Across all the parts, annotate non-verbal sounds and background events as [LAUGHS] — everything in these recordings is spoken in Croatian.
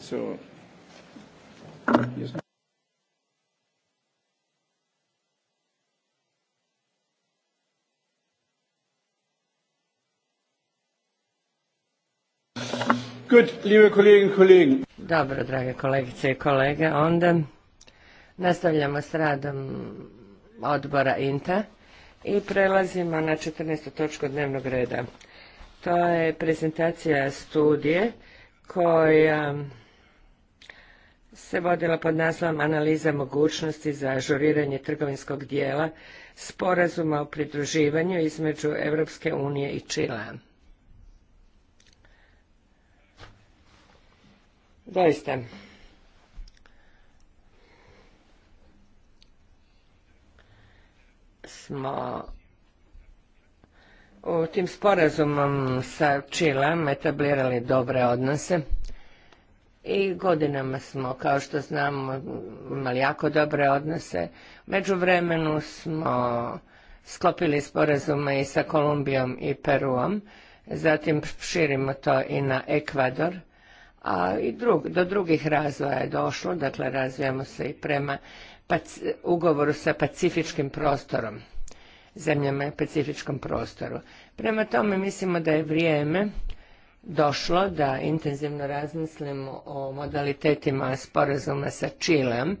So, Good, liebe Dobro, drage kolegice i kolege, onda nastavljamo s radom odbora INTA i prelazimo na 14. točku dnevnog reda. To je prezentacija studije koja se vodila pod naslovom Analiza mogućnosti za ažuriranje trgovinskog dijela sporazuma o pridruživanju između Europske unije i Čila. Doista. Smo u tim sporazumom sa Čilem etablirali dobre odnose i godinama smo, kao što znamo, imali jako dobre odnose. Među vremenu smo sklopili sporazume i sa Kolumbijom i Peruom, zatim širimo to i na Ekvador, a i drug, do drugih razvoja je došlo, dakle razvijamo se i prema ugovoru sa pacifičkim prostorom zemljama i pacifičkom prostoru. Prema tome mislimo da je vrijeme došlo da intenzivno razmislimo o modalitetima sporazuma sa Čilem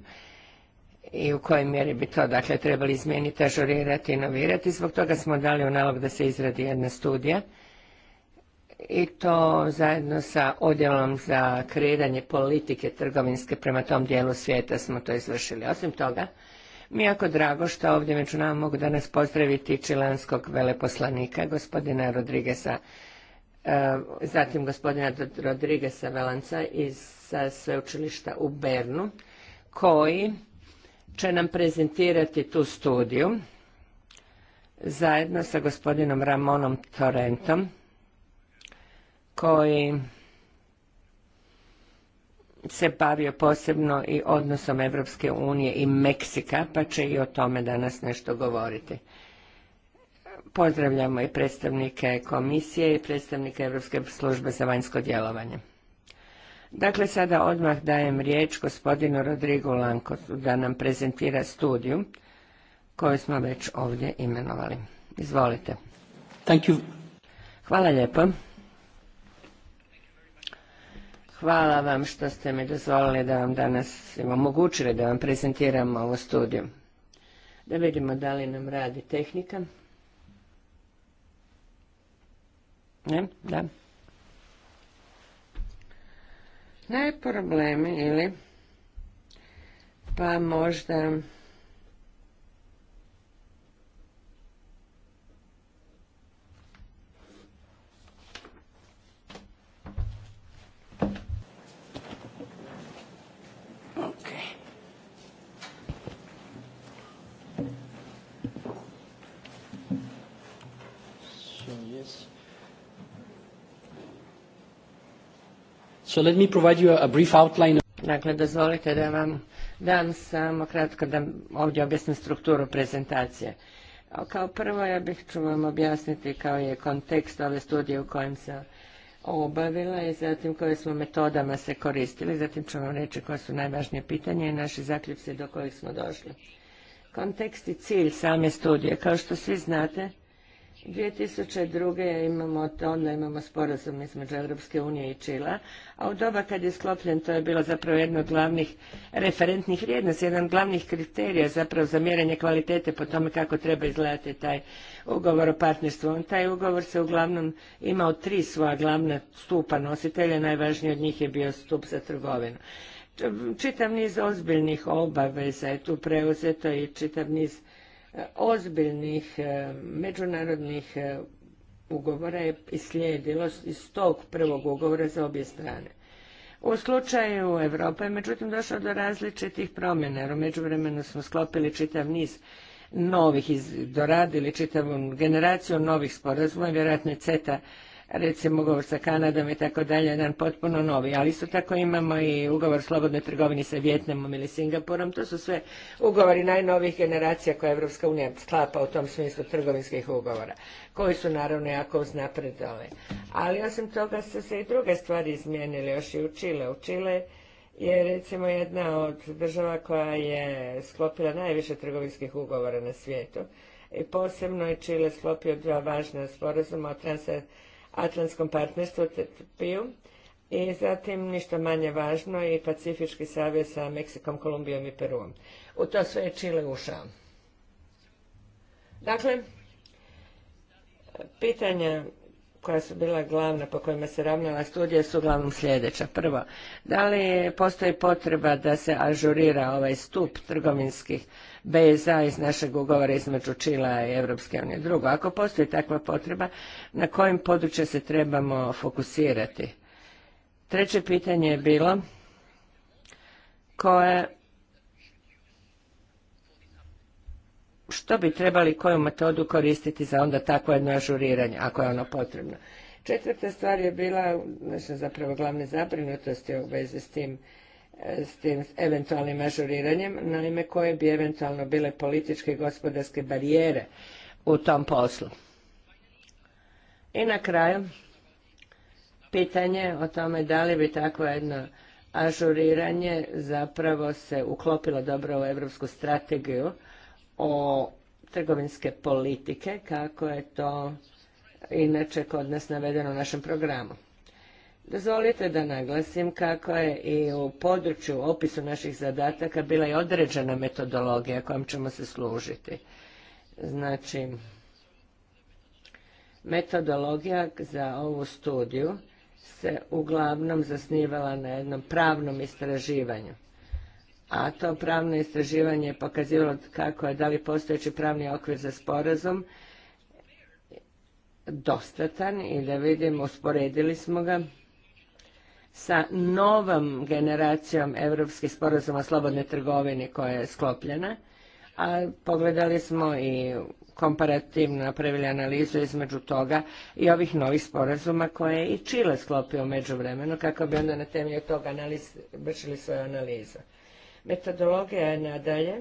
i u kojoj mjeri bi to dakle trebali izmijeniti, ažurirati, inovirati. Zbog toga smo dali u nalog da se izradi jedna studija i to zajedno sa odjelom za kreiranje politike trgovinske prema tom dijelu svijeta smo to izvršili. Osim toga, mi jako drago što ovdje među nama mogu danas pozdraviti čilanskog veleposlanika, gospodina Rodrigesa, e, zatim gospodina Rodrigesa Velanca iz sveučilišta u Bernu, koji će nam prezentirati tu studiju zajedno sa gospodinom Ramonom Torentom, koji se bavio posebno i odnosom Evropske unije i Meksika, pa će i o tome danas nešto govoriti. Pozdravljamo i predstavnike komisije i predstavnike Evropske službe za vanjsko djelovanje. Dakle, sada odmah dajem riječ gospodinu Rodrigu Lanko da nam prezentira studiju koju smo već ovdje imenovali. Izvolite. Hvala lijepo. Hvala vam što ste mi dozvolili da vam danas omogućili da vam prezentiram ovu studiju. Da vidimo da li nam radi tehnika. Ne? Da. Ne problemi ili pa možda So let me provide you a brief outline. Dakle, dozvolite da vam dam samo kratko da ovdje objasnim strukturu prezentacije. Kao prvo ja bih ću vam objasniti kao je kontekst ove studije u kojem se obavila i zatim koje smo metodama se koristili, zatim ću vam reći koja su najvažnija pitanja i naši zaključci do kojih smo došli. Kontekst i cilj same studije. Kao što svi znate, 2002. imamo, onda imamo sporazum između Europske unije i Čila, a u doba kad je sklopljen to je bilo zapravo jedno od glavnih referentnih vrijednosti, jedan od glavnih kriterija zapravo za mjerenje kvalitete po tome kako treba izgledati taj ugovor o partnerstvu. taj ugovor se uglavnom imao tri svoja glavna stupa nositelja, najvažniji od njih je bio stup za trgovinu. Čitav niz ozbiljnih obaveza je tu preuzeto i čitav niz E, ozbiljnih e, međunarodnih e, ugovora je slijedilo iz tog prvog ugovora za obje strane. U slučaju Europe je međutim došlo do različitih promjena, jer u međuvremenu smo sklopili čitav niz novih, doradili čitavu generaciju novih sporazuma, vjerojatno je CETA recimo ugovor sa Kanadom i tako dalje, jedan potpuno novi. Ali isto tako imamo i ugovor o slobodnoj trgovini sa Vjetnamom ili Singapurom. To su sve ugovori najnovih generacija koje Evropska unija sklapa u tom smislu trgovinskih ugovora, koji su naravno jako uznapredali. Ali osim toga su se i druge stvari izmijenile još i u Čile. U Čile je recimo jedna od država koja je sklopila najviše trgovinskih ugovora na svijetu. I posebno je Čile sklopio dva važna sporazuma o se Atlantskom partnerstvu ttip i zatim ništa manje važno i Pacifički savez sa Meksikom, Kolumbijom i Peruom. U to sve je Čile ušao. Dakle, pitanja koja su bila glavna po kojima se ravnala studija su uglavnom sljedeća. Prvo, da li postoji potreba da se ažurira ovaj stup trgovinskih BSA iz našeg ugovora između Čila i Europske unije. Drugo, ako postoji takva potreba, na kojim područje se trebamo fokusirati? Treće pitanje je bilo koje što bi trebali koju metodu koristiti za onda takvo jedno ažuriranje, ako je ono potrebno. Četvrta stvar je bila, znači zapravo glavne zabrinutosti u vezi s tim E, s tim eventualnim ažuriranjem, naime koje bi eventualno bile političke i gospodarske barijere u tom poslu. I na kraju, pitanje o tome da li bi takvo jedno ažuriranje zapravo se uklopilo dobro u Europsku strategiju o trgovinske politike, kako je to inače kod nas navedeno u našem programu. Dozvolite da naglasim kako je i u području opisu naših zadataka bila i određena metodologija kojom ćemo se služiti. Znači, metodologija za ovu studiju se uglavnom zasnivala na jednom pravnom istraživanju. A to pravno istraživanje je pokazivalo kako je da li postojeći pravni okvir za sporazum dostatan i da vidimo, usporedili smo ga sa novom generacijom europskih sporazuma slobodne slobodnoj trgovini koja je sklopljena, a pogledali smo i komparativno napravili analizu između toga i ovih novih sporazuma koje je i Čile sklopio među vremenu, kako bi onda na temelju toga vršili svoju analizu. Metodologija je nadalje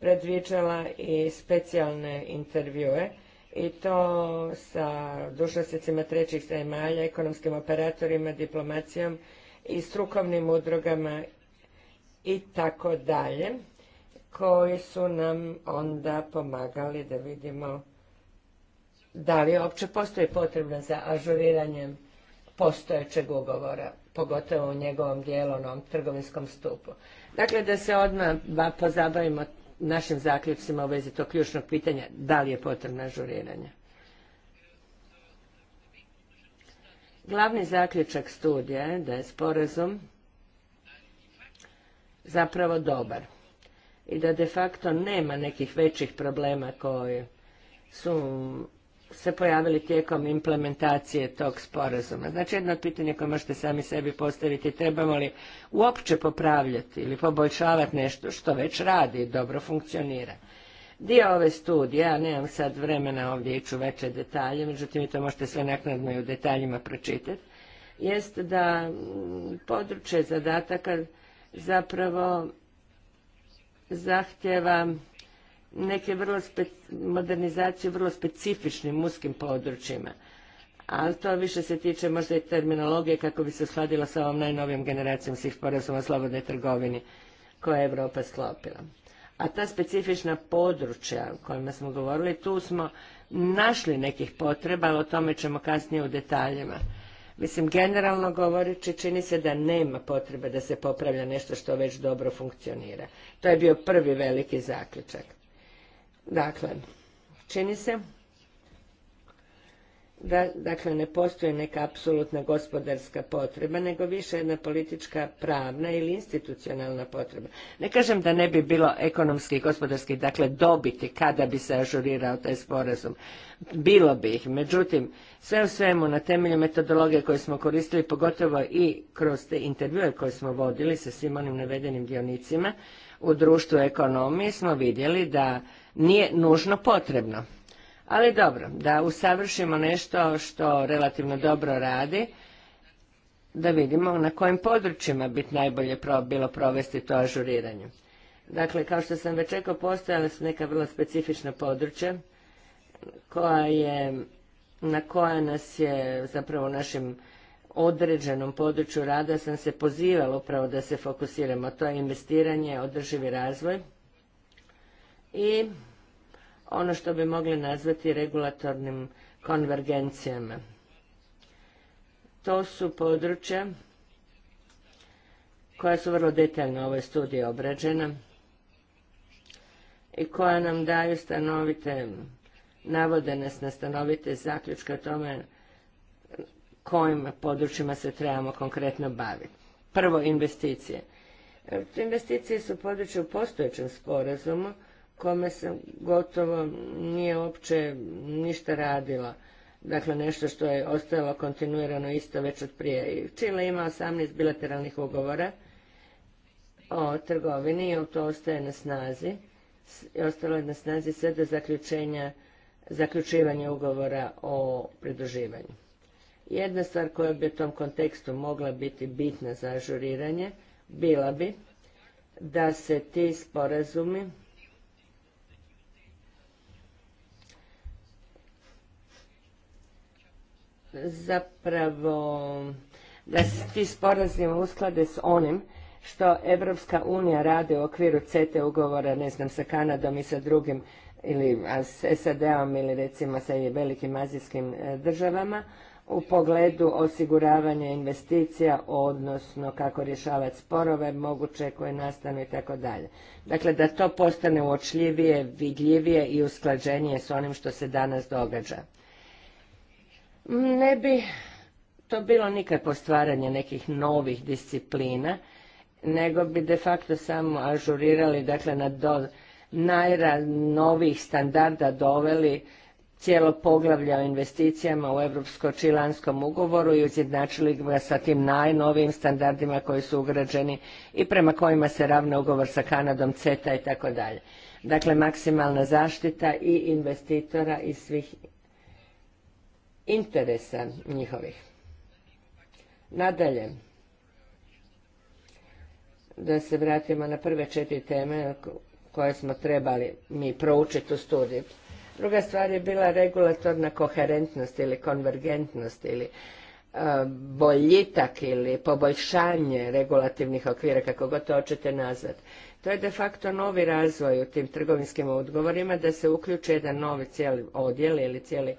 predviđala i specijalne intervjue i to sa dužnosnicima trećih zemalja, ekonomskim operatorima, diplomacijom i strukovnim udrugama i tako dalje, koji su nam onda pomagali da vidimo da li uopće postoji potrebna za ažuriranjem postojećeg ugovora, pogotovo u njegovom dijelu, trgovinskom stupu. Dakle, da se odmah pozabavimo našim zaključcima u vezi tog ključnog pitanja da li je potrebno ažuriranje. Glavni zaključak studija je da je sporazum zapravo dobar i da de facto nema nekih većih problema koji su se pojavili tijekom implementacije tog sporazuma. Znači jedno od pitanja koje možete sami sebi postaviti trebamo li uopće popravljati ili poboljšavati nešto što već radi i dobro funkcionira. Dio ove studije, ja nemam sad vremena ovdje ići u veće detalje, međutim vi to možete sve naknadno i u detaljima pročitati, jest da mm, područje zadataka zapravo zahtjeva neke vrlo spe, modernizacije vrlo specifičnim muskim područjima. Ali to više se tiče možda i terminologije kako bi se uskladila sa ovom najnovijom generacijom svih sporazuma o slobodnoj trgovini koje je Europa sklopila. A ta specifična područja o kojima smo govorili, tu smo našli nekih potreba, ali o tome ćemo kasnije u detaljima. Mislim, generalno govoreći, čini se da nema potrebe da se popravlja nešto što već dobro funkcionira. To je bio prvi veliki zaključak. Dakle, čini se da dakle, ne postoji neka apsolutna gospodarska potreba, nego više jedna politička, pravna ili institucionalna potreba. Ne kažem da ne bi bilo ekonomski i gospodarski, dakle dobiti kada bi se ažurirao taj sporazum. Bilo bi ih, međutim, sve u svemu na temelju metodologije koje smo koristili, pogotovo i kroz te intervjue koje smo vodili sa svim onim navedenim dionicima u društvu ekonomije, smo vidjeli da nije nužno potrebno. Ali dobro, da usavršimo nešto što relativno dobro radi, da vidimo na kojim područjima bi najbolje bilo provesti to ažuriranje. Dakle, kao što sam već rekao, postojala su neka vrlo specifična područja koja je, na koja nas je zapravo u našem određenom području rada sam se pozivala upravo da se fokusiramo. To je investiranje, održivi razvoj, i ono što bi mogli nazvati regulatornim konvergencijama. To su područja koja su vrlo detaljno u ovoj studiji obrađena i koja nam daju stanovite, navode nas na stanovite zaključke o tome kojim područjima se trebamo konkretno baviti. Prvo, investicije. Investicije su područje u postojećem sporazumu, kome se gotovo nije uopće ništa radila. Dakle, nešto što je ostalo kontinuirano isto već od prije. Čile ima 18 bilateralnih ugovora o trgovini i to ostaje na snazi. Ostalo je na snazi sve do zaključenja, zaključivanja ugovora o pridruživanju. Jedna stvar koja bi u tom kontekstu mogla biti bitna za ažuriranje bila bi da se ti sporazumi zapravo da se ti sporazumi usklade s onim što Evropska unija radi u okviru CT ugovora, ne znam, sa Kanadom i sa drugim ili s SAD-om ili recimo sa velikim azijskim e, državama u pogledu osiguravanja investicija, odnosno kako rješavati sporove, moguće koje nastanu i tako dalje. Dakle, da to postane uočljivije, vidljivije i usklađenije s onim što se danas događa ne bi to bilo nikakvo stvaranje nekih novih disciplina, nego bi de facto samo ažurirali, dakle, na do najnovijih standarda doveli cijelo poglavlje o investicijama u Evropsko-Čilanskom ugovoru i izjednačili ga sa tim najnovijim standardima koji su ugrađeni i prema kojima se ravna ugovor sa Kanadom, CETA i tako dalje. Dakle, maksimalna zaštita i investitora i svih interesa njihovih. Nadalje, da se vratimo na prve četiri teme koje smo trebali mi proučiti u studiju. Druga stvar je bila regulatorna koherentnost ili konvergentnost ili e, boljitak ili poboljšanje regulativnih okvira, kako god to hoćete nazvati. To je de facto novi razvoj u tim trgovinskim odgovorima da se uključi jedan novi cijeli odjel ili cijeli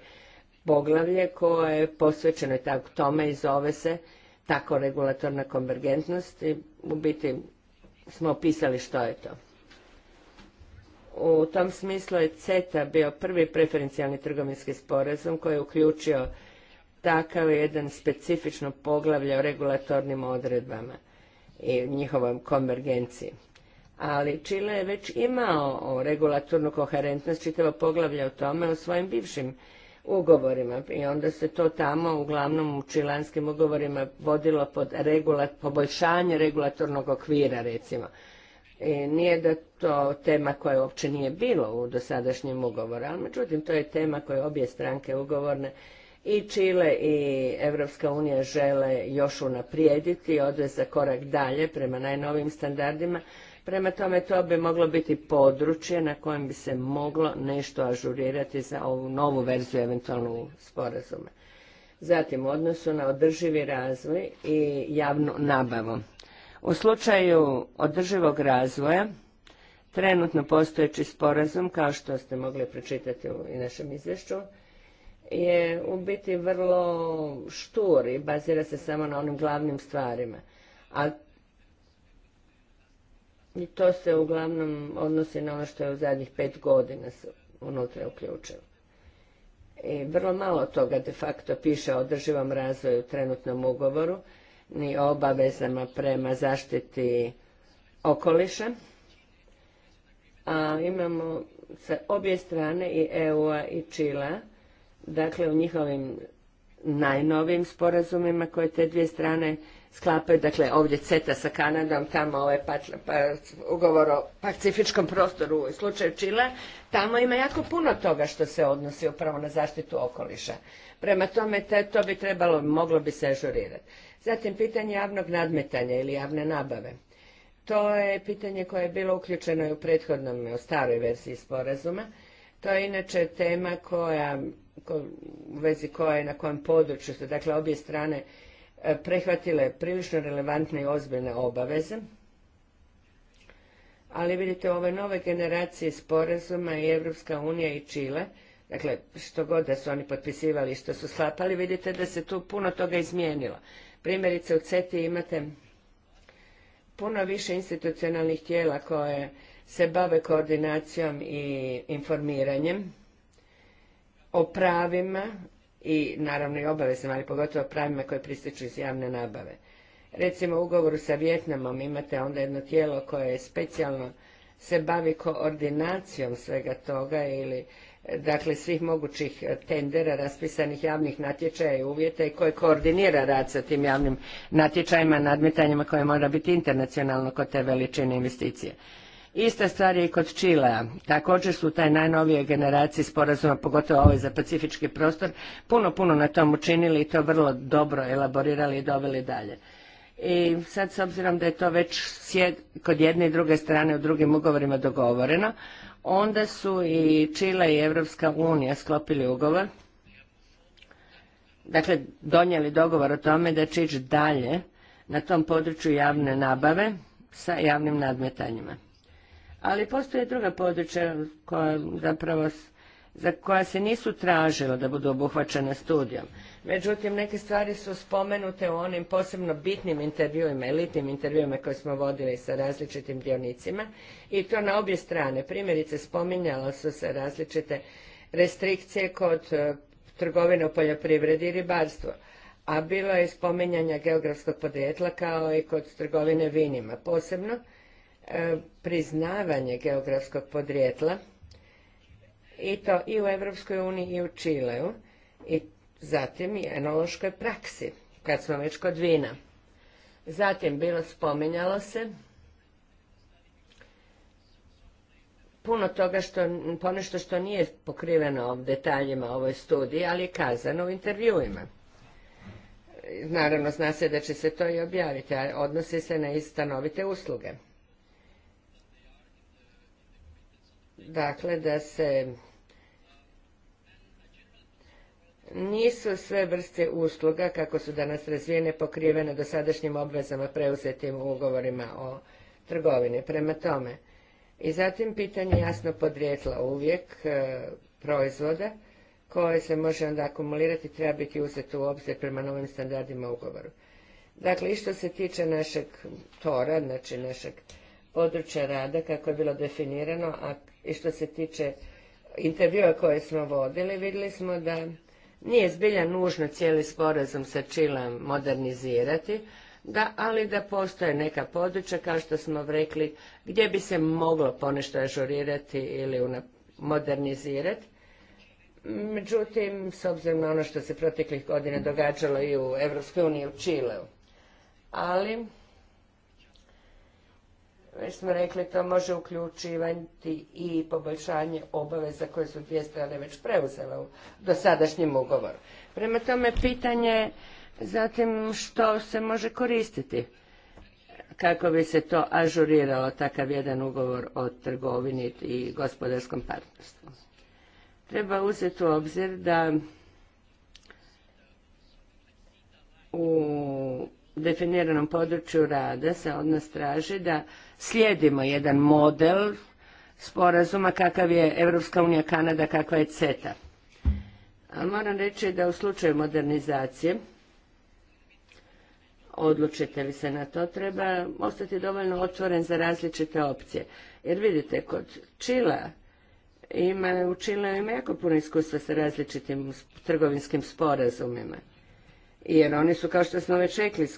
poglavlje koje je posvećeno tako tome i zove se tako regulatorna konvergentnost i u biti smo opisali što je to. U tom smislu je CETA bio prvi preferencijalni trgovinski sporazum koji je uključio takav jedan specifično poglavlje o regulatornim odredbama i njihovoj konvergenciji. Ali Čile je već imao regulatornu koherentnost čitavo poglavlje o tome u svojim bivšim ugovorima i onda se to tamo uglavnom u čilanskim ugovorima vodilo pod regulat, poboljšanje regulatornog okvira recimo. I nije da to tema koja uopće nije bilo u dosadašnjem ugovoru, ali međutim to je tema koje obje stranke ugovorne i Čile i Evropska unija žele još unaprijediti i odvesti za korak dalje prema najnovijim standardima Prema tome, to bi moglo biti područje na kojem bi se moglo nešto ažurirati za ovu novu verziju eventualnog sporazuma. Zatim, u odnosu na održivi razvoj i javnu nabavu. U slučaju održivog razvoja, trenutno postojeći sporazum, kao što ste mogli pročitati u našem izvješću, je u biti vrlo štur i bazira se samo na onim glavnim stvarima. A i to se uglavnom odnosi na ono što je u zadnjih pet godina unutra uključeno. I vrlo malo toga de facto piše o održivom razvoju u trenutnom ugovoru, ni o obavezama prema zaštiti okoliša. A imamo sa obje strane i EU-a i Čila, dakle u njihovim najnovim sporazumima koje te dvije strane sklapaju, dakle ovdje CETA sa Kanadom, tamo ovaj pa, pa, ugovor o pacifičkom prostoru u slučaju Čile, tamo ima jako puno toga što se odnosi upravo na zaštitu okoliša. Prema tome to bi trebalo, moglo bi se ažurirati. Zatim pitanje javnog nadmetanja ili javne nabave. To je pitanje koje je bilo uključeno i u prethodnom, u staroj verziji sporazuma. To je inače tema koja, u vezi je na kojem području dakle obje strane prehvatile prilično relevantne i ozbiljne obaveze. Ali vidite, ove nove generacije sporazuma i Evropska unija i Čile, dakle, što god da su oni potpisivali i što su sklapali, vidite da se tu puno toga izmijenilo. Primjerice, u CETI imate puno više institucionalnih tijela koje se bave koordinacijom i informiranjem o pravima i naravno i obavezama, ali pogotovo pravima koje prističu iz javne nabave. Recimo u ugovoru sa Vjetnamom imate onda jedno tijelo koje je specijalno se bavi koordinacijom svega toga ili dakle svih mogućih tendera, raspisanih javnih natječaja i uvjeta i koje koordinira rad sa tim javnim natječajima, nadmetanjima koje mora biti internacionalno kod te veličine investicije. Ista stvar je i kod Čilea. Također su taj najnovije generacije sporazuma, pogotovo ovaj za pacifički prostor, puno, puno na tom učinili i to vrlo dobro elaborirali i doveli dalje. I sad s obzirom da je to već kod jedne i druge strane u drugim ugovorima dogovoreno, onda su i Čile i Evropska unija sklopili ugovor, dakle donijeli dogovor o tome da će ići dalje na tom području javne nabave sa javnim nadmetanjima. Ali postoje druga područja koja zapravo za koja se nisu tražila da budu obuhvaćena studijom. Međutim, neke stvari su spomenute u onim posebno bitnim intervjuima, elitnim intervjuima koje smo vodili sa različitim dionicima i to na obje strane. Primjerice, spominjalo su se različite restrikcije kod e, trgovine u poljoprivredi i ribarstvu, a bilo je spominjanja geografskog podrijetla kao i kod trgovine vinima. Posebno E, priznavanje geografskog podrijetla i to i u Europskoj uniji i u Čileu i zatim i enološkoj praksi kad smo već kod vina. Zatim bilo spominjalo se puno toga što, ponešto što nije pokriveno detaljima ovoj studiji, ali je kazano u intervjuima. Naravno, zna se da će se to i objaviti, a odnosi se na istanovite usluge. dakle da se nisu sve vrste usluga kako su danas razvijene pokrivene dosadašnjim obvezama preuzetim ugovorima o trgovini. Prema tome, i zatim pitanje jasno podrijetla uvijek e, proizvoda koje se može onda akumulirati treba biti uzeto u obzir prema novim standardima ugovoru. Dakle, i što se tiče našeg tora, znači našeg područja rada kako je bilo definirano, a i što se tiče intervjua koje smo vodili, vidjeli smo da nije zbilja nužno cijeli sporazum sa Čilom modernizirati, da, ali da postoje neka područja, kao što smo rekli, gdje bi se moglo ponešto ažurirati ili modernizirati. Međutim, s obzirom na ono što se proteklih godina događalo i u EU uniji u Čileu. Ali, već smo rekli, to može uključivati i poboljšanje obaveza koje su dvije strane već preuzele u dosadašnjem ugovoru. Prema tome, pitanje zatim što se može koristiti kako bi se to ažuriralo, takav jedan ugovor o trgovini i gospodarskom partnerstvu. Treba uzeti u obzir da u definiranom području rada se od nas traži da slijedimo jedan model sporazuma kakav je Europska unija Kanada, kakva je CETA. Ali moram reći da u slučaju modernizacije, odlučite li se na to, treba ostati dovoljno otvoren za različite opcije. Jer vidite, kod Čila ima, u Čila ima jako puno iskustva sa različitim trgovinskim sporazumima. Jer oni su, kao što smo već rekli,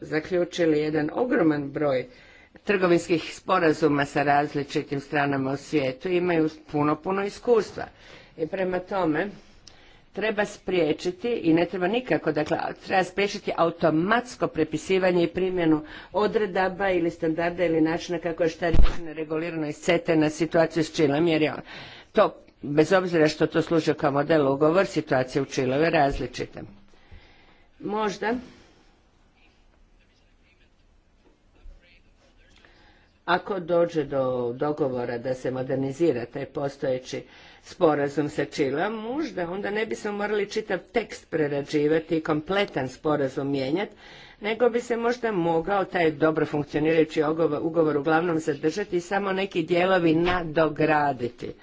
zaključili jedan ogroman broj trgovinskih sporazuma sa različitim stranama u svijetu imaju puno, puno iskustva. I prema tome treba spriječiti i ne treba nikako, dakle treba spriječiti automatsko prepisivanje i primjenu odredaba ili standarda ili načina kako je šta regulirano iz CETA na situaciju s Čilom jer je to bez obzira što to služi kao model ugovor, situacija u čilu je različita. Možda Ako dođe do dogovora da se modernizira taj postojeći sporazum sa Čilom, možda onda ne bismo morali čitav tekst prerađivati i kompletan sporazum mijenjati, nego bi se možda mogao taj dobro funkcionirajući ugovor uglavnom zadržati i samo neki dijelovi nadograditi,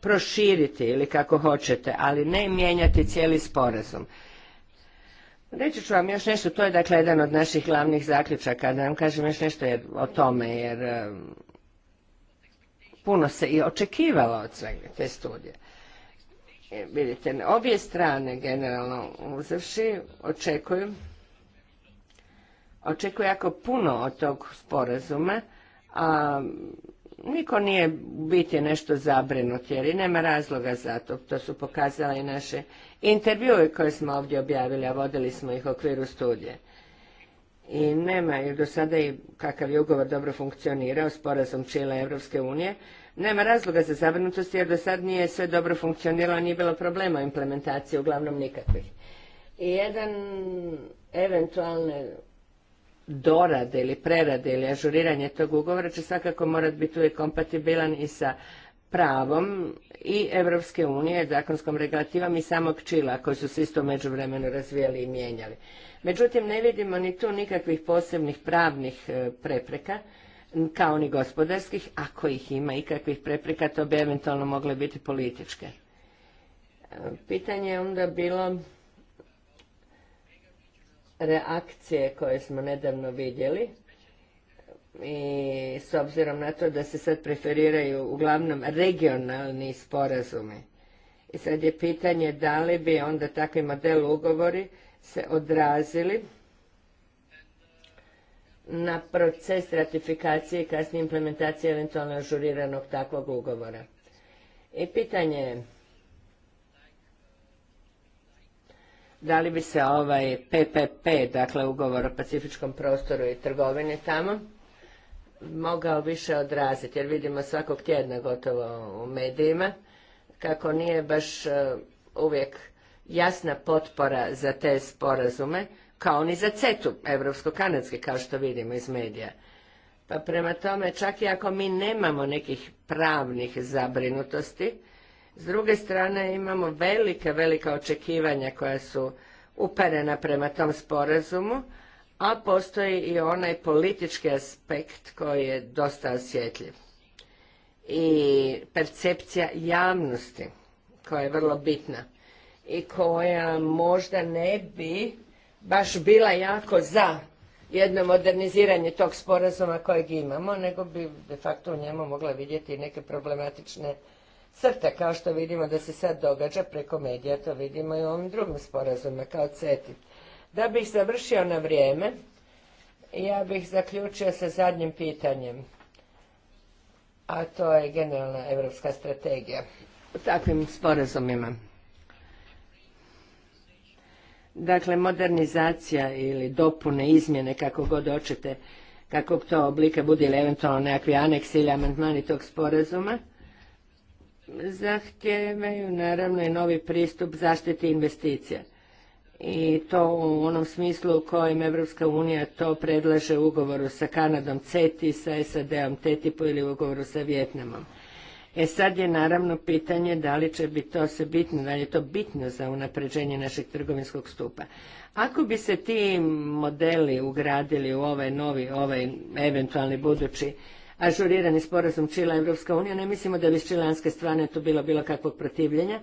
proširiti ili kako hoćete, ali ne mijenjati cijeli sporazum. Reći ću vam još nešto, to je dakle jedan od naših glavnih zaključaka, da vam kažem još nešto o tome, jer puno se i očekivalo od svega te studije. E, vidite, obje strane generalno uzavši, očekuju, očekuju jako puno od tog sporazuma, a niko nije biti nešto zabrinut jer i nema razloga za to. To su pokazali i naše intervjue koje smo ovdje objavili, a vodili smo ih u okviru studije. I nema, jer do sada i kakav je ugovor dobro funkcionirao, sporazum Čila Evropske unije, nema razloga za zabrinutost jer do sada nije sve dobro funkcioniralo, nije bilo problema implementacije, uglavnom nikakvih. I jedan eventualne dorade ili prerade ili ažuriranje tog ugovora će svakako morati biti uvijek kompatibilan i sa pravom i Evropske unije, zakonskom regulativom i samog Čila koji su se isto međuvremeno razvijali i mijenjali. Međutim, ne vidimo ni tu nikakvih posebnih pravnih e, prepreka, kao ni gospodarskih, ako ih ima ikakvih prepreka, to bi eventualno mogle biti političke. E, pitanje je onda bilo reakcije koje smo nedavno vidjeli i s obzirom na to da se sad preferiraju uglavnom regionalni sporazumi. I sad je pitanje da li bi onda takvi model ugovori se odrazili na proces ratifikacije i kasnije implementacije eventualno ažuriranog takvog ugovora. I pitanje je da li bi se ovaj PPP, dakle ugovor o pacifičkom prostoru i trgovini tamo, mogao više odraziti, jer vidimo svakog tjedna gotovo u medijima kako nije baš e, uvijek jasna potpora za te sporazume, kao ni za CETU, evropsko-kanadski, kao što vidimo iz medija. Pa prema tome, čak i ako mi nemamo nekih pravnih zabrinutosti, s druge strane imamo velika, velika očekivanja koja su uperena prema tom sporazumu, a postoji i onaj politički aspekt koji je dosta osjetljiv. I percepcija javnosti koja je vrlo bitna i koja možda ne bi baš bila jako za jedno moderniziranje tog sporazuma kojeg imamo, nego bi de facto u njemu mogla vidjeti neke problematične crta, kao što vidimo da se sad događa preko medija, to vidimo i u ovom drugom sporazumu, kao CETI. Da bih završio na vrijeme, ja bih zaključio sa zadnjim pitanjem, a to je generalna evropska strategija u takvim sporazumima. Dakle, modernizacija ili dopune, izmjene, kako god očete, kakvog to oblika budi ili eventualno nekakvi aneksi ili amandmani tog sporazuma, zahtijevaju naravno i novi pristup zaštiti investicija. I to u onom smislu u kojem Evropska unija to predlaže u ugovoru sa Kanadom CETI, sa SAD-om ttip ili u ugovoru sa Vjetnamom. E sad je naravno pitanje da li će biti to se bitno, da li je to bitno za unapređenje našeg trgovinskog stupa. Ako bi se ti modeli ugradili u ovaj novi, ovaj eventualni budući ažurirani sporazum Čila Evropska unija, ne mislimo da bi s čilanske strane to bilo bilo kakvog protivljenja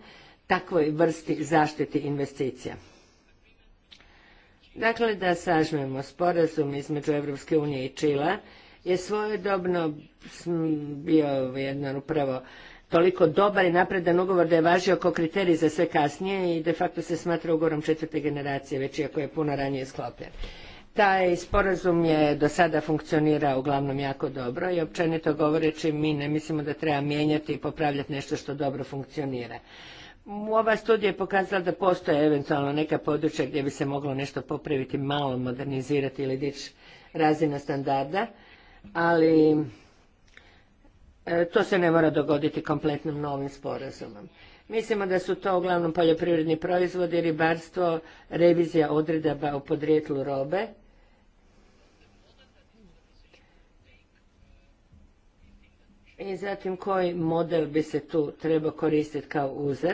takvoj vrsti zaštiti investicija. Dakle, da sažmemo, sporazum između Evropske unije i Čila je svojedobno bio jedan upravo toliko dobar i napredan ugovor da je važio kao kriterij za sve kasnije i de facto se smatra ugovorom četvrte generacije, već iako je puno ranije sklopljen. Taj sporazum je do sada funkcionirao uglavnom jako dobro i općenito govoreći mi ne mislimo da treba mijenjati i popravljati nešto što dobro funkcionira. Ova studija je pokazala da postoje eventualno neka područja gdje bi se moglo nešto popraviti, malo modernizirati ili dići razina standarda, ali e, to se ne mora dogoditi kompletnom novim sporazumom. Mislimo da su to uglavnom poljoprivredni proizvodi, ribarstvo, revizija odredaba o podrijetlu robe I zatim koji model bi se tu trebao koristiti kao uzor?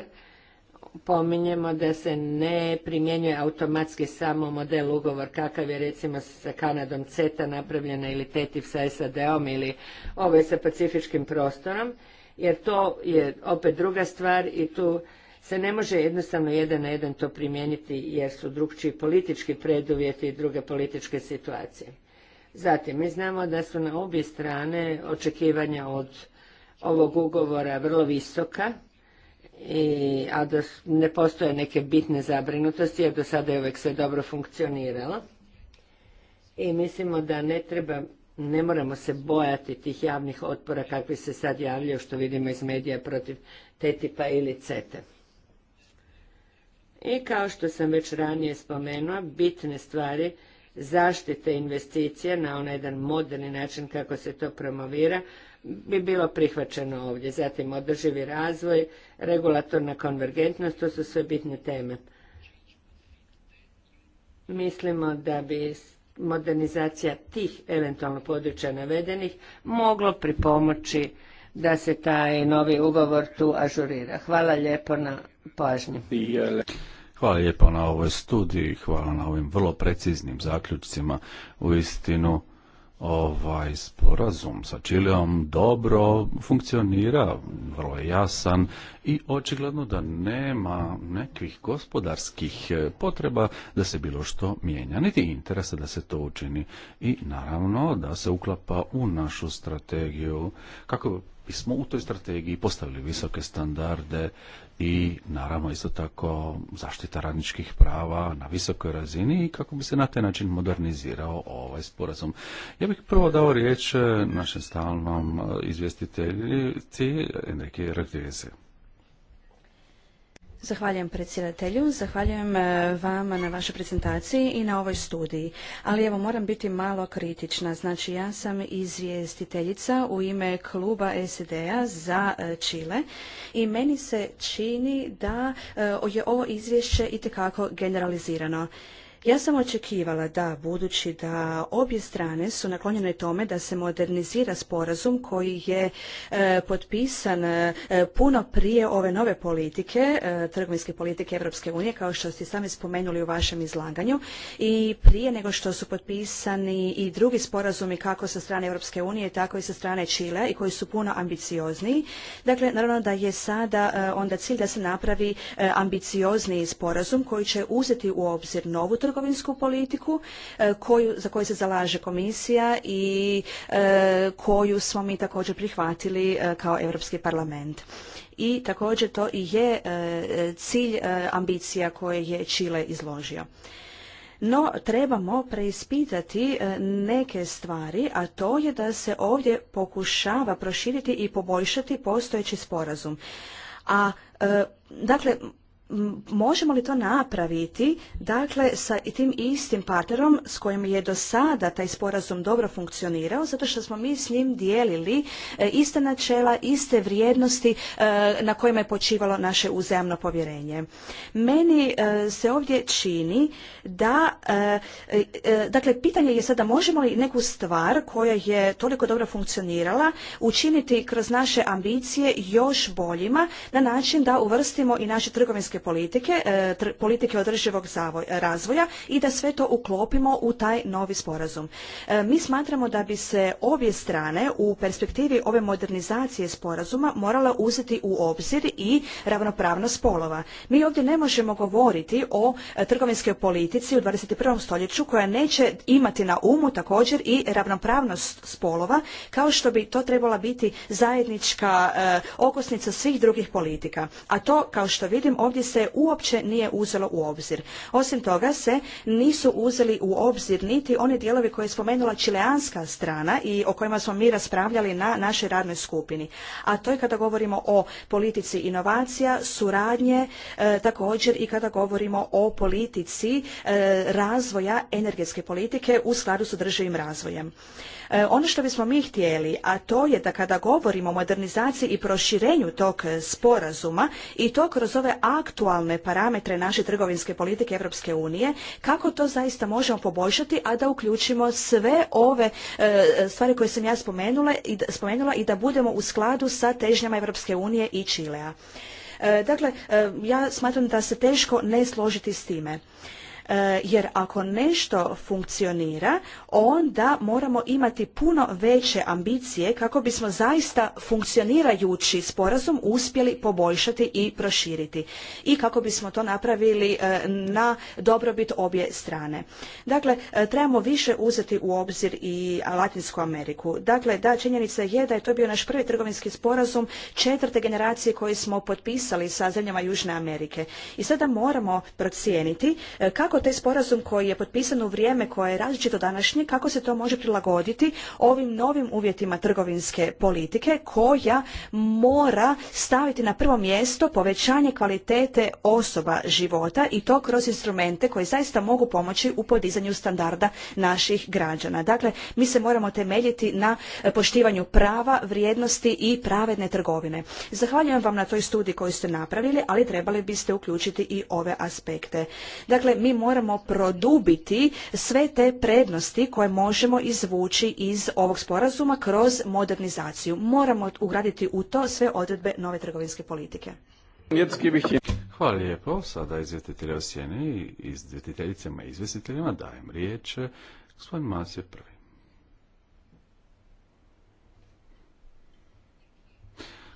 Pominjemo da se ne primjenjuje automatski samo model ugovor kakav je recimo sa Kanadom CETA napravljena ili TTIP sa SAD-om ili ovaj sa pacifičkim prostorom, jer to je opet druga stvar i tu se ne može jednostavno jedan na jedan to primijeniti jer su drukčiji politički preduvjeti i druge političke situacije. Zatim, mi znamo da su na obje strane očekivanja od ovog ugovora vrlo visoka, i, a da ne postoje neke bitne zabrinutosti, jer do sada je uvijek sve dobro funkcioniralo. I mislimo da ne treba, ne moramo se bojati tih javnih otpora kakvi se sad javljaju, što vidimo iz medija protiv TTIP-a ili CETE. I kao što sam već ranije spomenula, bitne stvari zaštite investicija na onaj jedan moderni način kako se to promovira bi bilo prihvaćeno ovdje. Zatim održivi razvoj, regulatorna konvergentnost, to su sve bitne teme. Mislimo da bi modernizacija tih eventualno područja navedenih moglo pripomoći da se taj novi ugovor tu ažurira. Hvala lijepo na pažnju. Hvala lijepo na ovoj studiji, hvala na ovim vrlo preciznim zaključcima. U istinu, ovaj sporazum sa Čilijom dobro funkcionira, vrlo je jasan i očigledno da nema nekih gospodarskih e, potreba da se bilo što mijenja, niti interesa da se to učini i naravno da se uklapa u našu strategiju kako smo u toj strategiji postavili visoke standarde i naravno isto tako zaštita radničkih prava na visokoj razini i kako bi se na taj način modernizirao ovaj sporazum. Ja bih prvo dao riječ e, našem stalnom e, izvjestiteljici Enrique Rodriguez. Zahvaljujem predsjedatelju, zahvaljujem e, vama na vašoj prezentaciji i na ovoj studiji. Ali evo moram biti malo kritična. Znači ja sam izvjestiteljica u ime kluba SED-a za e, Čile i meni se čini da e, je ovo izvješće itekako generalizirano. Ja sam očekivala da, budući da obje strane su naklonjene tome da se modernizira sporazum koji je e, potpisan e, puno prije ove nove politike, e, trgovinske politike Europske unije, kao što ste sami spomenuli u vašem izlaganju, i prije nego što su potpisani i drugi sporazumi kako sa strane Europske unije, tako i sa strane Čile i koji su puno ambiciozniji. Dakle, naravno da je sada onda cilj da se napravi ambiciozniji sporazum koji će uzeti u obzir novu trgovinsku politiku e, za koju se zalaže komisija i e, koju smo mi također prihvatili e, kao Europski parlament i također to i je cilj ambicija koje je Čile izložio. No, trebamo preispitati neke stvari, a to je da se ovdje pokušava proširiti i poboljšati postojeći sporazum. A, dakle, možemo li to napraviti dakle sa tim istim partnerom s kojim je do sada taj sporazum dobro funkcionirao zato što smo mi s njim dijelili e, ista načela, iste vrijednosti e, na kojima je počivalo naše uzajamno povjerenje. Meni e, se ovdje čini da dakle pitanje je sada možemo li neku stvar koja je toliko dobro funkcionirala učiniti kroz naše ambicije još boljima na način da uvrstimo i naše trgovinske politike, e, politike održivog razvoja i da sve to uklopimo u taj novi sporazum. E, mi smatramo da bi se obje strane u perspektivi ove modernizacije sporazuma morala uzeti u obzir i ravnopravnost spolova. Mi ovdje ne možemo govoriti o e, trgovinskoj politici u 21. stoljeću koja neće imati na umu također i ravnopravnost spolova kao što bi to trebala biti zajednička okosnica svih drugih politika. A to kao što vidim ovdje se uopće nije uzelo u obzir. Osim toga se nisu uzeli u obzir niti oni dijelovi koje je spomenula čileanska strana i o kojima smo mi raspravljali na našoj radnoj skupini. A to je kada govorimo o politici inovacija, suradnje, e, također i kada govorimo o politici e, razvoja energetske politike u skladu s održivim razvojem. E, ono što bismo mi htjeli, a to je da kada govorimo o modernizaciji i proširenju tog e, sporazuma i to kroz ove aktualne parametre naše trgovinske politike Europske unije, kako to zaista možemo poboljšati, a da uključimo sve ove e, stvari koje sam ja spomenula i, da, budemo u skladu sa težnjama Europske unije i Čilea. dakle, ja smatram da se teško ne složiti s time. E, jer ako nešto funkcionira, onda moramo imati puno veće ambicije kako bismo zaista funkcionirajući sporazum uspjeli poboljšati i proširiti i kako bismo to napravili e, na dobrobit obje strane. Dakle, e, trebamo više uzeti u obzir i Latinsku Ameriku. Dakle, da, činjenica je da je to bio naš prvi trgovinski sporazum četvrte generacije koji smo potpisali sa zemljama Južne Amerike. I sada moramo procijeniti kako kako taj sporazum koji je potpisan u vrijeme koje je različito današnje, kako se to može prilagoditi ovim novim uvjetima trgovinske politike koja mora staviti na prvo mjesto povećanje kvalitete osoba života i to kroz instrumente koji zaista mogu pomoći u podizanju standarda naših građana. Dakle, mi se moramo temeljiti na poštivanju prava, vrijednosti i pravedne trgovine. Zahvaljujem vam na toj studiji koju ste napravili, ali trebali biste uključiti i ove aspekte. Dakle, mi moramo produbiti sve te prednosti koje možemo izvući iz ovog sporazuma kroz modernizaciju. Moramo ugraditi u to sve odredbe nove trgovinske politike. Hvala lijepo. Sada izvjetitelja o i izvjetiteljicama i izvjestiteljima dajem riječ. Gospodin Mas je prvi.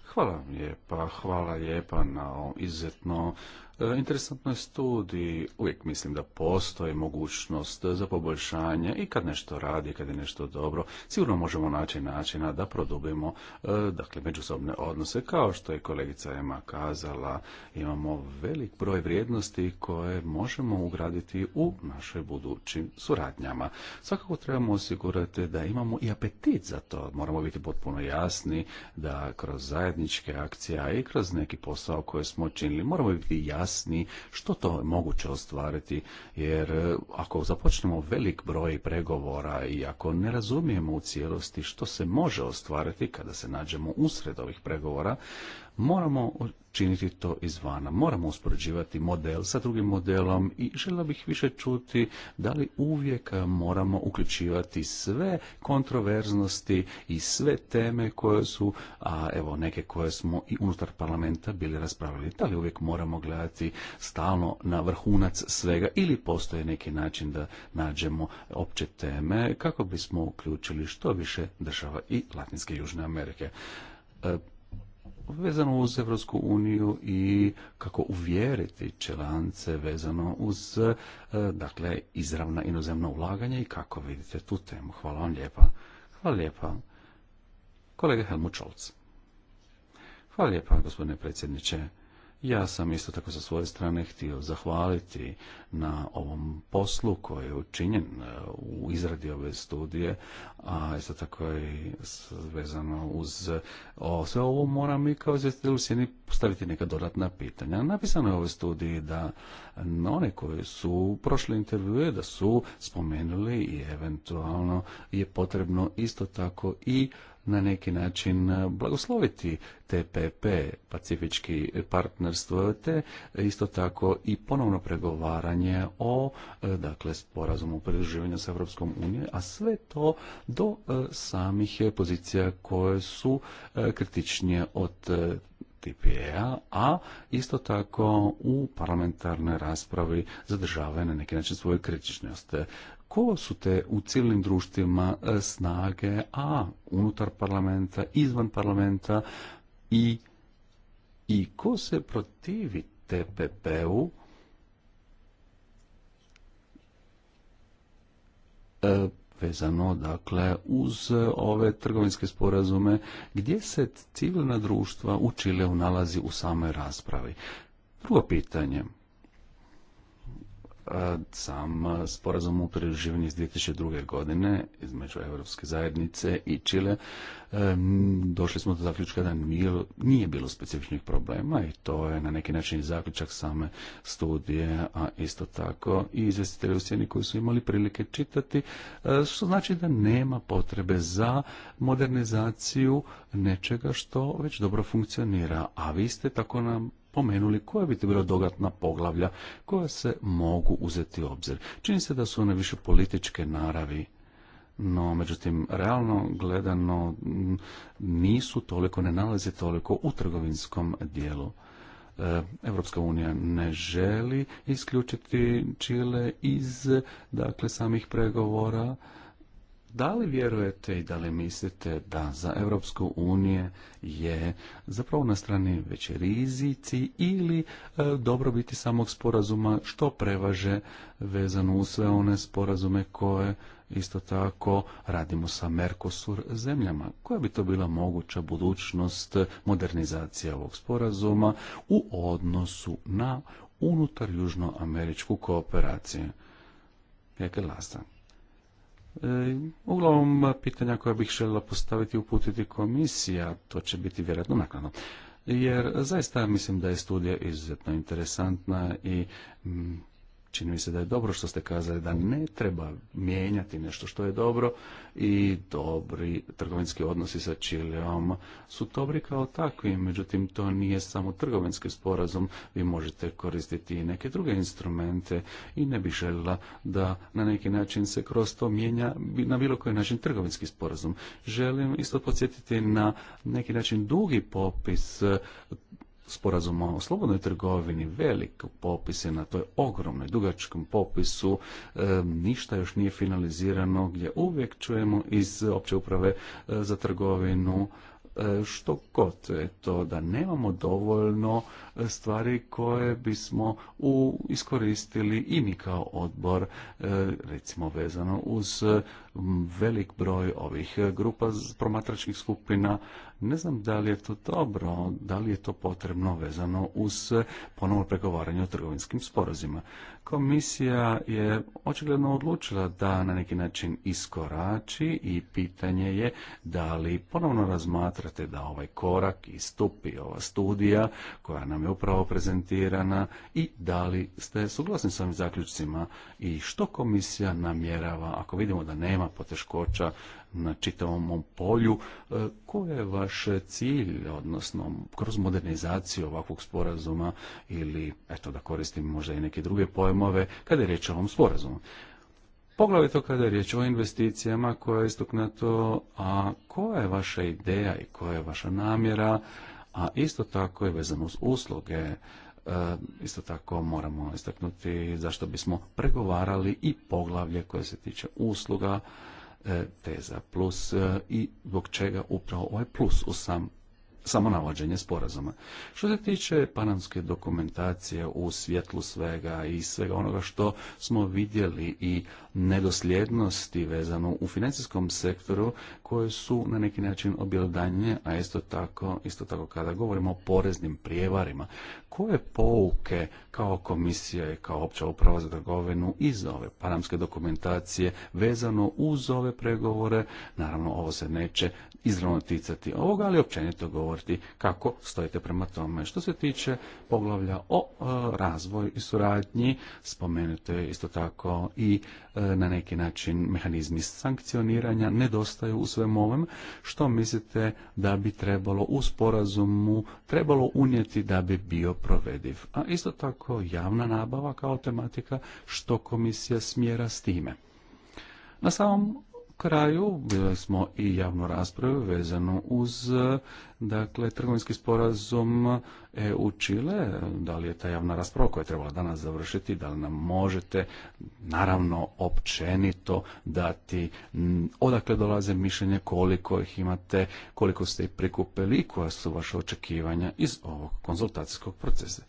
Hvala lijepa, hvala lijepa na ovom izuzetno E, interesantnoj studiji uvijek mislim da postoji mogućnost za poboljšanje i kad nešto radi, kad je nešto dobro, sigurno možemo naći načina da produbimo e, dakle, međusobne odnose. Kao što je kolegica Ema kazala, imamo velik broj vrijednosti koje možemo ugraditi u naše budućim suradnjama. Svakako trebamo osigurati da imamo i apetit za to. Moramo biti potpuno jasni da kroz zajedničke akcije i kroz neki posao koje smo činili moramo biti jasni jasni što to je moguće ostvariti, jer e, ako započnemo velik broj pregovora i ako ne razumijemo u cijelosti što se može ostvariti kada se nađemo usred ovih pregovora, moramo činiti to izvana. Moramo uspoređivati model sa drugim modelom i želio bih više čuti da li uvijek moramo uključivati sve kontroverznosti i sve teme koje su, a evo neke koje smo i unutar parlamenta bili raspravili. Da li uvijek moramo gledati stalno na vrhunac svega ili postoje neki način da nađemo opće teme kako bismo uključili što više država i Latinske i Južne Amerike e, vezano uz Evropsku uniju i kako uvjeriti čelance vezano uz e, dakle izravna inozemna ulaganja i kako vidite tu temu. Hvala vam lijepa. Hvala lijepa. Kolega Helmut Scholz. Hvala lijepa, gospodine predsjedniče. Ja sam isto tako sa svoje strane htio zahvaliti na ovom poslu koji je učinjen e, u izradi ove studije, a isto tako je vezano uz o, sve ovo moram i kao izvjestitelj u sjeni postaviti neka dodatna pitanja. Napisano je u ovoj studiji da one koji su prošli intervjue da su spomenuli i eventualno je potrebno isto tako i na neki način blagosloviti TPP, pacifički partnerstvo, te isto tako i ponovno pregovaranje o e, dakle, sporazumu o pridruživanju sa Europskom a sve to do e, samih pozicija koje su e, kritičnije od TPA, a isto tako u parlamentarnoj raspravi zadržavaju na neki način svoju kritičnost ko su te u civilnim društvima e, snage, a unutar parlamenta, izvan parlamenta i, i ko se protivi TPP-u, e, vezano dakle uz ove trgovinske sporazume gdje se civilna društva u nalazi u samoj raspravi. Drugo pitanje, E, sam e, sporazum o preživanju iz 2002. godine između Europske zajednice i Čile, e, došli smo do zaključka da nije bilo specifičnih problema i to je na neki način zaključak same studije, a isto tako i izvjestitelji u sjeni koji su imali prilike čitati, što znači da nema potrebe za modernizaciju nečega što već dobro funkcionira, a vi ste tako nam spomenuli koja bi to bila dodatna poglavlja koja se mogu uzeti u obzir. Čini se da su one više političke naravi, no međutim, realno gledano nisu toliko, ne nalaze toliko u trgovinskom dijelu. Europska unija ne želi isključiti Čile iz dakle samih pregovora da li vjerujete i da li mislite da za Europsku unije je zapravo na strani već rizici ili e, dobrobiti samog sporazuma što prevaže vezano u sve one sporazume koje isto tako radimo sa Mercosur zemljama. Koja bi to bila moguća budućnost modernizacije ovog sporazuma u odnosu na unutar južnoameričku kooperaciju? je lasta. E, uglavnom, pitanja koja bih željela postaviti i uputiti komisija, to će biti vjerojatno naknadno. Jer zaista mislim da je studija izuzetno interesantna i mm, Čini mi se da je dobro što ste kazali da ne treba mijenjati nešto što je dobro i dobri trgovinski odnosi sa Čileom su dobri kao takvi, međutim to nije samo trgovinski sporazum, vi možete koristiti i neke druge instrumente i ne bi željela da na neki način se kroz to mijenja na bilo koji način trgovinski sporazum. Želim isto podsjetiti na neki način dugi popis sporazuma o slobodnoj trgovini, velik popis je na toj ogromnoj, dugačkom popisu, ništa još nije finalizirano, gdje uvijek čujemo iz opće uprave e, za trgovinu e, što god je to da nemamo dovoljno e, stvari koje bismo u, iskoristili i mi kao odbor recimo vezano uz velik broj ovih grupa promatračkih skupina ne znam da li je to dobro, da li je to potrebno vezano uz ponovno pregovaranje o trgovinskim sporazima. Komisija je očigledno odlučila da na neki način iskorači i pitanje je da li ponovno razmatrate da ovaj korak istupi ova studija koja nam je upravo prezentirana i da li ste suglasni s ovim zaključcima i što komisija namjerava ako vidimo da nema poteškoća na čitavom polju. E, koji je vaš cilj, odnosno kroz modernizaciju ovakvog sporazuma ili, eto da koristim možda i neke druge pojmove, kada je riječ o ovom sporazumu? Poglavito kada je riječ o investicijama koja je istuknuto, a koja je vaša ideja i koja je vaša namjera, a isto tako je vezano uz usluge, e, isto tako moramo istaknuti zašto bismo pregovarali i poglavlje koje se tiče usluga E, teza plus e, i zbog čega upravo ovaj plus u sam samo navođenje sporazuma. Što se tiče panamske dokumentacije u svjetlu svega i svega onoga što smo vidjeli i nedosljednosti vezano u financijskom sektoru koje su na neki način objelodanje, a isto tako, isto tako kada govorimo o poreznim prijevarima, koje pouke kao komisija i kao opća uprava za trgovinu iz ove panamske dokumentacije vezano uz ove pregovore, naravno ovo se neće izravno ticati ovoga, ali općenito govoriti kako stojite prema tome. Što se tiče poglavlja o e, razvoju i suradnji, spomenuto je isto tako i e, na neki način mehanizmi sankcioniranja nedostaju u svem ovom. Što mislite da bi trebalo u sporazumu trebalo unijeti da bi bio provediv? A isto tako javna nabava kao tematika što komisija smjera s time. Na samom kraju bili smo i javnu raspravu vezanu uz dakle trgovinski sporazum EU Čile. Da li je ta javna rasprava koja je trebala danas završiti, da li nam možete naravno općenito dati odakle dolaze mišljenje, koliko ih imate, koliko ste ih prikupili i koja su vaše očekivanja iz ovog konzultacijskog procesa.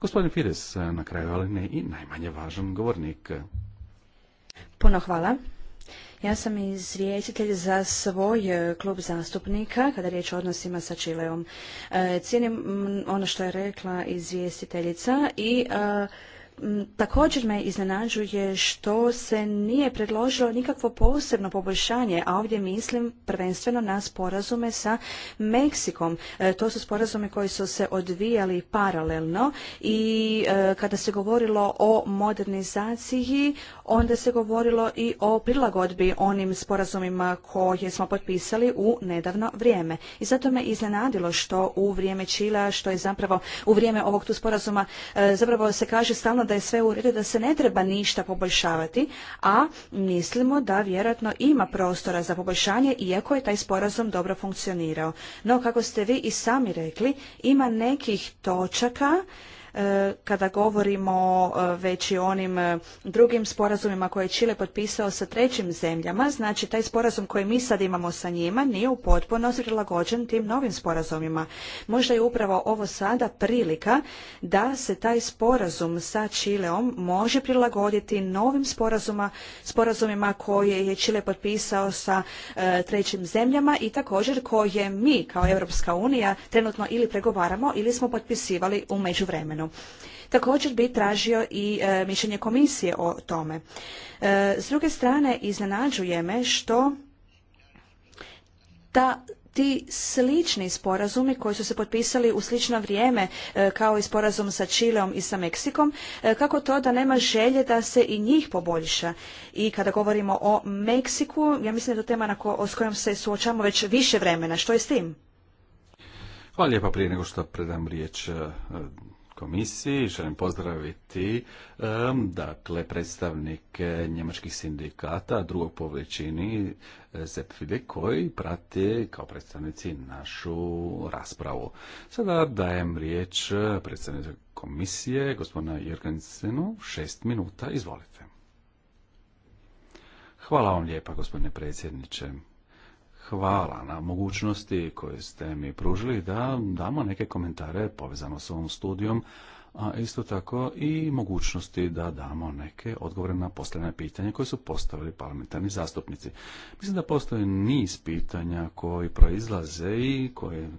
Gospodin Fides, na kraju, ali ne i najmanje važan govornik. Puno hvala. Ja sam izvjestitelj za svoj e, klub zastupnika kada riječ o odnosima sa Čileom. E, cijenim ono što je rekla izvjestiteljica i e, Mm, također me iznenađuje što se nije predložilo nikakvo posebno poboljšanje, a ovdje mislim prvenstveno na sporazume sa Meksikom. E, to su sporazume koji su se odvijali paralelno i e, kada se govorilo o modernizaciji, onda se govorilo i o prilagodbi onim sporazumima koje smo potpisali u nedavno vrijeme. I zato me iznenadilo što u vrijeme Čila, što je zapravo u vrijeme ovog tu sporazuma, e, zapravo se kaže stalno da je sve u redu, da se ne treba ništa poboljšavati, a mislimo da vjerojatno ima prostora za poboljšanje iako je taj sporazum dobro funkcionirao. No, kako ste vi i sami rekli, ima nekih točaka E, kada govorimo e, već i onim e, drugim sporazumima koje je Čile potpisao sa trećim zemljama, znači taj sporazum koji mi sad imamo sa njima nije u potpunosti prilagođen tim novim sporazumima. Možda je upravo ovo sada prilika da se taj sporazum sa Čileom može prilagoditi novim sporazumima koje je Čile potpisao sa trećim zemljama i također koje mi kao Europska unija trenutno ili pregovaramo ili smo potpisivali u međuvremenu. Također bi tražio i e, mišljenje komisije o tome. E, s druge strane, iznenađuje me što ta ti slični sporazumi koji su se potpisali u slično vrijeme e, kao i sporazum sa Čileom i sa Meksikom, e, kako to da nema želje da se i njih poboljša. I kada govorimo o Meksiku, ja mislim da je to tema na ko, s kojom se suočamo već više vremena. Što je s tim? Hvala lijepa prije nego što predam riječ komisiji. Želim pozdraviti dakle, predstavnike njemačkih sindikata, drugog po veličini Zepfide, e, koji prate kao predstavnici našu raspravu. Sada dajem riječ predstavniku komisije, gospodina Jorgensenu šest minuta, izvolite. Hvala vam lijepa, gospodine predsjedniče hvala na mogućnosti koje ste mi pružili da damo neke komentare povezano s ovom studijom, a isto tako i mogućnosti da damo neke odgovore na postavljene pitanje koje su postavili parlamentarni zastupnici. Mislim da postoje niz pitanja koji proizlaze i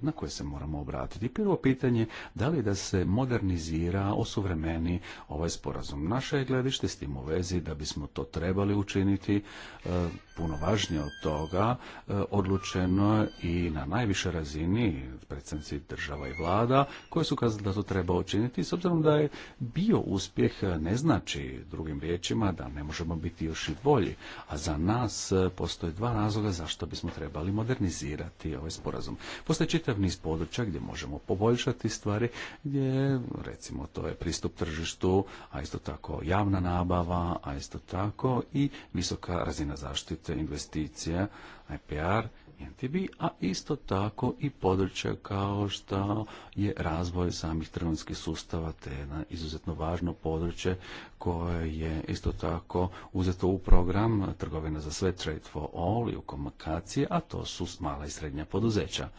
na koje se moramo obratiti. Prvo pitanje, da li da se modernizira, osuvremeni ovaj sporazum. Naše je gledište s tim u vezi da bismo to trebali učiniti. E, puno važnije od toga, e, odlučeno i na najvišoj razini predstavnici država i vlada koji su kazali da to treba učiniti s obzirom da je bio uspjeh e, ne znači drugim riječima da ne možemo biti još i bolji, a za nas e, postoje dva razloga zašto bismo trebali modernizirati ovaj sporazum. Postoje čitav niz područja gdje možemo poboljšati stvari, gdje recimo to je pristup tržištu, a isto tako javna nabava, a isto tako i visoka razina zaštite vrste investicija, IPR, NTB, a isto tako i područja kao što je razvoj samih trgovinskih sustava, te jedna izuzetno važno područje koje je isto tako uzeto u program trgovina za sve Trade for All i u komunikacije, a to su mala i srednja poduzeća.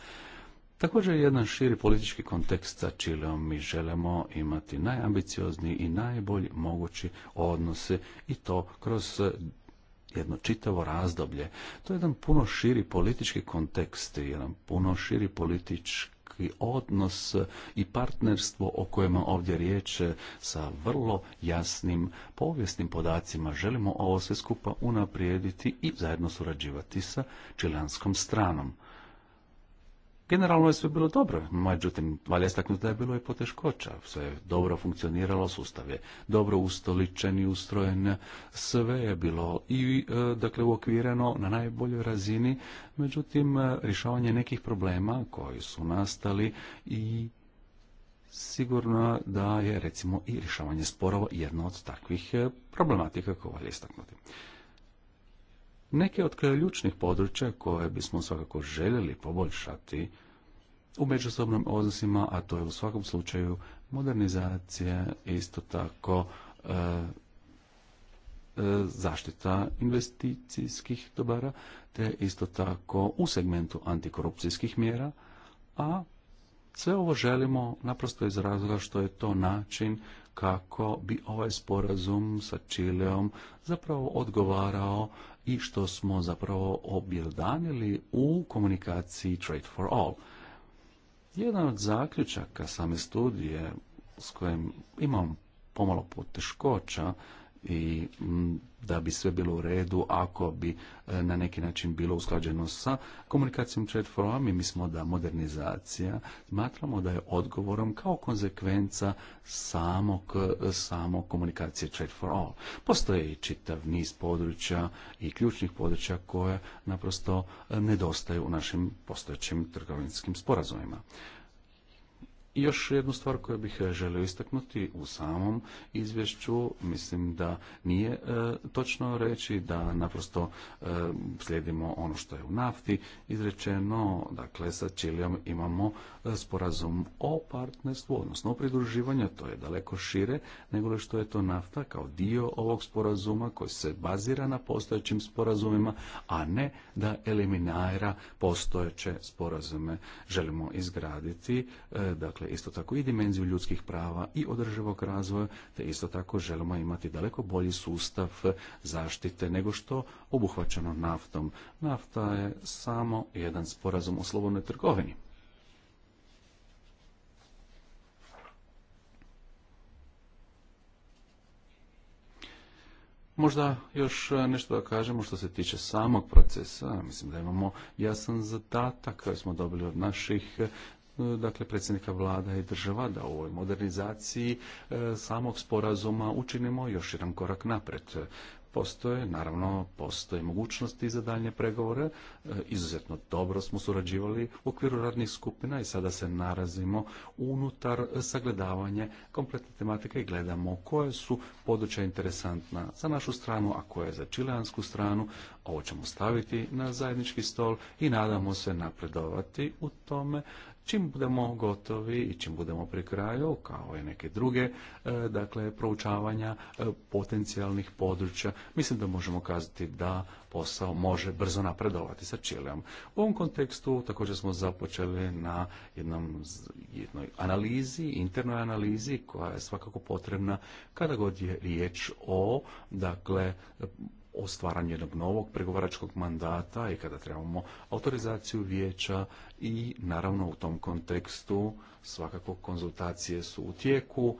Također jedan širi politički kontekst sa Čileom mi želimo imati najambiciozniji i najbolji mogući odnose i to kroz jedno čitavo razdoblje. To je jedan puno širi politički kontekst, jedan puno širi politički odnos i partnerstvo o kojima ovdje riječ sa vrlo jasnim povijesnim podacima. Želimo ovo sve skupa unaprijediti i zajedno surađivati sa čilanskom stranom. Generalno je sve bilo dobro, međutim, valja istaknuti da je bilo i poteškoća. Sve je dobro funkcioniralo, sustav je dobro ustoličen i ustrojen, sve je bilo i e, dakle uokvireno na najboljoj razini, međutim, e, rješavanje nekih problema koji su nastali i sigurno da je recimo i rješavanje sporova jedno od takvih e, problematika koje valja istaknuti. Neke od ključnih područja koje bismo svakako željeli poboljšati u međusobnim odnosima, a to je u svakom slučaju modernizacija, isto tako e, e, zaštita investicijskih dobara, te isto tako u segmentu antikorupcijskih mjera, a sve ovo želimo naprosto iz razloga što je to način kako bi ovaj sporazum sa Čileom zapravo odgovarao i što smo zapravo objeldanili u komunikaciji Trade for All. Jedan od zaključaka same studije s kojim imam pomalo poteškoća i mm, da bi sve bilo u redu ako bi e, na neki način bilo usklađeno sa komunikacijom trade for all. mi smo da modernizacija smatramo da je odgovorom kao konzekvenca samog, e, samo komunikacije trade for all. Postoje i čitav niz područja i ključnih područja koje naprosto e, nedostaju u našim postojećim trgovinskim sporazumima još jednu stvar koju bih e, želio istaknuti u samom izvješću, mislim da nije e, točno reći da naprosto e, slijedimo ono što je u nafti izrečeno, dakle sa Čilijom imamo sporazum o partnerstvu, odnosno o pridruživanju, to je daleko šire nego što je to nafta kao dio ovog sporazuma koji se bazira na postojećim sporazumima, a ne da eliminira postojeće sporazume. Želimo izgraditi, dakle, isto tako i dimenziju ljudskih prava i održivog razvoja, te isto tako želimo imati daleko bolji sustav zaštite nego što obuhvaćeno naftom. Nafta je samo jedan sporazum o slobodnoj trgovini. Možda još nešto da kažemo što se tiče samog procesa. Mislim da imamo jasan zadatak koji smo dobili od naših dakle predsjednika vlada i država da u ovoj modernizaciji e, samog sporazuma učinimo još jedan korak napred. postoje, naravno postoje mogućnosti za daljnje pregovore. E, izuzetno dobro smo surađivali u okviru radnih skupina i sada se narazimo unutar sagledavanja kompletne tematike i gledamo koje su područja interesantna za našu stranu, a koje za čileansku stranu. Ovo ćemo staviti na zajednički stol i nadamo se napredovati u tome Čim budemo gotovi i čim budemo pri kraju, kao i neke druge, e, dakle, proučavanja e, potencijalnih područja, mislim da možemo kazati da posao može brzo napredovati sa čilijom U ovom kontekstu također smo započeli na jednom, jednoj analizi, internoj analizi koja je svakako potrebna kada god je riječ o dakle o stvaranju jednog novog pregovaračkog mandata i kada trebamo autorizaciju vijeća i naravno u tom kontekstu svakako konzultacije su u tijeku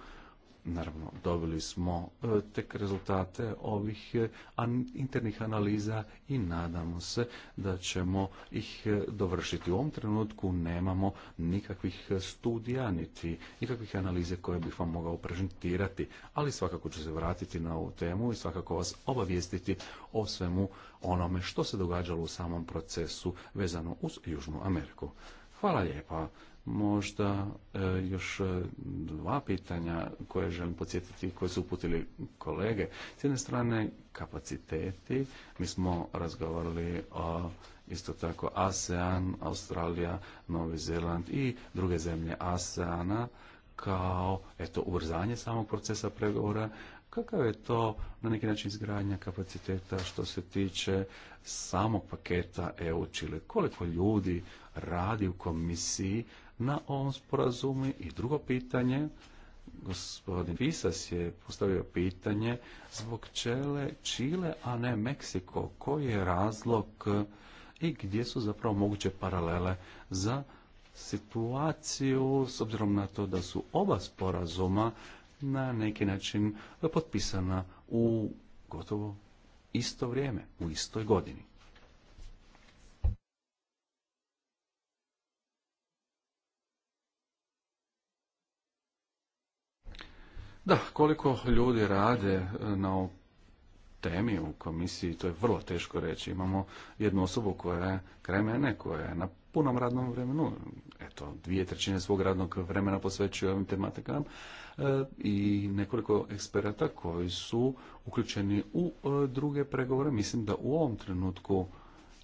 Naravno, dobili smo e, tek rezultate ovih e, internih analiza i nadamo se da ćemo ih e, dovršiti. U ovom trenutku nemamo nikakvih studija, niti nikakvih analize koje bih vam mogao prezentirati, ali svakako ću se vratiti na ovu temu i svakako vas obavijestiti o svemu onome što se događalo u samom procesu vezano uz Južnu Ameriku. Hvala lijepa možda e, još e, dva pitanja koje želim podsjetiti i koje su uputili kolege. S jedne strane kapaciteti, mi smo razgovarali o isto tako ASEAN, Australija, Novi Zeland i druge zemlje ASEANA kao eto ubrzanje samog procesa pregovora kakav je to na neki način izgradnja kapaciteta što se tiče samog paketa EU Čile? Koliko ljudi radi u komisiji na ovom sporazumu. I drugo pitanje, gospodin Visas je postavio pitanje zbog čele Čile, a ne Meksiko. Koji je razlog e, i gdje su zapravo moguće paralele za situaciju s obzirom na to da su oba sporazuma na neki način potpisana u gotovo isto vrijeme, u istoj godini. Da, koliko ljudi rade e, na temi u komisiji, to je vrlo teško reći. Imamo jednu osobu koja je kraj koja je na punom radnom vremenu, eto, dvije trećine svog radnog vremena posvećuje ovim tematikama e, i nekoliko eksperata koji su uključeni u e, druge pregovore. Mislim da u ovom trenutku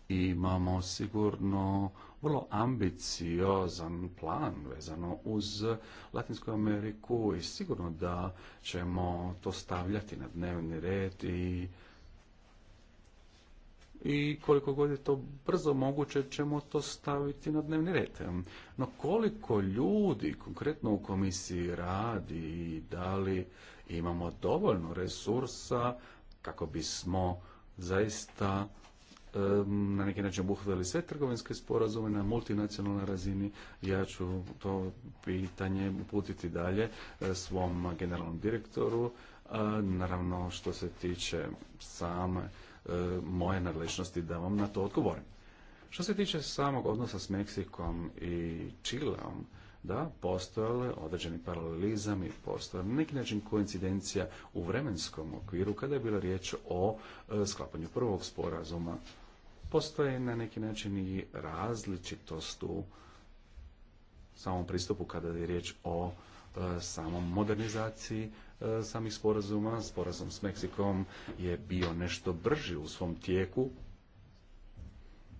imamo sigurno vrlo ambiciozan plan vezano uz Latinsku Ameriku i sigurno da ćemo to stavljati na dnevni red i i koliko god je to brzo moguće ćemo to staviti na dnevni red. No koliko ljudi konkretno u komisiji radi i da li imamo dovoljno resursa kako bismo zaista na neki način obuhvatili sve trgovinske sporazume na multinacionalnoj razini. Ja ću to pitanje uputiti dalje eh, svom generalnom direktoru. Naravno, što se tiče same eh, moje nadležnosti da vam na to odgovorim. Što se tiče samog odnosa s Meksikom i Čileom, da, postojale određeni paralelizam i postojale na neki način koincidencija u vremenskom okviru kada je bila riječ o eh, sklapanju prvog sporazuma postoje na neki način i različitost u samom pristupu kada je riječ o samoj e, samom modernizaciji e, samih sporazuma. Sporazum s Meksikom je bio nešto brži u svom tijeku.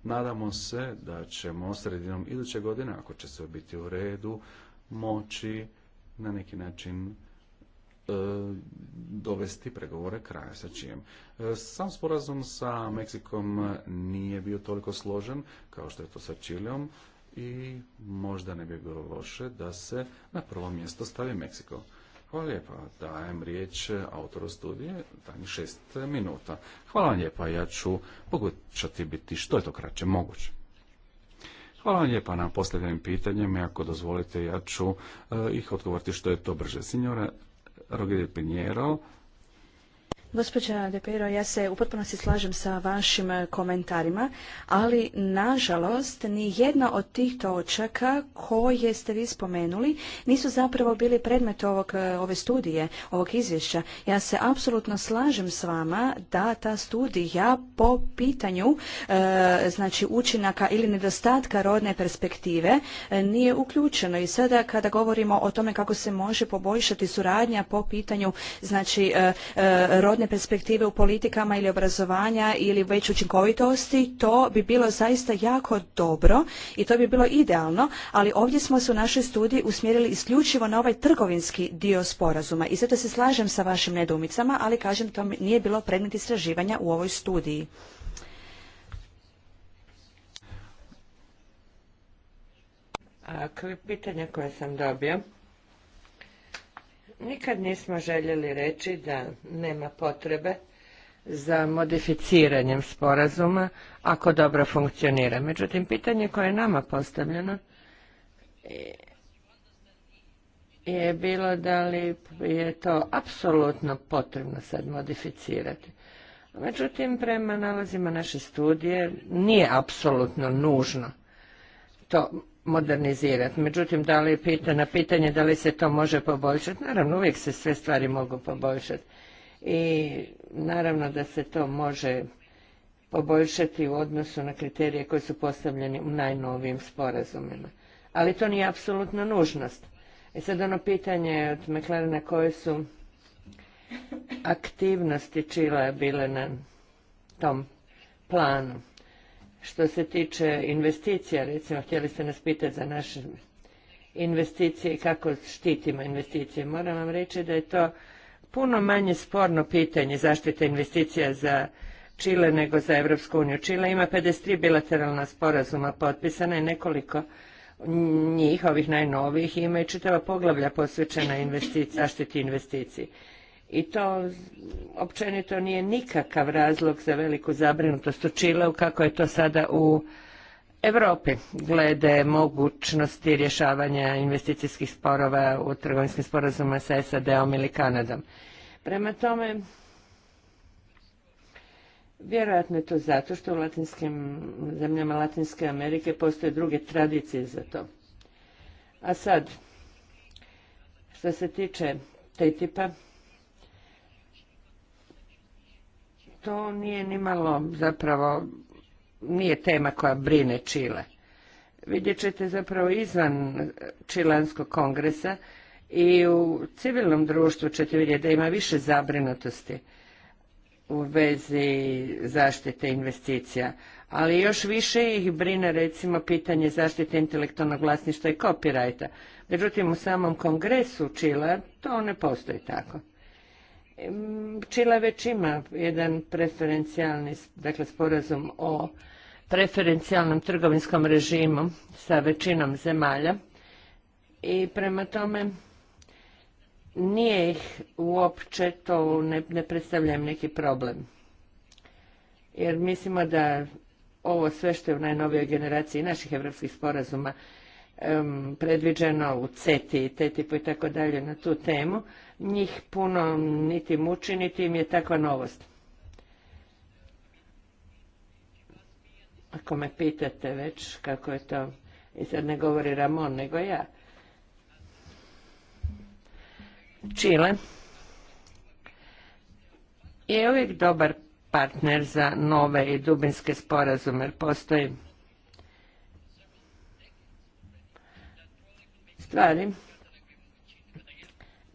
Nadamo se da ćemo sredinom iduće godine, ako će sve biti u redu, moći na neki način E, dovesti pregovore kraja sa čijem. E, sam sporazum sa Meksikom nije bio toliko složen kao što je to sa Čilijom i možda ne bi bilo loše da se na prvo mjesto stavi Meksiko. Hvala lijepa. Dajem riječ autoru studije, danji šest minuta. Hvala vam lijepa, ja ću pogućati biti što je to kraće moguće. Hvala vam lijepa na postavljenim pitanjem. Ako dozvolite, ja ću e, ih odgovoriti što je to brže. Signora Rogério Pinheiro, Gospođa De ja se u potpunosti slažem sa vašim e, komentarima, ali nažalost ni jedna od tih točaka koje ste vi spomenuli nisu zapravo bili predmet ovog, e, ove studije, ovog izvješća. Ja se apsolutno slažem s vama da ta studija po pitanju e, znači učinaka ili nedostatka rodne perspektive nije uključeno i sada kada govorimo o tome kako se može poboljšati suradnja po pitanju znači rodne perspektive u politikama ili obrazovanja ili već učinkovitosti, to bi bilo zaista jako dobro i to bi bilo idealno, ali ovdje smo se u našoj studiji usmjerili isključivo na ovaj trgovinski dio sporazuma i zato se slažem sa vašim nedoumicama, ali kažem to nije bilo predmet istraživanja u ovoj studiji. A, pitanje koje sam dobio Nikad nismo željeli reći da nema potrebe za modificiranjem sporazuma ako dobro funkcionira. Međutim, pitanje koje je nama postavljeno je bilo da li je to apsolutno potrebno sad modificirati. Međutim, prema nalazima naše studije nije apsolutno nužno to modernizirati. Međutim, da li pita, na pitanje da li se to može poboljšati, naravno uvijek se sve stvari mogu poboljšati. I naravno da se to može poboljšati u odnosu na kriterije koji su postavljeni u najnovijim sporazumima. Ali to nije apsolutna nužnost. I e sad ono pitanje od McLarena koje su aktivnosti Čila bile na tom planu. Što se tiče investicija, recimo, htjeli ste nas pitati za naše investicije i kako štitimo investicije. Moram vam reći da je to puno manje sporno pitanje zaštite investicija za Čile nego za Europsku uniju. Čile ima 53 bilateralna sporazuma potpisana i nekoliko njih, ovih najnovijih, ima i čitava poglavlja posvećena zaštiti investiciji i to općenito nije nikakav razlog za veliku zabrinutost u Čileu kako je to sada u Europi glede mogućnosti rješavanja investicijskih sporova u trgovinskim sporazuma sa SAD-om ili Kanadom. Prema tome, vjerojatno je to zato što u latinskim zemljama Latinske Amerike postoje druge tradicije za to. A sad, što se tiče TTIP-a, to nije ni malo zapravo nije tema koja brine Čile. Vidjet ćete zapravo izvan Čilanskog kongresa i u civilnom društvu ćete vidjeti da ima više zabrinutosti u vezi zaštite investicija, ali još više ih brine recimo pitanje zaštite intelektualnog vlasništva i kopirajta. Međutim, u samom kongresu Čila to ne postoji tako. Čile već ima jedan preferencijalni, dakle sporazum o preferencijalnom trgovinskom režimu sa većinom zemalja i prema tome nije ih uopće to ne, ne predstavljam neki problem. Jer mislimo da ovo sve što je u najnovijoj generaciji naših evropskih sporazuma predviđeno u CETI, TTIP i tako dalje na tu temu, njih puno niti muči, niti im je takva novost. Ako me pitate već kako je to, i sad ne govori Ramon, nego ja. Čile je uvijek dobar partner za nove i dubinske sporazume, jer postoji stvari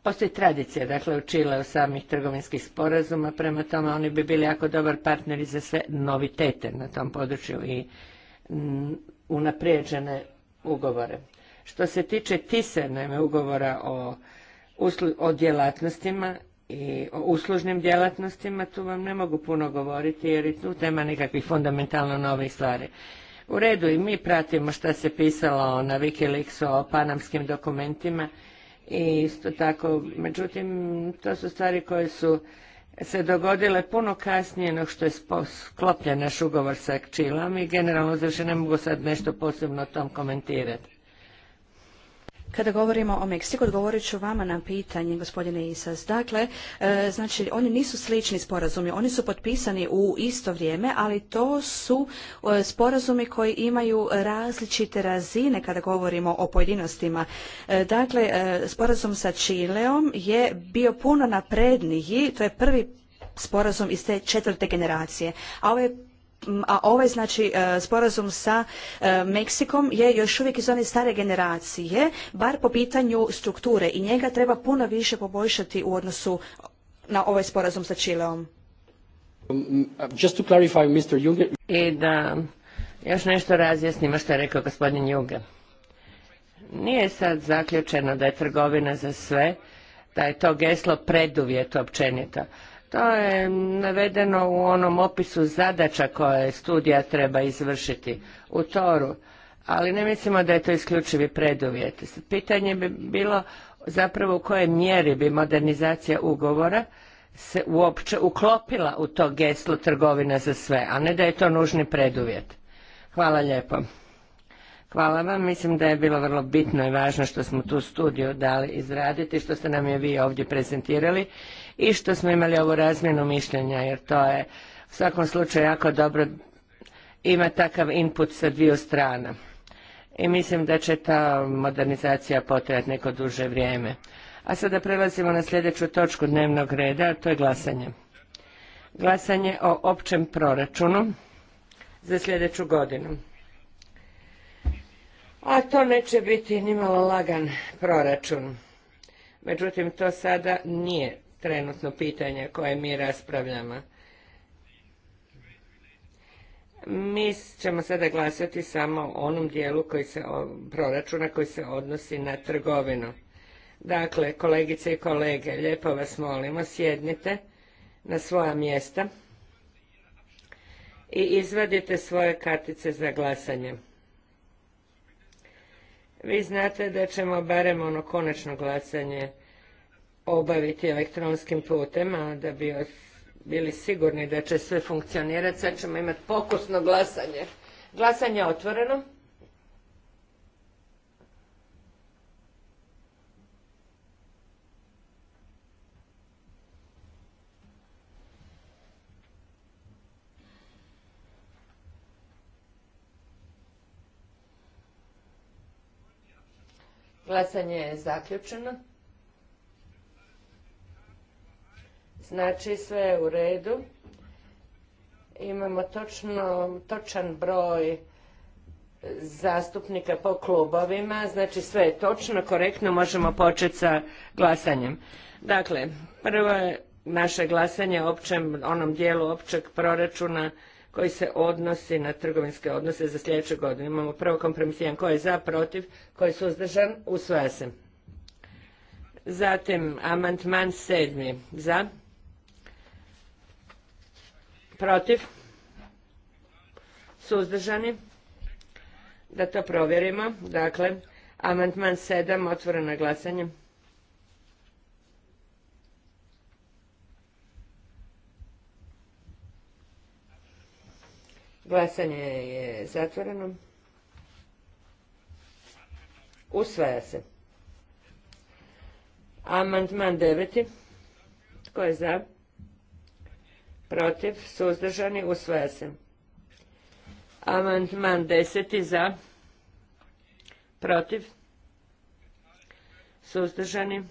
Postoji tradicija, dakle, u Čile samih trgovinskih sporazuma, prema tome oni bi bili jako dobar partneri za sve novitete na tom području i mm, unaprijeđene ugovore. Što se tiče TISE, naime, ugovora o, o djelatnostima i o uslužnim djelatnostima, tu vam ne mogu puno govoriti jer i tu nema nekakvih fundamentalno novih stvari. U redu i mi pratimo šta se pisalo na Wikileaksu o panamskim dokumentima i isto tako, međutim, to su stvari koje su se dogodile puno kasnije no što je sklopljen naš ugovor sa Čilom i generalno zašto ne mogu sad nešto posebno o tom komentirati. Kada govorimo o Meksiku, odgovorit ću vama na pitanje, gospodine Isas. Dakle, e, znači, oni nisu slični sporazumi, oni su potpisani u isto vrijeme, ali to su e, sporazumi koji imaju različite razine kada govorimo o pojedinostima. E, dakle, sporazum sa Čileom je bio puno napredniji, to je prvi sporazum iz te četvrte generacije, a ovo ovaj a ovaj znači e, sporazum sa e, Meksikom je još uvijek iz one stare generacije, bar po pitanju strukture i njega treba puno više poboljšati u odnosu na ovaj sporazum sa Čileom. to I da još nešto razjasnimo što je rekao gospodin Juncker. Nije sad zaključeno da je trgovina za sve, da je to geslo preduvjet općenito to je navedeno u onom opisu zadaća koje studija treba izvršiti u Toru, ali ne mislimo da je to isključivi preduvjet. Pitanje bi bilo zapravo u kojoj mjeri bi modernizacija ugovora se uopće uklopila u to geslo trgovina za sve, a ne da je to nužni preduvjet. Hvala lijepo. Hvala vam, mislim da je bilo vrlo bitno i važno što smo tu studiju dali izraditi, što ste nam je vi ovdje prezentirali i što smo imali ovu razmjenu mišljenja jer to je u svakom slučaju jako dobro ima takav input sa dviju strana. I mislim da će ta modernizacija potrajati neko duže vrijeme. A sada prelazimo na sljedeću točku dnevnog reda, a to je glasanje. Glasanje o općem proračunu za sljedeću godinu. A to neće biti nimalo lagan proračun. Međutim, to sada nije trenutno pitanje koje mi raspravljamo. Mi ćemo sada glasati samo o onom dijelu koji se, proračuna koji se odnosi na trgovinu. Dakle, kolegice i kolege, lijepo vas molimo, sjednite na svoja mjesta i izvadite svoje kartice za glasanje. Vi znate da ćemo barem ono konačno glasanje obaviti elektronskim putem, da bi bili sigurni da će sve funkcionirati, sad ćemo imati pokusno glasanje. Glasanje otvoreno. Glasanje je zaključeno. Znači sve je u redu. Imamo točno, točan broj zastupnika po klubovima, znači sve je točno, korektno, možemo početi sa glasanjem. Dakle, prvo je naše glasanje o onom dijelu općeg proračuna koji se odnosi na trgovinske odnose za sljedeću godinu. Imamo prvo kompromisijan koji je za, protiv, koji je suzdržan, usvaja se. Zatim, amantman sedmi, za, protiv, suzdržani, da to provjerimo. Dakle, amandman 7, otvoreno glasanje. Glasanje je zatvoreno. Usvaja se. Amandman deveti. Tko je za? protiv, suzdržani, usvaja se. Amandman deseti za, protiv, suzdržani.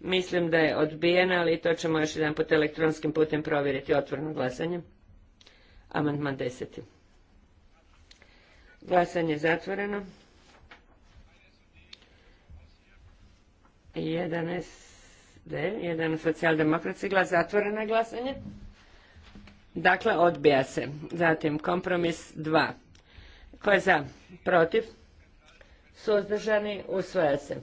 Mislim da je odbijena, ali to ćemo još jedan put elektronskim putem provjeriti otvorno glasanje. Amandman deseti. Glasanje zatvoreno. 11 je. jedan socijaldemokratski glas, zatvoreno glasanje. Dakle, odbija se. Zatim, kompromis 2. Ko je za? Protiv? Suzdržani? Usvaja se.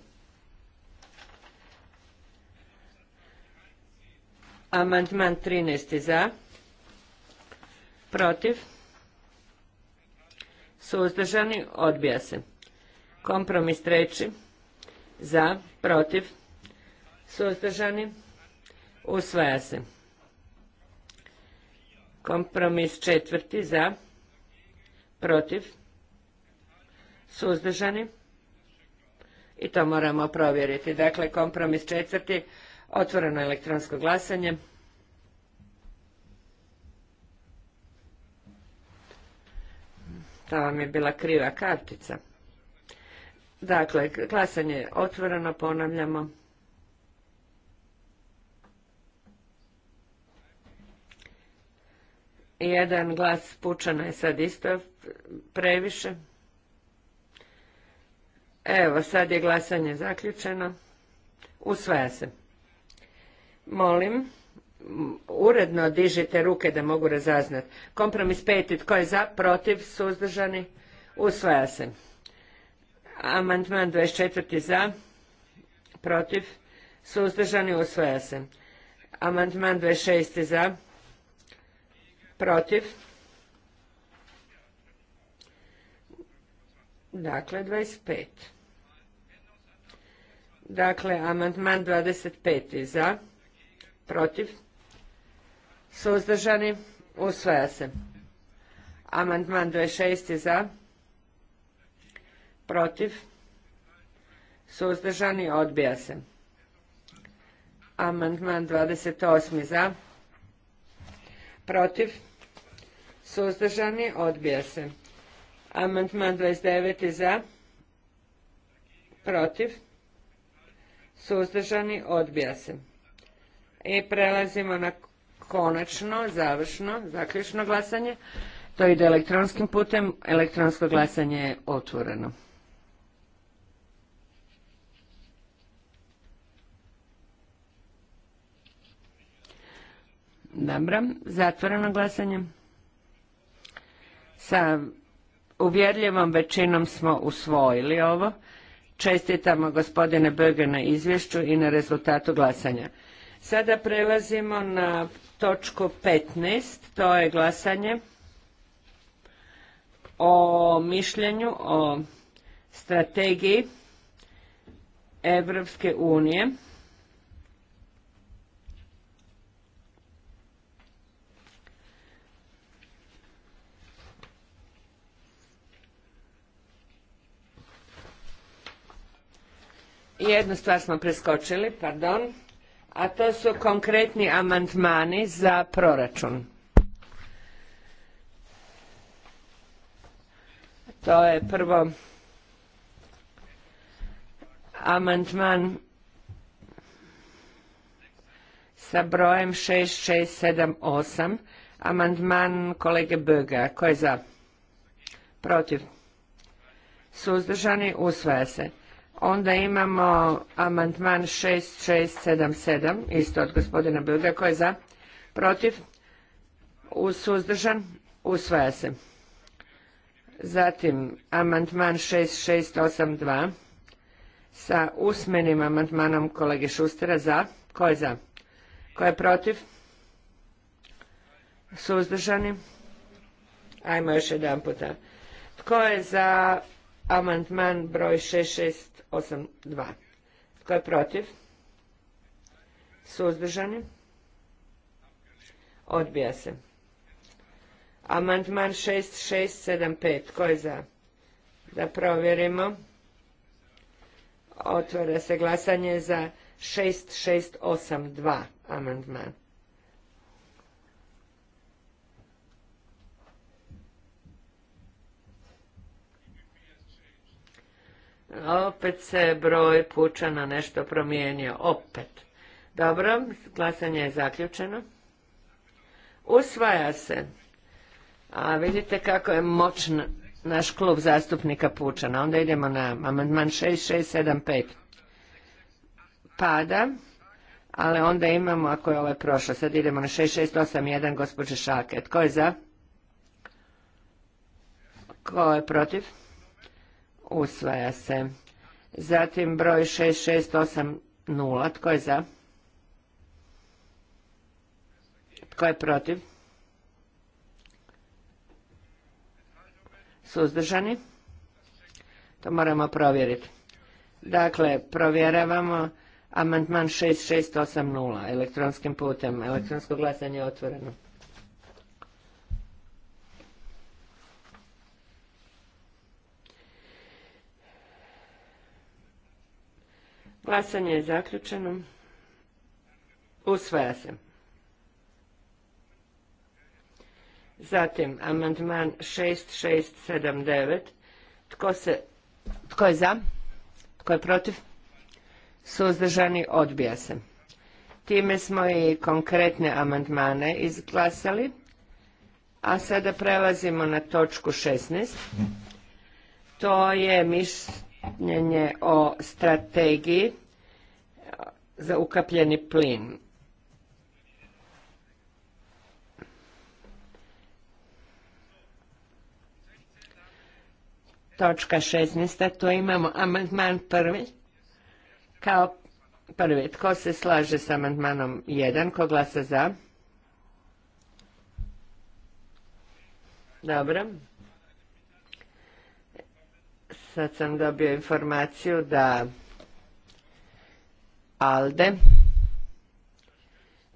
Amandman 13. za. Protiv? Suzdržani? Odbija se. Kompromis 3. Za? Protiv? Suzdržani? Usvaja se. Kompromis četvrti za. Protiv? Suzdržani? I to moramo provjeriti. Dakle, kompromis četvrti. Otvoreno elektronsko glasanje. To vam je bila kriva kartica. Dakle, glasanje je otvoreno, ponavljamo. Jedan glas pučana je sad isto previše. Evo, sad je glasanje zaključeno. Usvaja se. Molim, uredno dižite ruke da mogu razaznat. Kompromis peti, tko je za, protiv, suzdržani, usvaja se. Amandman 24. za, protiv, suzdržani, usvaja se. Amandman 26. za, protiv, dakle 25. Dakle, amandman 25. za, protiv, suzdržani, usvaja se. Amandman 26. za, protiv, suzdržani, odbija se. Amandman 28. za, protiv, suzdržani, odbija se. Amandman 29. za, protiv, suzdržani, odbija se. I prelazimo na konačno, završno, zaključno glasanje. To ide elektronskim putem. Elektronsko glasanje je otvoreno. Dobro, zatvoreno glasanje. Sa uvjerljivom većinom smo usvojili ovo. Čestitamo gospodine Böge na izvješću i na rezultatu glasanja. Sada prelazimo na točku 15, to je glasanje o mišljenju o strategiji Evropske unije jednu stvar smo preskočili, pardon, a to su konkretni amandmani za proračun. To je prvo amandman sa brojem 6678, amandman kolege Böge, tko je za? Protiv? Suzdržani? Usvaja se. Onda imamo amantman 6677, isto od gospodina Bilga, koji je za, protiv, suzdržan, usvaja se. Zatim amantman 6682 sa usmenim amandmanom kolege Šustera za, koji je za, koji je protiv, suzdržani, ajmo još jedan puta. Tko je za amantman broj 66 82. Tko je protiv? Suzdržani? Odbija se. Amandman 6675. Ko je za? Da provjerimo. Otvore se glasanje za 6682 amandman. Opet se broj pučana nešto promijenio. Opet. Dobro, glasanje je zaključeno. Usvaja se. A vidite kako je moć naš klub zastupnika pučana. Onda idemo na amandman 6675. Pada, ali onda imamo, ako je ovaj prošlo, sad idemo na 6681 gospođe Šaket. Tko je za? Tko je protiv? Usvaja se. Zatim broj 6680. Tko je za? Tko je protiv? Suzdržani? To moramo provjeriti. Dakle, provjeravamo amantman 6680 elektronskim putem. Elektronsko glasanje je otvoreno. Glasanje je zaključeno. Usvaja se. Zatim, amandman 6679. Tko se, tko je za? Tko je protiv? Suzdržani odbija se. Time smo i konkretne amandmane izglasali. A sada prelazimo na točku 16. To je miš, njenje o strategiji e, za ukapljeni plin. Točka 16. Tu imamo amandman prvi. Kao prvi, tko se slaže s amandmanom 1? Ko glasa za? Dobro. Sad sam dobio informaciju da ALDE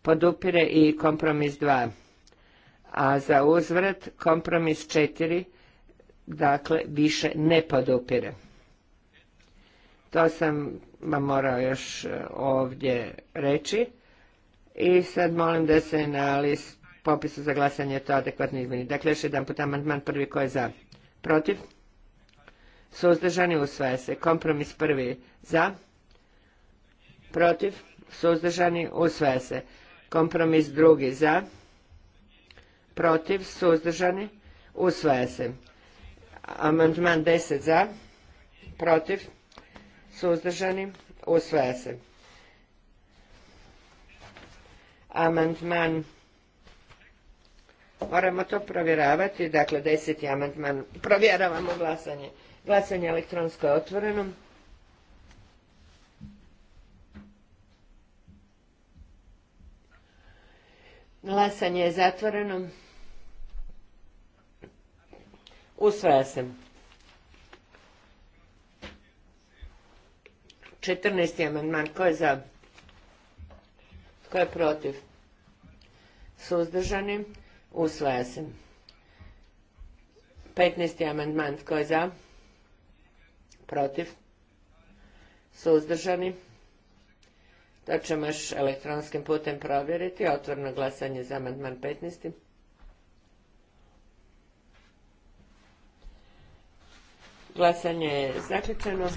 podupire i kompromis 2, a za uzvrat kompromis 4, dakle, više ne podupire. To sam vam morao još e, ovdje reći i sad molim da se na list popisu za glasanje to adekvatno izmeni. Dakle, još jedan put amandman prvi ko je za, protiv, Suzdržani usvaja se. Kompromis prvi za. Protiv. Suzdržani usvaja se. Kompromis drugi za. Protiv. Suzdržani usvaja se. Amandman 10 za. Protiv. Suzdržani usvaja se. Amandman Moramo to provjeravati, dakle deseti amandman. Provjeravamo glasanje. Glasanje elektronsko je otvoreno. Glasanje je zatvoreno. Usvaja se. 14. amandman. Ko je za? Ko je protiv? Suzdržani. Usvaja se. 15. amandman. Tko je za? protiv, suzdržani. To ćemo još elektronskim putem provjeriti. Otvorno glasanje za amandman 15. Glasanje je zaključeno.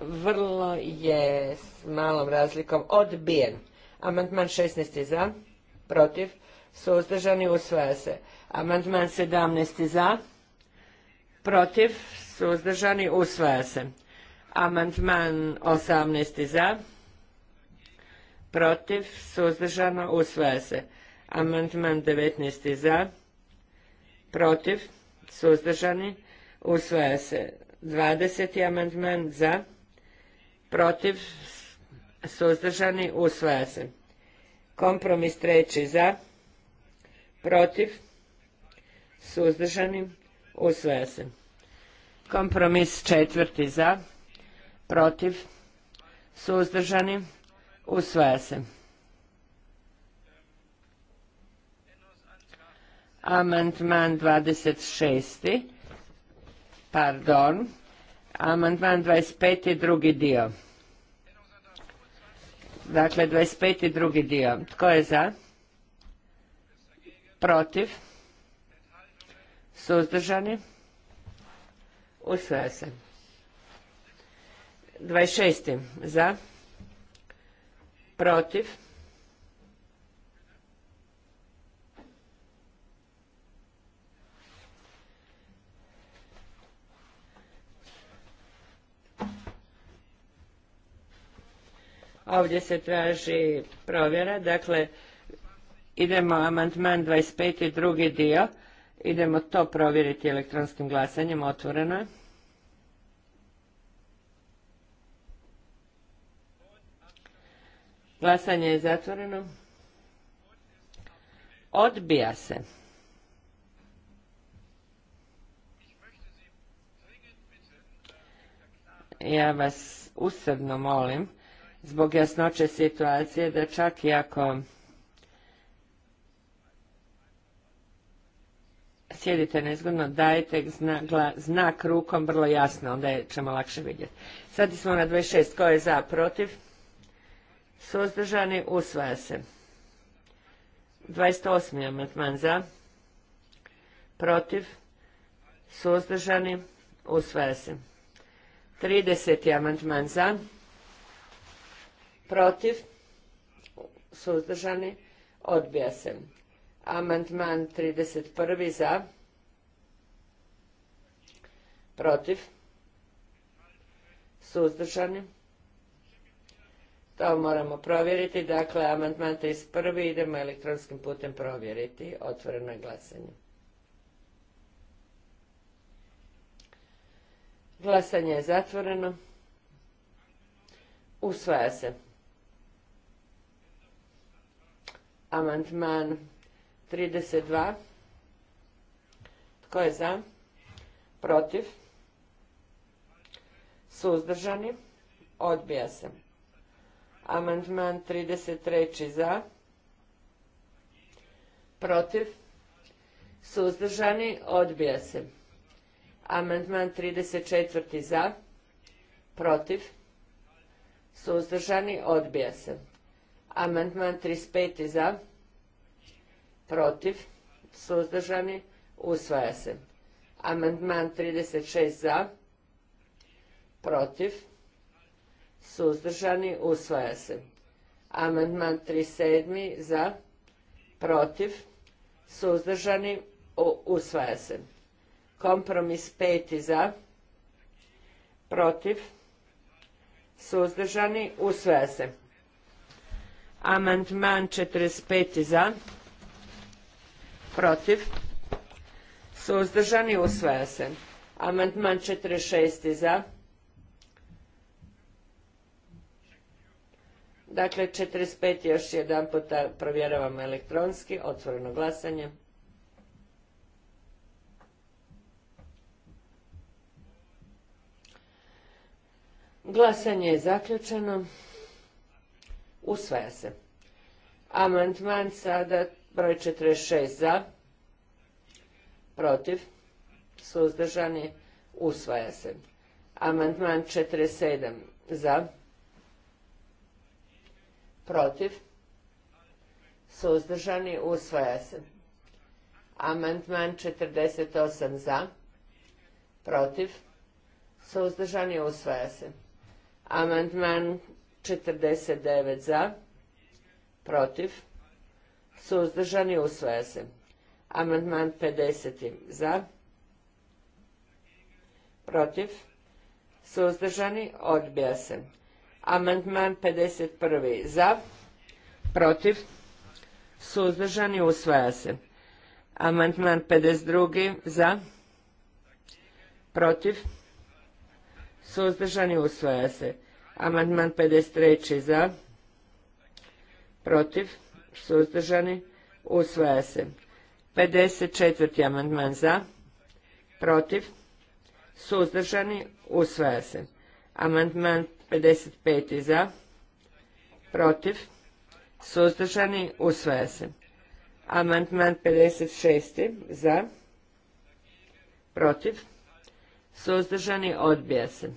Vrlo je s malom razlikom odbijen. Amandman 16. za, protiv, suzdržani, usvaja se. Amandman 17. za, protiv, suzdržani, usvaja se. Amandman 18. za, protiv, suzdržano, usvaja se. Amandman 19. za, protiv, suzdržani, usvaja se. 20. amandman za, protiv, suzdržani, usvaja se. Kompromis treći za, protiv, suzdržani, Usvaja se. Kompromis četvrti za, protiv, suzdržani, usvaja se. Amandman 26. Pardon. Amandman 25. drugi dio. Dakle, 25. drugi dio. Tko je za? Protiv? Suzdržani? Usvaja se. 26. Za? Protiv? Ovdje se traži provjera, dakle idemo amandman 25. drugi dio Idemo to provjeriti elektronskim glasanjem, otvoreno je. Glasanje je zatvoreno. Odbija se. Ja vas usredno molim, zbog jasnoće situacije, da čak i ako sjedite nezgodno, dajte znak, rukom vrlo jasno, onda ćemo lakše vidjeti. Sad smo na 26. Ko je za? Protiv? Suzdržani? Usvaja se. 28. amatman za? Protiv? Suzdržani? Usvaja se. 30. amandman za, protiv, suzdržani, odbija se. Amandman 31. za. Protiv. Suzdržani. To moramo provjeriti. Dakle, amandman 31. idemo elektronskim putem provjeriti. Otvoreno je glasanje. Glasanje je zatvoreno. Usvaja se. Amandman 32. Tko je za? Protiv? Suzdržani? Odbija se. Amandman 33. za? Protiv? Suzdržani? Odbija se. Amandman 34. za? Protiv? Suzdržani? Odbija se. Amandman 35. za? Protiv? protiv, suzdržani, usvaja se. Amandman 36 za, protiv, suzdržani, usvaja se. Amandman 37 za, protiv, suzdržani, usvaja se. Kompromis 5 za, protiv, suzdržani, usvaja se. Amandman 45 za, protiv, suzdržani, usvaja se. Amandman 46. za, Dakle, 45 još jedan puta provjeravamo elektronski, otvoreno glasanje. Glasanje je zaključeno. Usvaja se. Amandman sada Broj 46 za, protiv, suzdržani, usvaja se. Amandman 47 za, protiv, suzdržani, usvaja se. Amandman 48 za, protiv, suzdržani, usvaja se. Amandman 49 za, protiv, Suzdržani usvaja se. Amandman 50. Za. Protiv. Suzdržani odbija se. Amandman 51. Za. Protiv. Suzdržani usvaja se. Amandman 52. Za. Protiv. Suzdržani usvaja se. Amandman 53. Za. Protiv suzdržani, usvaja se. 54. amandman za, protiv, suzdržani, usvaja se. Amandman 55. za, protiv, suzdržani, usvaja se. Amandman 56. za, protiv, suzdržani, odbija se.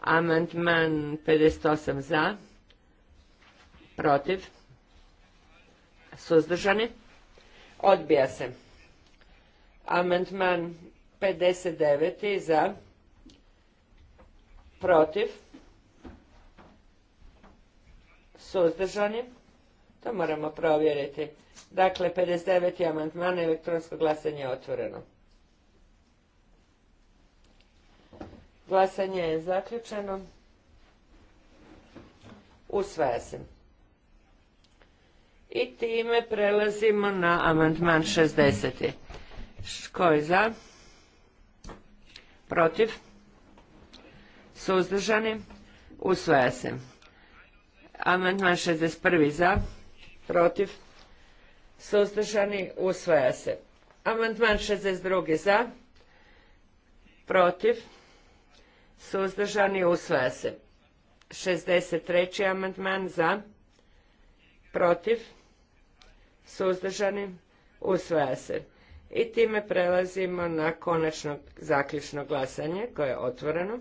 Amandman 58. za, protiv, suzdržani, odbija se. Amandman 59. za, protiv, suzdržani, to moramo provjeriti. Dakle, 59. amandman elektronsko glasanje je otvoreno. Glasanje je zaključeno. Usvaja se. I time prelazimo na amandman 60. Ko je za? Protiv? Suzdržani? Usvaja se. Amandman 61. za? Protiv? Suzdržani? Usvaja se. Amandman 62. za? Protiv? Suzdržani? Usvaja se. 63. amandman za? Protiv? suzdržani, usvaja se. I time prelazimo na konačno zaključno glasanje koje je otvoreno.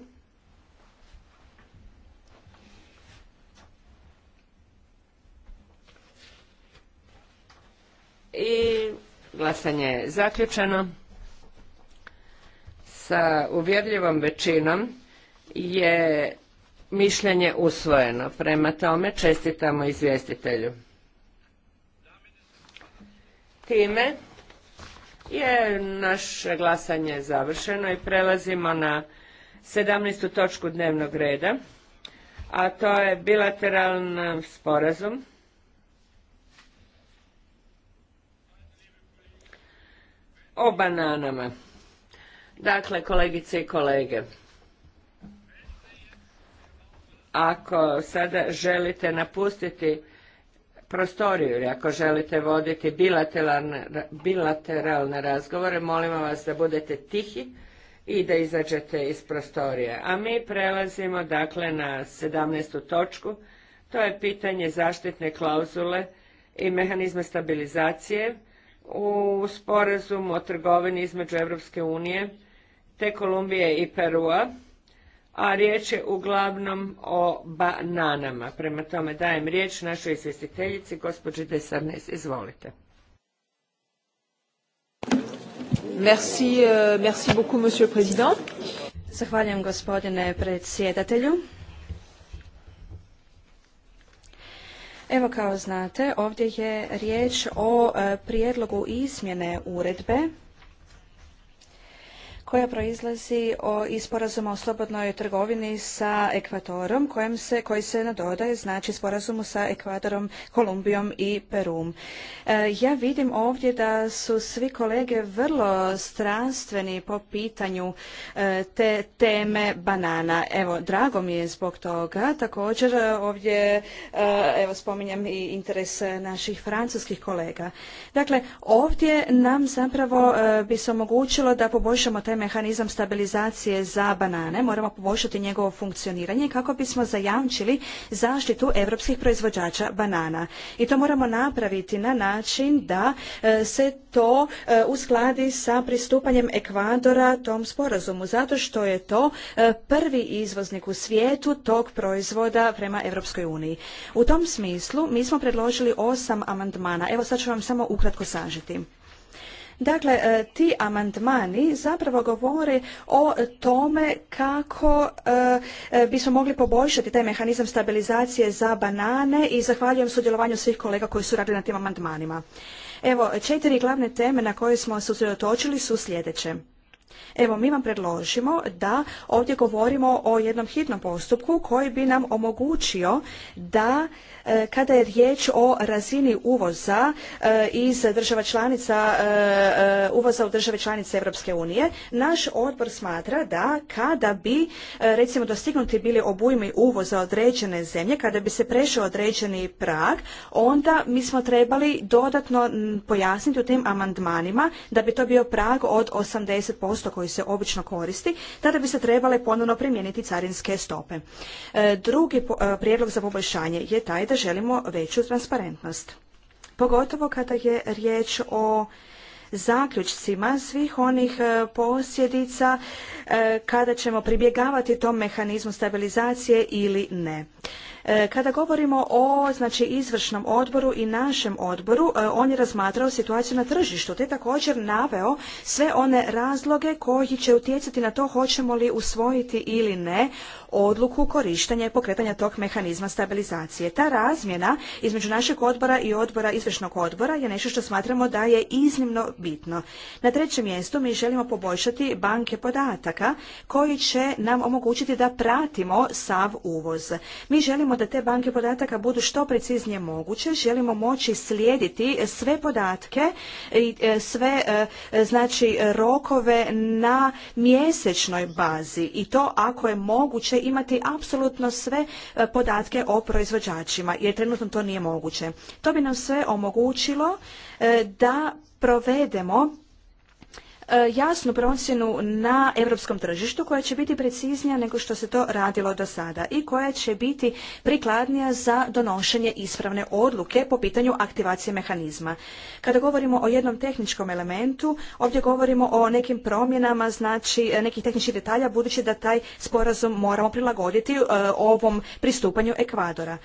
I glasanje je zaključeno. Sa uvjerljivom većinom je mišljenje usvojeno. Prema tome čestitamo izvjestitelju. Time je naše glasanje završeno i prelazimo na 17. točku dnevnog reda, a to je bilateralan sporazum o bananama. Dakle, kolegice i kolege, ako sada želite napustiti prostoriju, ako želite voditi bilateralne, razgovore, molimo vas da budete tihi i da izađete iz prostorije. A mi prelazimo dakle na 17. točku, to je pitanje zaštitne klauzule i mehanizma stabilizacije u sporazumu o trgovini između Europske unije te Kolumbije i Perua a riječ je uglavnom o bananama. Prema tome dajem riječ našoj izvjestiteljici, gospođi Desarnes. Izvolite. Merci, euh, merci beaucoup, monsieur président. Zahvaljujem gospodine predsjedatelju. Evo kao znate, ovdje je riječ o e, prijedlogu izmjene uredbe koja proizlazi iz sporazuma o slobodnoj trgovini sa Ekvatorom, kojem se, koji se nadodaje znači sporazumu sa Ekvadorom, Kolumbijom i Perum. E, ja vidim ovdje da su svi kolege vrlo stranstveni po pitanju e, te teme banana. Evo, drago mi je zbog toga. Također e, ovdje evo spominjem i interes naših francuskih kolega. Dakle, ovdje nam zapravo bi se omogućilo da poboljšamo taj mehanizam stabilizacije za banane, moramo poboljšati njegovo funkcioniranje kako bismo zajamčili zaštitu europskih proizvođača banana. I to moramo napraviti na način da e, se to e, uskladi sa pristupanjem Ekvadora tom sporazumu, zato što je to e, prvi izvoznik u svijetu tog proizvoda prema Europskoj uniji. U tom smislu mi smo predložili osam amandmana. Evo sad ću vam samo ukratko sažeti. Dakle, e, ti amandmani zapravo govore o tome kako e, e, bismo mogli poboljšati taj mehanizam stabilizacije za banane i zahvaljujem sudjelovanju svih kolega koji su radili na tim amandmanima. Evo, četiri glavne teme na koje smo se usredotočili su sljedeće. Evo, mi vam predložimo da ovdje govorimo o jednom hitnom postupku koji bi nam omogućio da e, kada je riječ o razini uvoza e, iz država članica, e, uvoza u države članice Europske unije, naš odbor smatra da kada bi recimo dostignuti bili obujmi uvoza određene zemlje, kada bi se prešao određeni prag, onda mi smo trebali dodatno pojasniti u tim amandmanima da bi to bio prag od 80% posto koji se obično koristi, tada bi se trebale ponovno primijeniti carinske stope. E, drugi e, prijedlog za poboljšanje je taj da želimo veću transparentnost. Pogotovo kada je riječ o zaključcima svih onih e, posljedica kada ćemo pribjegavati tom mehanizmu stabilizacije ili ne. E, kada govorimo o znači, izvršnom odboru i našem odboru, e, on je razmatrao situaciju na tržištu, te također naveo sve one razloge koji će utjecati na to hoćemo li usvojiti ili ne odluku korištenja i pokretanja tog mehanizma stabilizacije. Ta razmjena između našeg odbora i odbora izvršnog odbora je nešto što smatramo da je iznimno bitno. Na trećem mjestu mi želimo poboljšati banke podataka koji će nam omogućiti da pratimo sav uvoz. Mi želimo da te banke podataka budu što preciznije moguće, želimo moći slijediti sve podatke i e, sve e, znači rokove na mjesečnoj bazi i to ako je moguće imati apsolutno sve e, podatke o proizvođačima jer trenutno to nije moguće. To bi nam sve omogućilo da provedemo E, jasnu procjenu na europskom tržištu koja će biti preciznija nego što se to radilo do sada i koja će biti prikladnija za donošenje ispravne odluke po pitanju aktivacije mehanizma. Kada govorimo o jednom tehničkom elementu, ovdje govorimo o nekim promjenama, znači e, nekih tehničkih detalja, budući da taj sporazum moramo prilagoditi e, ovom pristupanju Ekvadora.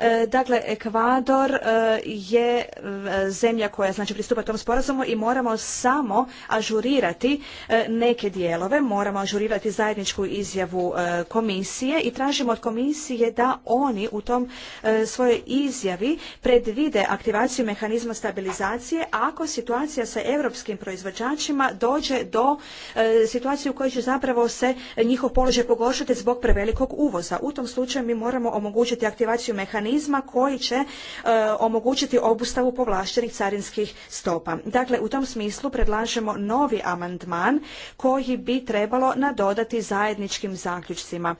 E, dakle, Ekvador e, je e, zemlja koja znači pristupa tom sporazumu i moramo samo ažurirati neke dijelove, moramo ažurirati zajedničku izjavu komisije i tražimo od komisije da oni u tom svojoj izjavi predvide aktivaciju mehanizma stabilizacije ako situacija sa europskim proizvođačima dođe do situacije u kojoj će zapravo se njihov položaj pogoršati zbog prevelikog uvoza. U tom slučaju mi moramo omogućiti aktivaciju mehanizma mehanizma koji će e, omogućiti obustavu povlaštenih carinskih stopa. Dakle, u tom smislu predlažemo novi amandman koji bi trebalo nadodati zajedničkim zaključcima.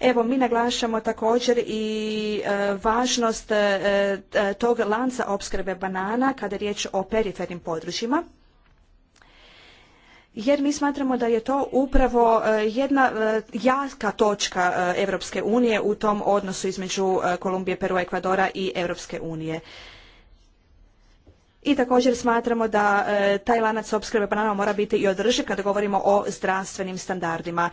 Evo, mi naglašamo također i e, važnost e, tog lanca opskrbe banana kada je riječ o perifernim područjima jer mi smatramo da je to upravo e, jedna e, jaka točka Europske unije u tom odnosu između e, Kolumbije, Peru, Ekvadora i Europske unije. I također smatramo da e, taj lanac opskrbe bananama mora biti i održiv kada govorimo o zdravstvenim standardima.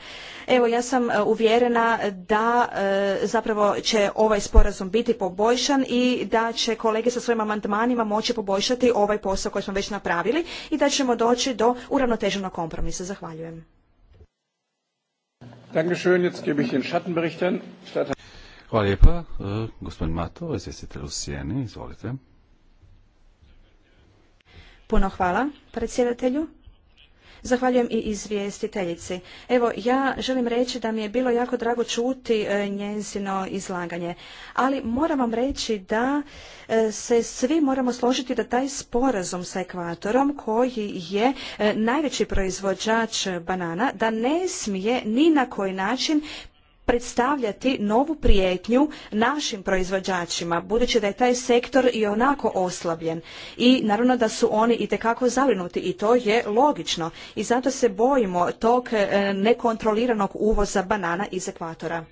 Evo ja sam e, uvjerena da e, zapravo će ovaj sporazum biti poboljšan i da će kolege sa svojim amandmanima moći poboljšati ovaj posao koji smo već napravili i da ćemo doći do uravnoteženog kompromisa. Zahvaljujem. Hvala lijepa. Gospodin Mato, u Sijeni, izvolite. Puno hvala predsjedatelju. Zahvaljujem i izvjestiteljici. Evo, ja želim reći da mi je bilo jako drago čuti e, njezino izlaganje, ali moram vam reći da e, se svi moramo složiti da taj sporazum sa ekvatorom koji je e, najveći proizvođač banana, da ne smije ni na koji način predstavljati novu prijetnju našim proizvođačima, budući da je taj sektor i onako oslabljen. I naravno da su oni itekako zabrinuti i to je logično. I zato se bojimo tog e, nekontroliranog uvoza banana iz ekvatora.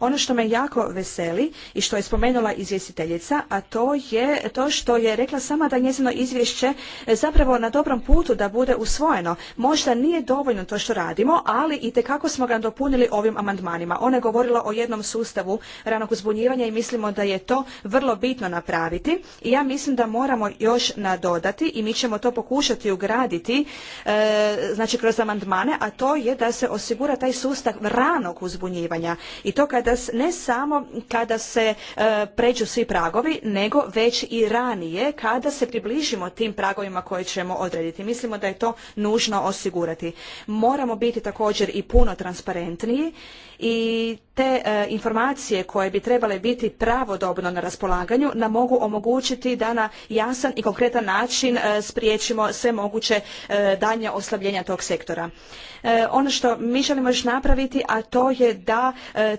Ono što me jako veseli i što je spomenula izvjestiteljica, a to je to što je rekla sama da njezino izvješće zapravo na dobrom putu da bude usvojeno. Možda nije dovoljno to što radimo, ali i tekako smo ga dopunili ovim amandmanima. Ona je govorila o jednom sustavu ranog uzbunjivanja i mislimo da je to vrlo bitno napraviti i ja mislim da moramo još nadodati i mi ćemo to pokušati ugraditi e, znači kroz amandmane, a to je da se osigura taj sustav ranog uzbunjivanja i to kada ne samo kada se e, pređu svi pragovi, nego već i ranije kada se približimo tim pragovima koje ćemo odrediti. Mislimo da je to nužno osigurati. Moramo biti također i puno transparentniji i te e, informacije koje bi trebale biti pravodobno na raspolaganju nam mogu omogućiti da na jasan i konkretan način e, spriječimo sve moguće e, daljnja oslabljenja tog sektora. Ono što mi želimo još napraviti, a to je da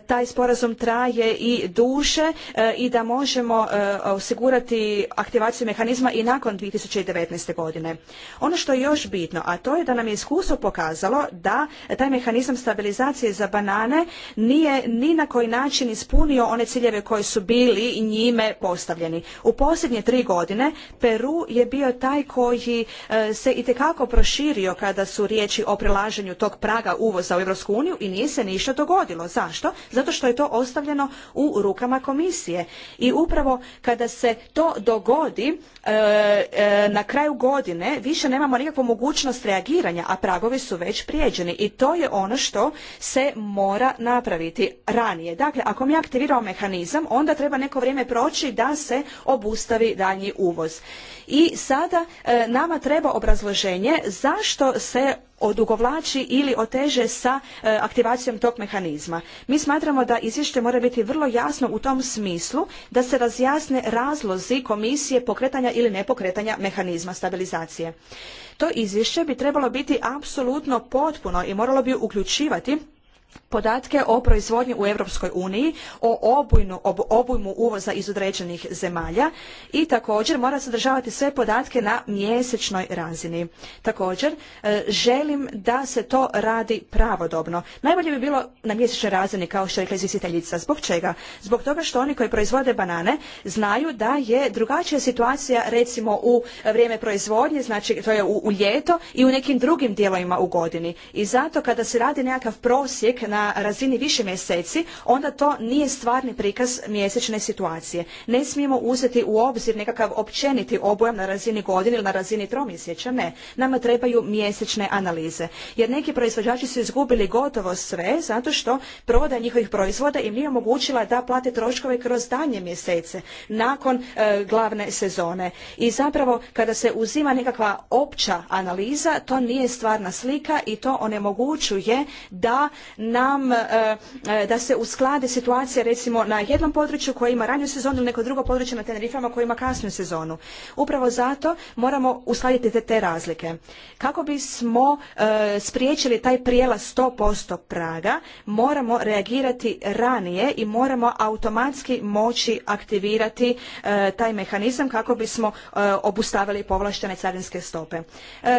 taj sporazum traje i duže e, i da možemo e, osigurati aktivaciju mehanizma i nakon 2019. godine. Ono što je još bitno, a to je da nam je iskustvo pokazalo da taj mehanizam stabilizacije za banane nije ni na koji način ispunio one ciljeve koji su bili i njime postavljeni. U posljednje tri godine Peru je bio taj koji e, se itekako proširio kada su riječi o prilaženju tog praga uvoza u Europsku uniju i nije se ništa dogodilo. Zašto? Zato što je to ostavljeno u rukama komisije. I upravo kada se to dogodi e, e, na kraju godine više nemamo nikakvu mogućnost reagiranja, a pragovi su već prijeđeni i to je ono što se mora napraviti ranije. Dakle, ako mi aktivirao mehanizam, onda treba neko vrijeme proći da se obustavi daljnji uvoz i sada e, nama treba obrazloženje zašto se odugovlači ili oteže sa e, aktivacijom tog mehanizma. Mi smatramo da izvješće mora biti vrlo jasno u tom smislu da se razjasne razlozi komisije pokretanja ili nepokretanja mehanizma stabilizacije. To izvješće bi trebalo biti apsolutno potpuno i moralo bi uključivati podatke o proizvodnji u Europskoj uniji, o obujmu uvoza iz određenih zemalja i također mora sadržavati sve podatke na mjesečnoj razini. Također, e, želim da se to radi pravodobno. Najbolje bi bilo na mjesečnoj razini, kao što je rekla izvjestiteljica. Zbog čega? Zbog toga što oni koji proizvode banane znaju da je drugačija situacija recimo u vrijeme proizvodnje, znači to je u, u ljeto i u nekim drugim dijelovima u godini. I zato kada se radi nekakav prosjek na razini više mjeseci, onda to nije stvarni prikaz mjesečne situacije. Ne smijemo uzeti u obzir nekakav općeniti obujam na razini godine ili na razini tromjesečja, ne. Nama trebaju mjesečne analize. Jer neki proizvođači su izgubili gotovo sve zato što prodaja njihovih proizvoda im nije omogućila da plate troškove kroz danje mjesece nakon e, glavne sezone. I zapravo kada se uzima nekakva opća analiza, to nije stvarna slika i to onemogućuje da nam e, e, da se usklade situacija recimo na jednom području koje ima ranju sezonu ili neko drugo područje na Tenerifama koje ima kasniju sezonu. Upravo zato moramo uskladiti te, te razlike. Kako bismo e, spriječili taj prijelaz 100% praga, moramo reagirati ranije i moramo automatski moći aktivirati taj mehanizam kako bismo obustavili povlaštene carinske stope.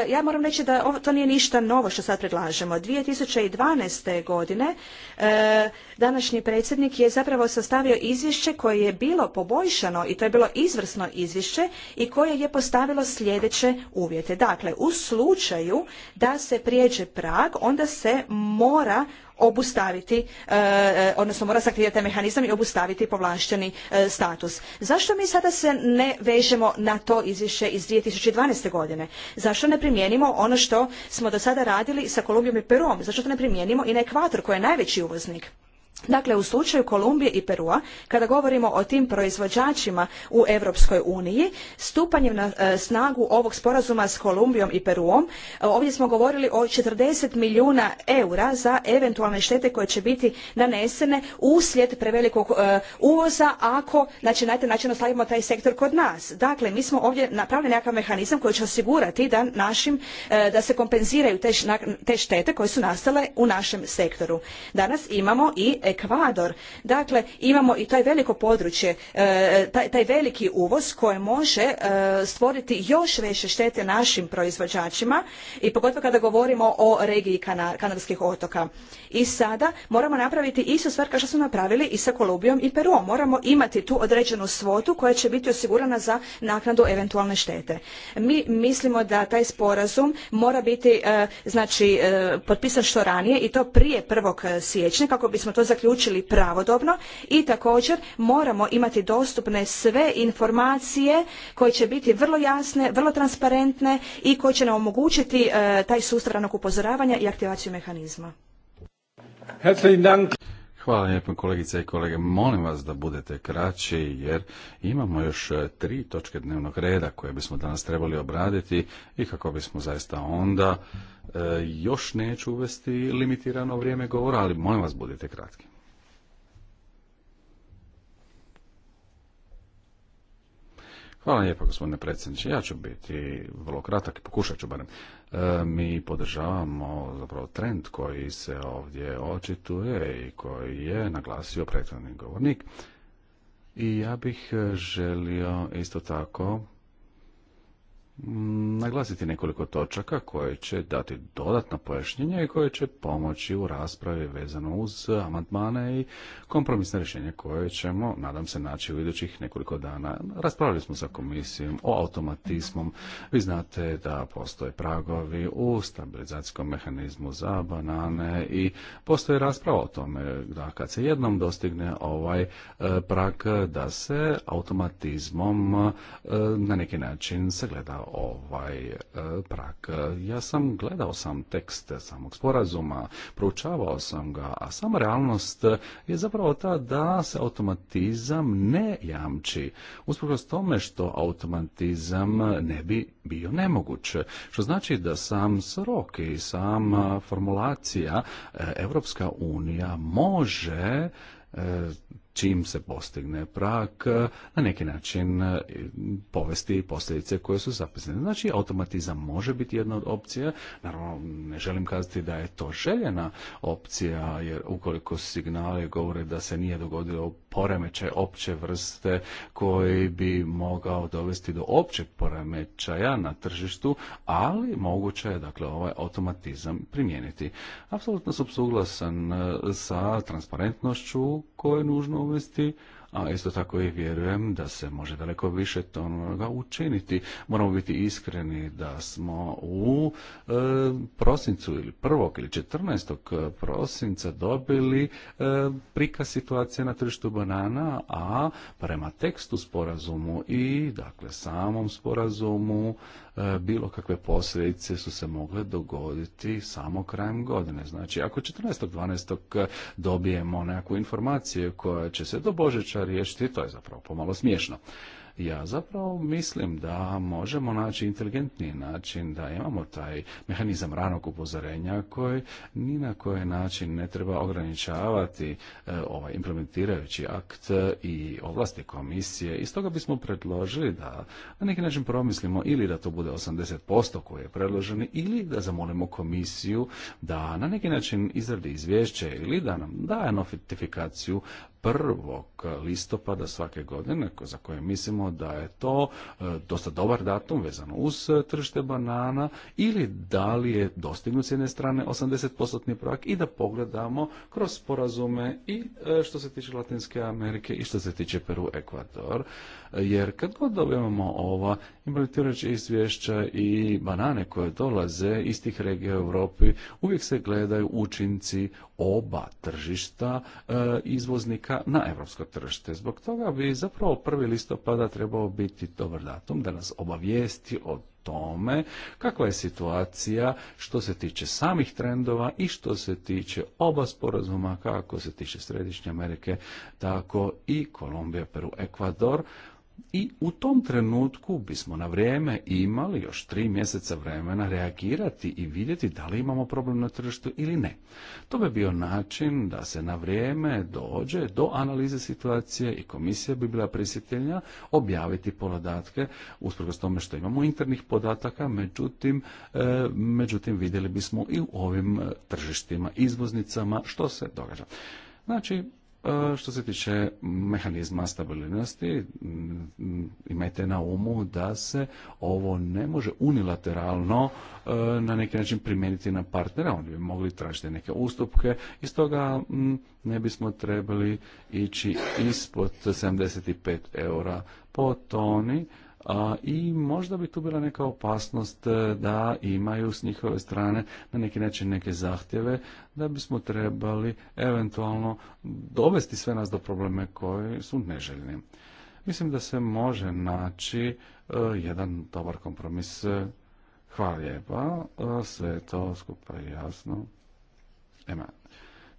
Ja moram reći da to nije ništa novo što sad predlažemo. 2012. godine godine e, današnji predsjednik je zapravo sastavio izvješće koje je bilo poboljšano i to je bilo izvrsno izvješće i koje je postavilo sljedeće uvjete. Dakle, u slučaju da se prijeđe prag, onda se mora obustaviti, e, e, odnosno mora zakrijati taj mehanizam i obustaviti povlašteni e, status. Zašto mi sada se ne vežemo na to izvješće iz 2012. godine? Zašto ne primijenimo ono što smo do sada radili sa Kolumbijom i Perom? Zašto to ne primijenimo i na Ekvator koji je najveći uvoznik? Dakle, u slučaju Kolumbije i Perua, kada govorimo o tim proizvođačima u Europskoj uniji, stupanjem na e, snagu ovog sporazuma s Kolumbijom i Peruom, e, ovdje smo govorili o 40 milijuna eura za eventualne štete koje će biti nanesene uslijed prevelikog e, uvoza ako znači, na taj način ostavimo taj sektor kod nas. Dakle, mi smo ovdje napravili nekakav mehanizam koji će osigurati da, našim, da se kompenziraju te, te štete koje su nastale u našem sektoru. Danas imamo i Ekvador. Dakle, imamo i taj veliko područje, e, taj, veliki uvoz koji može e, stvoriti još veće štete našim proizvođačima i pogotovo kada govorimo o regiji Kanadskih Kanarskih otoka. I sada moramo napraviti istu stvar kao što smo napravili i sa Kolumbijom i Peruom. Moramo imati tu određenu svotu koja će biti osigurana za naknadu eventualne štete. Mi mislimo da taj sporazum mora biti e, znači potpisan što ranije i to prije prvog siječnja kako bismo to zaključili zaključili pravodobno i također moramo imati dostupne sve informacije koje će biti vrlo jasne, vrlo transparentne i koje će nam omogućiti e, taj sustav ranog upozoravanja i aktivaciju mehanizma. Hvala lijepo kolegice i kolege. Molim vas da budete kraći jer imamo još e, tri točke dnevnog reda koje bismo danas trebali obraditi i kako bismo zaista onda e, još neću uvesti limitirano vrijeme govora, ali molim vas budite kratki. Hvala lijepo gospodine predsjedniče. Ja ću biti vrlo kratak i pokušat ću barem. E, mi podržavamo zapravo trend koji se ovdje očituje i koji je naglasio prethodni govornik. I ja bih e, želio isto tako naglasiti nekoliko točaka koje će dati dodatno pojašnjenje i koje će pomoći u raspravi vezano uz amandmane i kompromisne rješenje koje ćemo, nadam se, naći u idućih nekoliko dana. Raspravili smo sa komisijom o automatizmom. Vi znate da postoje pragovi u stabilizacijskom mehanizmu za banane i postoji rasprava o tome da kad se jednom dostigne ovaj e, prag da se automatizmom e, na neki način sagleda ovaj e, prak, Ja sam gledao sam tekst samog sporazuma, proučavao sam ga, a sama realnost je zapravo ta da se automatizam ne jamči. Usprkos tome što automatizam ne bi bio nemoguć. Što znači da sam srok i sama formulacija Europska unija može e, čim se postigne prak, e, na neki način e, povesti posljedice koje su zapisane. Znači, automatizam može biti jedna od opcija. Naravno, ne želim kazati da je to željena opcija, jer ukoliko signale govore da se nije dogodilo poremećaj opće vrste koji bi mogao dovesti do općeg poremećaja na tržištu, ali moguće je dakle ovaj automatizam primijeniti. Apsolutno sam suglasan e, sa transparentnošću koju je nužno uvesti, a isto tako i vjerujem da se može daleko više toga učiniti. Moramo biti iskreni da smo u e, prosincu ili 1. ili 14. E, prosinca dobili e, prikaz situacije na tržištu banana, a prema tekstu sporazumu i dakle samom sporazumu E, bilo kakve posljedice su se mogle dogoditi samo krajem godine. Znači, ako 14.12. E, dobijemo nekakvu informaciju koja će se do Božića riješiti, to je zapravo pomalo smiješno. Ja zapravo mislim da možemo naći inteligentniji način da imamo taj mehanizam ranog upozorenja koji ni na koji način ne treba ograničavati e, ovaj implementirajući akt e, i ovlasti komisije. I stoga bismo predložili da na neki način promislimo ili da to bude 80% koji je predloženi ili da zamolimo komisiju da na neki način izradi izvješće ili da nam daje notifikaciju prvog listopada svake godine, za koje mislimo da je to e, dosta dobar datum vezano uz e, tržište banana ili da li je dostignut s jedne strane 80% prak i da pogledamo kroz sporazume i e, što se tiče Latinske Amerike i što se tiče Peru, Ekvador. Jer kad god dobijemo ova implementirajuća izvješća i banane koje dolaze iz tih regija u Europi, uvijek se gledaju učinci oba tržišta e, izvoznika na europsko tržište. Zbog toga bi zapravo 1. listopada trebao biti dobar datum da nas obavijesti o tome kakva je situacija što se tiče samih trendova i što se tiče oba sporazuma kako se tiče Središnje Amerike tako i Kolumbija, Peru, Ekvador i u tom trenutku bismo na vrijeme imali još tri mjeseca vremena reagirati i vidjeti da li imamo problem na tržištu ili ne. To bi bio način da se na vrijeme dođe do analize situacije i komisija bi bila prisjetljenja objaviti podatke usprkos tome što imamo internih podataka, međutim, e, međutim vidjeli bismo i u ovim e, tržištima, izvoznicama što se događa. Znači, E, što se tiče mehanizma stabilnosti, mm, imajte na umu da se ovo ne može unilateralno e, na neki način primijeniti na partnera. Oni bi mogli tražiti neke ustupke i stoga mm, ne bismo trebali ići ispod 75 eura po toni a i možda bi tu bila neka opasnost e, da imaju s njihove strane na neki način neke zahtjeve da bismo trebali eventualno dovesti sve nas do probleme koji su neželjni. Mislim da se može naći e, jedan dobar kompromis. E, hvala lijepa, sve to skupa jasno. Ema.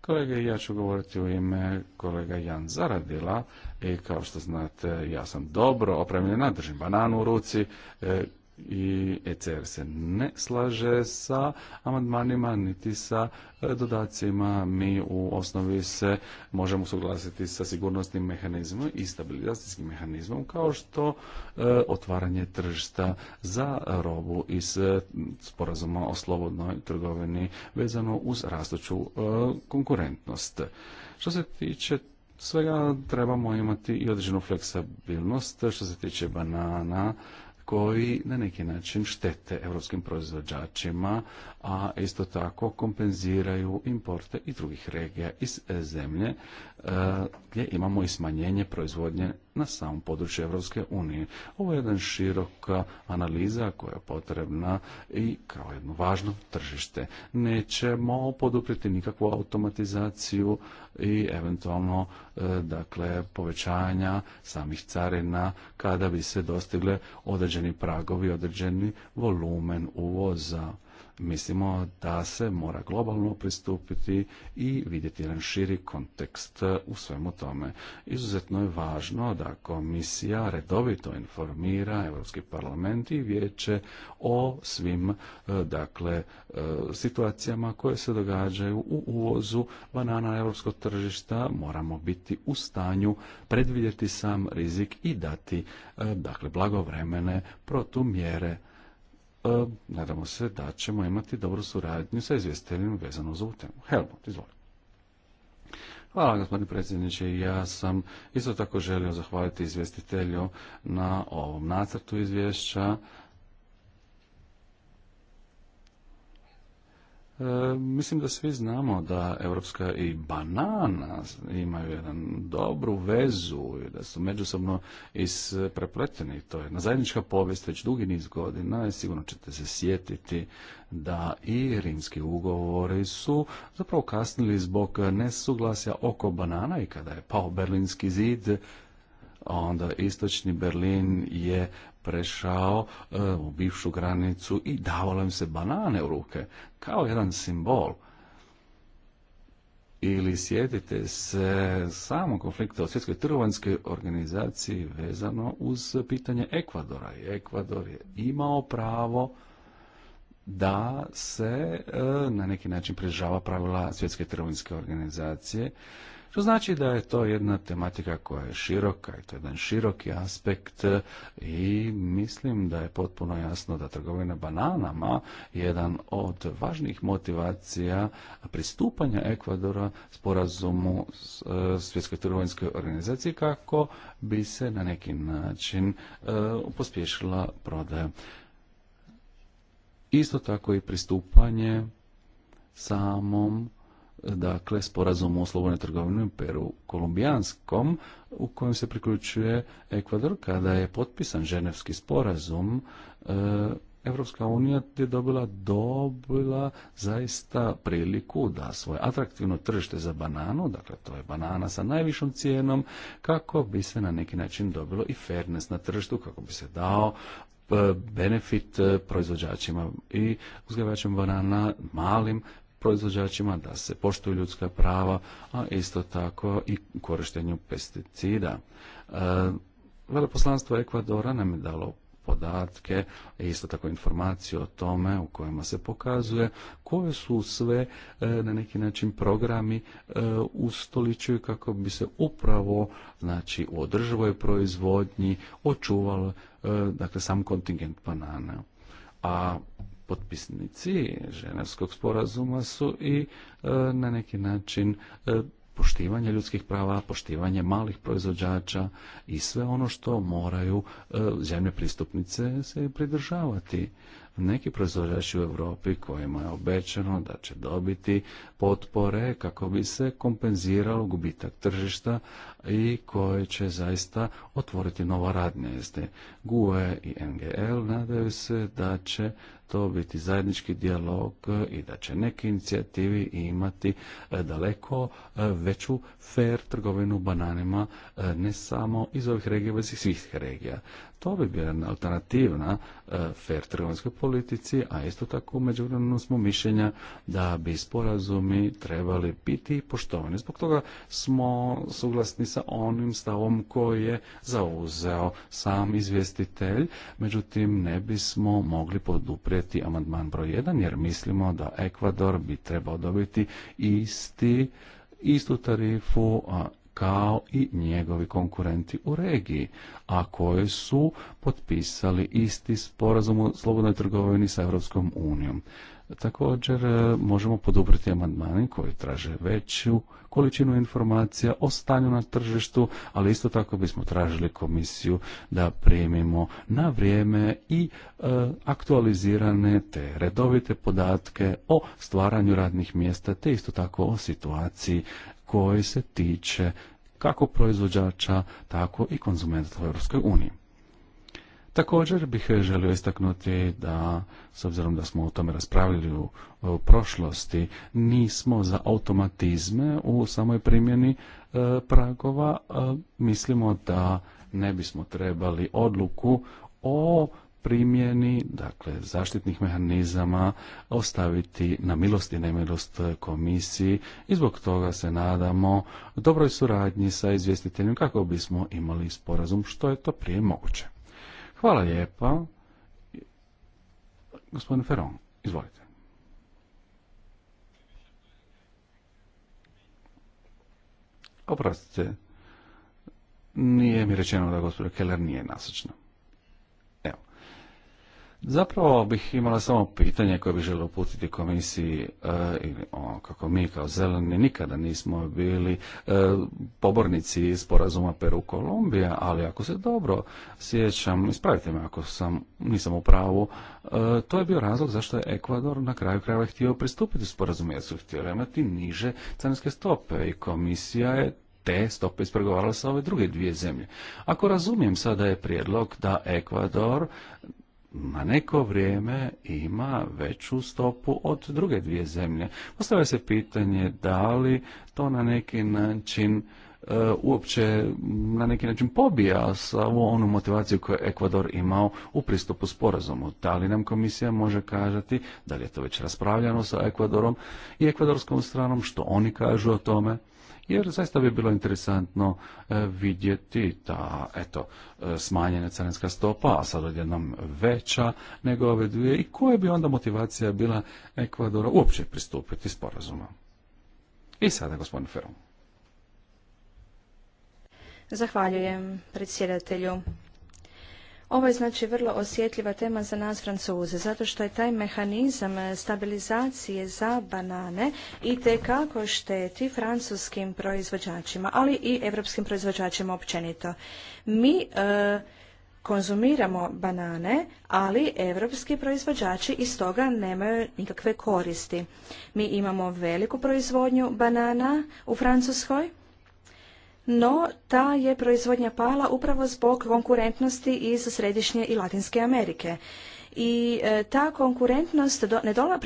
Kolege, ja ću govoriti u ime kolega Jan Zaradila i kao što znate, ja sam dobro opremljena, držim bananu u ruci, e, i ECR se ne slaže sa amandmanima niti sa e, dodacima. Mi u osnovi se možemo suglasiti sa sigurnosnim mehanizmom i stabilizacijskim mehanizmom kao što e, otvaranje tržišta za robu iz e, sporazuma o slobodnoj trgovini vezano uz rastuću konkurentnost. Što se tiče svega trebamo imati i određenu fleksibilnost što se tiče banana, koji na neki način štete europskim proizvođačima, a isto tako kompenziraju importe i drugih regija iz e, zemlje e, gdje imamo i smanjenje proizvodnje na samom području Europske unije. Ovo je jedan široka analiza koja je potrebna i kao jedno važno tržište. Nećemo podupriti nikakvu automatizaciju i eventualno e, dakle povećanja samih carina kada bi se dostigle određeni pragovi, određeni volumen uvoza mislimo da se mora globalno pristupiti i vidjeti jedan širi kontekst u svemu tome. Izuzetno je važno da komisija redovito informira Europski parlament i vijeće o svim e, dakle e, situacijama koje se događaju u uvozu banana na europskog tržišta. Moramo biti u stanju predvidjeti sam rizik i dati e, dakle blagovremene protumjere E, nadamo se da ćemo imati dobru suradnju sa izvjestiteljima vezano za ovu temu. Helmut, izvolite. Hvala gospodine predsjedniče. Ja sam isto tako želio zahvaliti izvjestitelju na ovom nacrtu izvješća. E, mislim da svi znamo da Europska i banana imaju jedan dobru vezu i da su međusobno isprepleteni. To je na zajednička povijest već dugi niz godina i sigurno ćete se sjetiti da i rimski ugovori su zapravo kasnili zbog nesuglasja oko banana i kada je pao berlinski zid onda istočni Berlin je prešao e, u bivšu granicu i davalo im se banane u ruke, kao jedan simbol. Ili sjetite se samo konflikta o svjetskoj trgovinskoj organizaciji vezano uz pitanje Ekvadora. I Ekvador je imao pravo da se e, na neki način prežava pravila svjetske trgovinske organizacije što znači da je to jedna tematika koja je široka i to je jedan široki aspekt e, i mislim da je potpuno jasno da trgovina bananama je jedan od važnijih motivacija pristupanja Ekvadora sporazumu e, Svjetskoj trgovinskoj organizaciji kako bi se na neki način e, pospješila prodaja. Isto tako i pristupanje samom dakle sporazum o slobodnoj trgovini u Peru kolumbijanskom u kojem se priključuje Ekvador kada je potpisan ženevski sporazum e, Evropska unija je dobila dobila zaista priliku da svoje atraktivno tržište za bananu, dakle to je banana sa najvišom cijenom, kako bi se na neki način dobilo i fairness na tržištu, kako bi se dao e, benefit e, proizvođačima i uzgajivačima banana, malim proizvođačima da se poštuju ljudska prava, a isto tako i korištenju pesticida. E, veleposlanstvo Ekvadora nam je dalo podatke, isto tako informaciju o tome u kojima se pokazuje koje su sve e, na neki način programi e, ustoličuju kako bi se upravo znači u održivoj proizvodnji očuvalo dakle sam kontingent banana. A potpisnici ženevskog sporazuma su i e, na neki način e, poštivanje ljudskih prava, poštivanje malih proizvođača i sve ono što moraju e, zemlje pristupnice se pridržavati. Neki proizvođači u Europi kojima je obećano da će dobiti potpore kako bi se kompenzirao gubitak tržišta, i koje će zaista otvoriti nova radnje. jeste GUE i NGL nadaju se da će to biti zajednički dijalog i da će neke inicijativi imati e, daleko e, veću fair trgovinu bananima e, ne samo iz ovih regija, već iz svih regija. To bi bila jedna alternativna fair trgovinskoj politici, a isto tako međuvremenu smo mišljenja da bi sporazumi trebali biti poštovani. Zbog toga smo suglasni sa onim stavom koji je zauzeo sam izvjestitelj, međutim ne bismo mogli poduprijeti amandman broj 1 jer mislimo da Ekvador bi trebao dobiti isti istu tarifu kao i njegovi konkurenti u regiji, a koji su potpisali isti sporazum o slobodnoj trgovini sa Europskom unijom. Također e, možemo podobriti amandmani koji traže veću količinu informacija o stanju na tržištu, ali isto tako bismo tražili komisiju da primimo na vrijeme i e, aktualizirane te redovite podatke o stvaranju radnih mjesta, te isto tako o situaciji koje se tiče kako proizvođača, tako i konzumenta u EU. Također bih eh, želio istaknuti da, s obzirom da smo o tome raspravili u, prošlosti, nismo za automatizme u samoj primjeni eh, pragova. mislimo da ne bismo trebali odluku o primjeni, dakle, zaštitnih mehanizama ostaviti na milost i nemilost eh, komisiji i zbog toga se nadamo dobroj suradnji sa izvjestiteljem kako bismo imali sporazum što je to prije moguće. Hvala lijepo, Gospodin Ferron, izvolite. Oprostite, nije mi rečeno da gospodin Keller nije nasočno. Zapravo bih imala samo pitanje koje bih želio uputiti komisiji e, ili kako mi kao zeleni nikada nismo bili e, pobornici sporazuma Peru Kolumbija, ali ako se dobro sjećam, ispravite me ako sam nisam u pravu, e, to je bio razlog zašto je Ekvador na kraju krajeva htio pristupiti sporazumu jer su htjeli imati niže carinske stope i komisija je te stope ispregovarala sa ove druge dvije zemlje. Ako razumijem sada je prijedlog da Ekvador na neko vrijeme ima veću stopu od druge dvije zemlje. Postavlja se pitanje da li to na neki način e, uopće na neki način pobija sa onu motivaciju koju je Ekvador imao u pristupu sporazumu. Da li nam komisija može kažati, da li je to već raspravljano sa Ekvadorom i ekvadorskom stranom, što oni kažu o tome? jer zaista bi bilo interesantno e, vidjeti ta eto, e, smanjena carinska stopa, a sad odjednom veća nego ove dvije, i koja bi onda motivacija bila Ekvadora uopće pristupiti sporazuma. I sada, gospodin Ferom. Zahvaljujem predsjedatelju. Ovo je znači vrlo osjetljiva tema za nas Francuze, zato što je taj mehanizam e, stabilizacije za banane i te kako šteti francuskim proizvođačima, ali i evropskim proizvođačima općenito. Mi e, konzumiramo banane, ali evropski proizvođači iz toga nemaju nikakve koristi. Mi imamo veliku proizvodnju banana u Francuskoj, no ta je proizvodnja pala upravo zbog konkurentnosti iz Središnje i Latinske Amerike i e, ta konkurentnost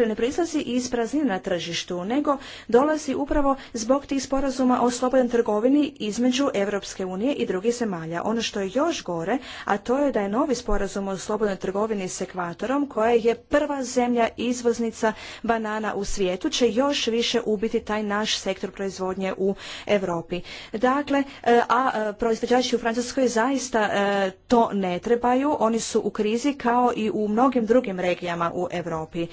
ne, proizlazi iz praznina na tržištu, nego dolazi upravo zbog tih sporazuma o slobodnoj trgovini između Europske unije i drugih zemalja. Ono što je još gore, a to je da je novi sporazum o slobodnoj trgovini s ekvatorom, koja je prva zemlja izvoznica banana u svijetu, će još više ubiti taj naš sektor proizvodnje u Europi. Dakle, e, a e, proizvođači u Francuskoj zaista to ne trebaju, oni su u krizi kao i u mnogim drugim regijama u Europi.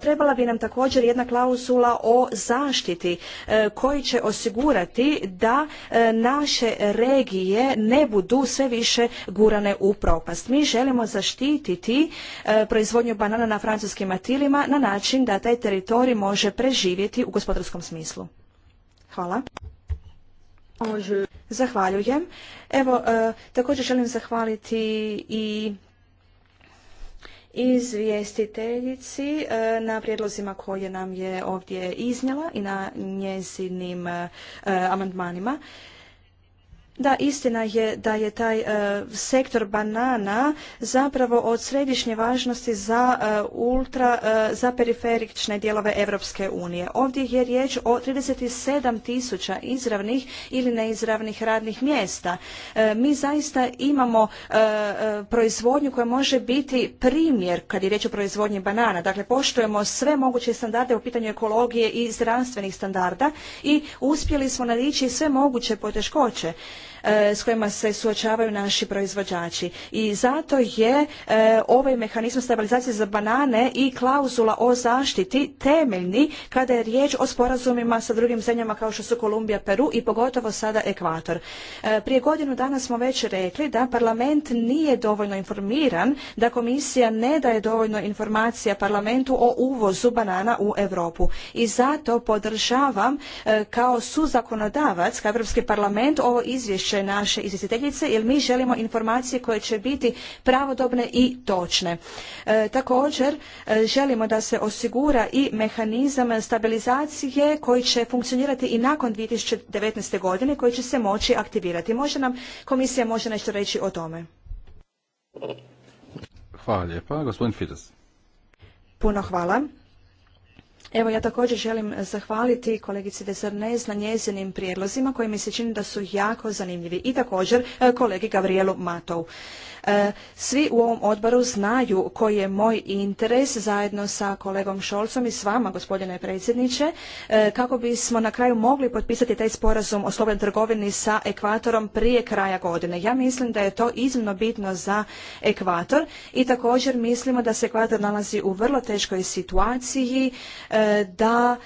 Trebala, bi nam također jedna klausula o zaštiti e, koji će osigurati da e, naše regije ne budu sve više gurane u propast. Mi želimo zaštititi e, proizvodnju banana na francuskim atilima na način da taj teritorij može preživjeti u gospodarskom smislu. Hvala. Zahvaljujem. Evo, također želim zahvaliti i izvjestiteljici e, na prijedlozima koje nam je ovdje iznijela i na njezinim e, amandmanima. Da, istina je da je taj e, sektor banana zapravo od središnje važnosti za e, ultra, e, za periferične dijelove Europske unije. Ovdje je riječ o 37 tisuća izravnih ili neizravnih radnih mjesta. Mi zaista imamo proizvodnju koja može biti primjer kad je riječ o proizvodnji banana. Dakle, poštujemo sve moguće standarde u pitanju ekologije i zdravstvenih standarda i uspjeli smo nadići sve moguće poteškoće E, s kojima se suočavaju naši proizvođači. I zato je e, ovaj mehanizam stabilizacije za banane i klauzula o zaštiti temeljni kada je riječ o sporazumima sa drugim zemljama kao što su Kolumbija, Peru i pogotovo sada Ekvator. E, prije godinu dana smo već rekli da parlament nije dovoljno informiran, da komisija ne daje dovoljno informacija parlamentu o uvozu banana u Europu. I zato podržavam kao suzakonodavac, kao Europski parlament, ovo izvješće izvješće naše izvjestiteljice jer mi želimo informacije koje će biti pravodobne i točne. E, također e, želimo da se osigura i mehanizam stabilizacije koji će funkcionirati i nakon 2019. godine koji će se moći aktivirati. Može nam komisija može nešto reći o tome. Hvala lijepa. Gospodin Fides. Puno hvala. Evo ja također želim zahvaliti kolegici Desarnez na njezinim prijedlozima koji mi se čini da su jako zanimljivi i također e, kolegi Gabrielu Matovu. E, svi u ovom odboru znaju koji je moj interes zajedno sa kolegom Šolcom i s vama, gospodine predsjedniče, e, kako bismo na kraju mogli potpisati taj sporazum o slobodnoj trgovini sa Ekvatorom prije kraja godine. Ja mislim da je to iznimno bitno za Ekvator i također mislimo da se Ekvator nalazi u vrlo teškoj situaciji, e, da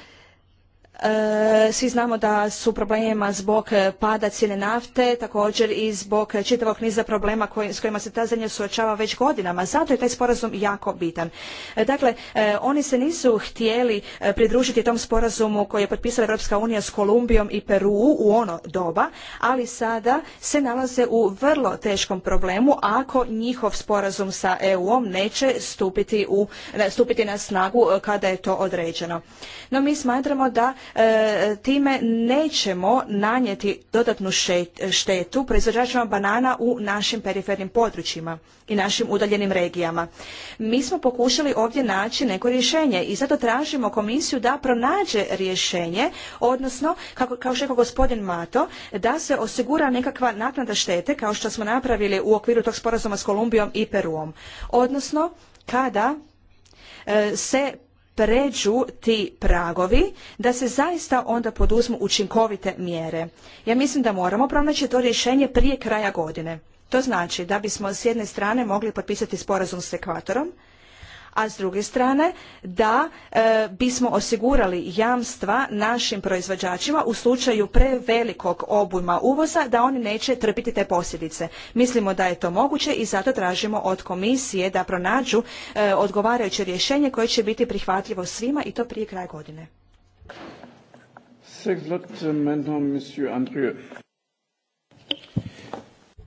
E, svi znamo da su problemima zbog pada cijene nafte, također i zbog čitavog niza problema s kojima se ta zemlja suočava već godinama. Zato je taj sporazum jako bitan. E, dakle, e, oni se nisu htjeli pridružiti tom sporazumu koji je potpisala Europska unija s Kolumbijom i Peru u ono doba, ali sada se nalaze u vrlo teškom problemu ako njihov sporazum sa EU-om neće stupiti, u, stupiti na snagu kada je to određeno. No mi smatramo da E, time nećemo nanijeti dodatnu štetu proizvođačima banana u našim perifernim područjima i našim udaljenim regijama. Mi smo pokušali ovdje naći neko rješenje i zato tražimo komisiju da pronađe rješenje, odnosno, kao što je gospodin Mato, da se osigura nekakva naknada štete kao što smo napravili u okviru tog sporazuma s Kolumbijom i Peruom. Odnosno, kada e, se pređu ti pragovi, da se zaista onda poduzmu učinkovite mjere. Ja mislim da moramo pronaći to rješenje prije kraja godine. To znači da bismo s jedne strane mogli potpisati sporazum s ekvatorom, a s druge strane da e, bismo osigurali jamstva našim proizvođačima u slučaju prevelikog obujma uvoza da oni neće trpiti te posljedice. Mislimo da je to moguće i zato tražimo od komisije da pronađu e, odgovarajuće rješenje koje će biti prihvatljivo svima i to prije kraja godine.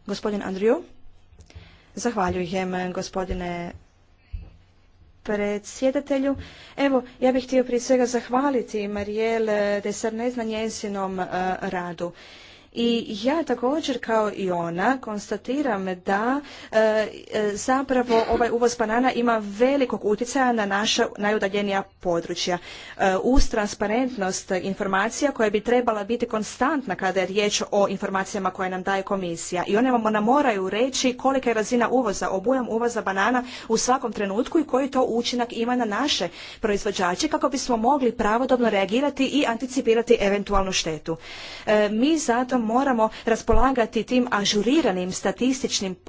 Gospodin Andriju. Zahvaljujem gospodine predsjedatelju. Evo, ja bih htio prije svega zahvaliti Marijel Desarnez na njezinom e, radu i ja također kao i ona konstatiram da e, e, zapravo ovaj uvoz banana ima velikog utjecaja na naša najudaljenija područja. E, uz transparentnost informacija koja bi trebala biti konstantna kada je riječ o informacijama koje nam daje komisija i one nam moraju reći kolika je razina uvoza, obujam uvoza banana u svakom trenutku i koji to učinak ima na naše proizvođače kako bismo mogli pravodobno reagirati i anticipirati eventualnu štetu. E, mi zato moramo raspolagati tim ažuriranim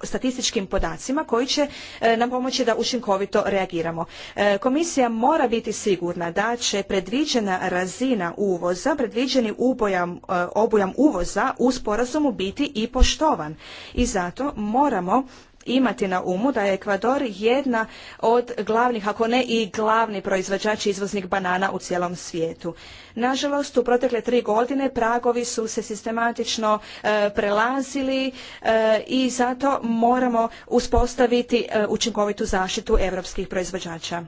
statističkim podacima koji će e, nam pomoći da učinkovito reagiramo. E, komisija mora biti sigurna da će predviđena razina uvoza, predviđeni ubojam, e, obujam uvoza u sporazumu biti i poštovan. I zato moramo imati na umu da je Ekvador jedna od glavnih, ako ne i glavni proizvođač izvoznik banana u cijelom svijetu. Nažalost, u protekle tri godine pragovi su se sistematično e, prelazili e, i zato moramo uspostaviti e, učinkovitu zaštitu europskih proizvođača.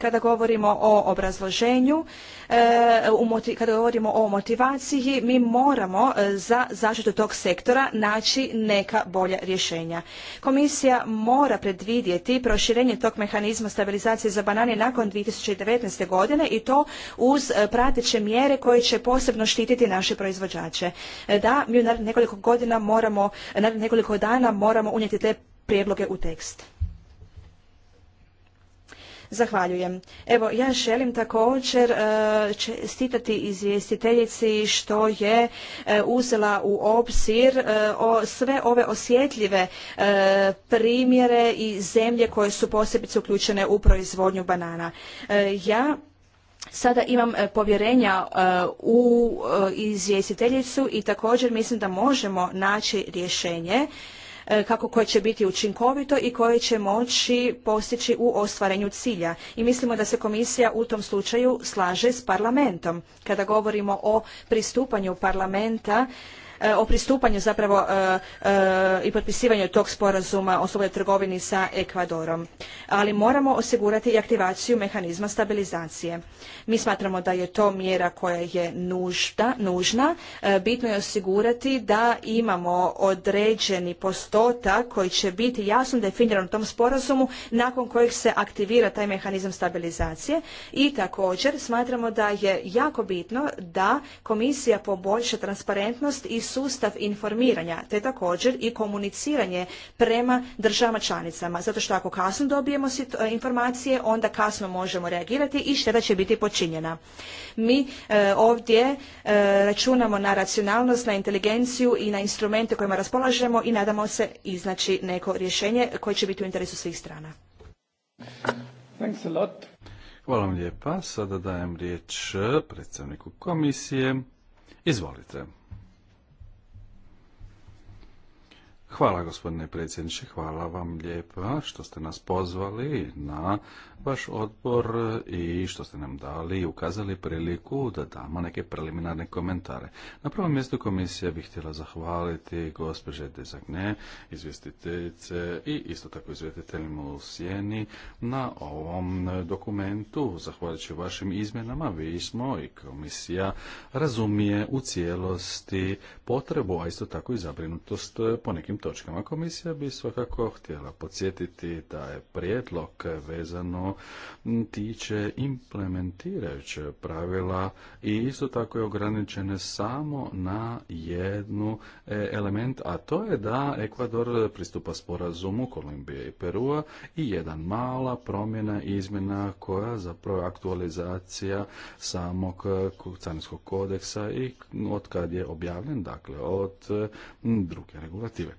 Kada govorimo o obrazloženju, e, kada govorimo o motivaciji, mi moramo e, za zaštitu tog sektora naći neka bolja rješenja. Komisija mora predvidjeti proširenje tog mehanizma stabilizacije za banane nakon 2019. godine i to uz e, prateće mjere koje će posebno štititi naše proizvođače. Da, mi u nekoliko godina moramo, nekoliko dana moramo unijeti te prijedloge u tekst. Zahvaljujem. Evo, ja želim također e, čestitati izvjestiteljici što je e, uzela u obzir e, sve ove osjetljive primjere i zemlje koje su posebice uključene u proizvodnju banana. Ja sada imam povjerenja u izvjestiteljicu i također mislim da možemo naći rješenje E, kako koje će biti učinkovito i koje će moći postići u ostvarenju cilja. I mislimo da se komisija u tom slučaju slaže s parlamentom. Kada govorimo o pristupanju parlamenta E, o pristupanju zapravo e, e, i potpisivanju tog sporazuma o slobodnoj trgovini sa Ekvadorom. Ali moramo osigurati i aktivaciju mehanizma stabilizacije. Mi smatramo da je to mjera koja je nužna. Bitno je osigurati da imamo određeni postotak koji će biti jasno definiran u tom sporazumu nakon kojeg se aktivira taj mehanizam stabilizacije i također smatramo da je jako bitno da komisija poboljša transparentnost i sustav informiranja, te također i komuniciranje prema državama članicama. Zato što ako kasno dobijemo e, informacije, onda kasno možemo reagirati i šteta će biti počinjena. Mi e, ovdje e, računamo na racionalnost, na inteligenciju i na instrumente kojima raspolažemo i nadamo se iznaći neko rješenje koje će biti u interesu svih strana. Thanks a Hvala vam lijepa. Sada dajem riječ predstavniku komisije. Izvolite. Hvala gospodine predsjedniče, hvala vam lijepa što ste nas pozvali na vaš odbor i što ste nam dali i ukazali priliku da damo neke preliminarne komentare. Na prvom mjestu komisija bih htjela zahvaliti gospođe Dezagne, izvjestiteljice i isto tako izvjestiteljima u Sjeni na ovom dokumentu. Zahvaljujući vašim izmjenama vi smo i komisija razumije u cijelosti potrebu, a isto tako i zabrinutost po nekim točkama. Komisija bi svakako htjela podsjetiti da je prijedlog vezano tiče implementirajuće pravila i isto tako je ograničene samo na jednu e, element, a to je da Ekvador pristupa sporazumu Kolumbije i Perua i jedan mala promjena izmjena koja zapravo aktualizacija samog carinskog kodeksa i od kad je objavljen, dakle od druge regulative.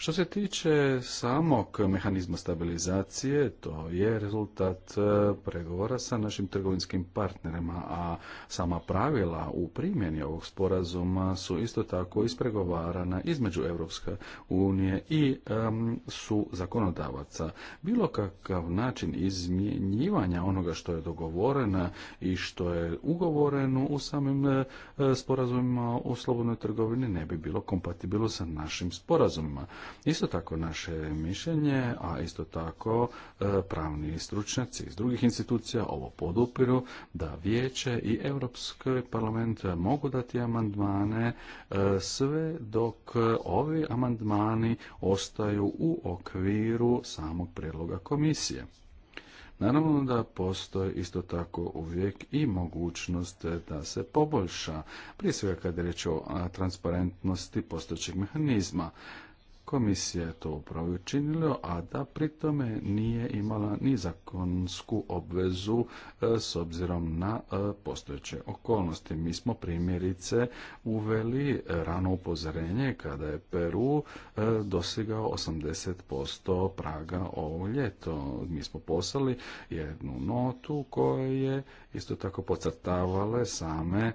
Što se tiče samog mehanizma stabilizacije, to je rezultat e, pregovora sa našim trgovinskim partnerima, a sama pravila u primjeni ovog sporazuma su isto tako ispregovarana između Europske unije i su zakonodavaca. Bilo kakav način izmjenjivanja onoga što je dogovoreno i što je ugovoreno u samim e, sporazumima u slobodnoj trgovini ne bi bilo kompatibilno sa našim sporazumima Isto tako naše mišljenje, a isto tako e, pravni stručnjaci iz drugih institucija ovo podupiru da vijeće i Europski parlament mogu dati amandmane e, sve dok ovi amandmani ostaju u okviru samog prijedloga komisije. Naravno da postoji isto tako uvijek i mogućnost da se poboljša, prije svega kad je riječ o transparentnosti postojećeg mehanizma. Komisija je to upravo učinila, a da pritome nije imala ni zakonsku obvezu e, s obzirom na e, postojeće okolnosti. Mi smo primjerice uveli rano upozorenje kada je Peru e, dosigao 80% praga ovo ljeto. Mi smo poslali jednu notu koja je isto tako pocrtavale same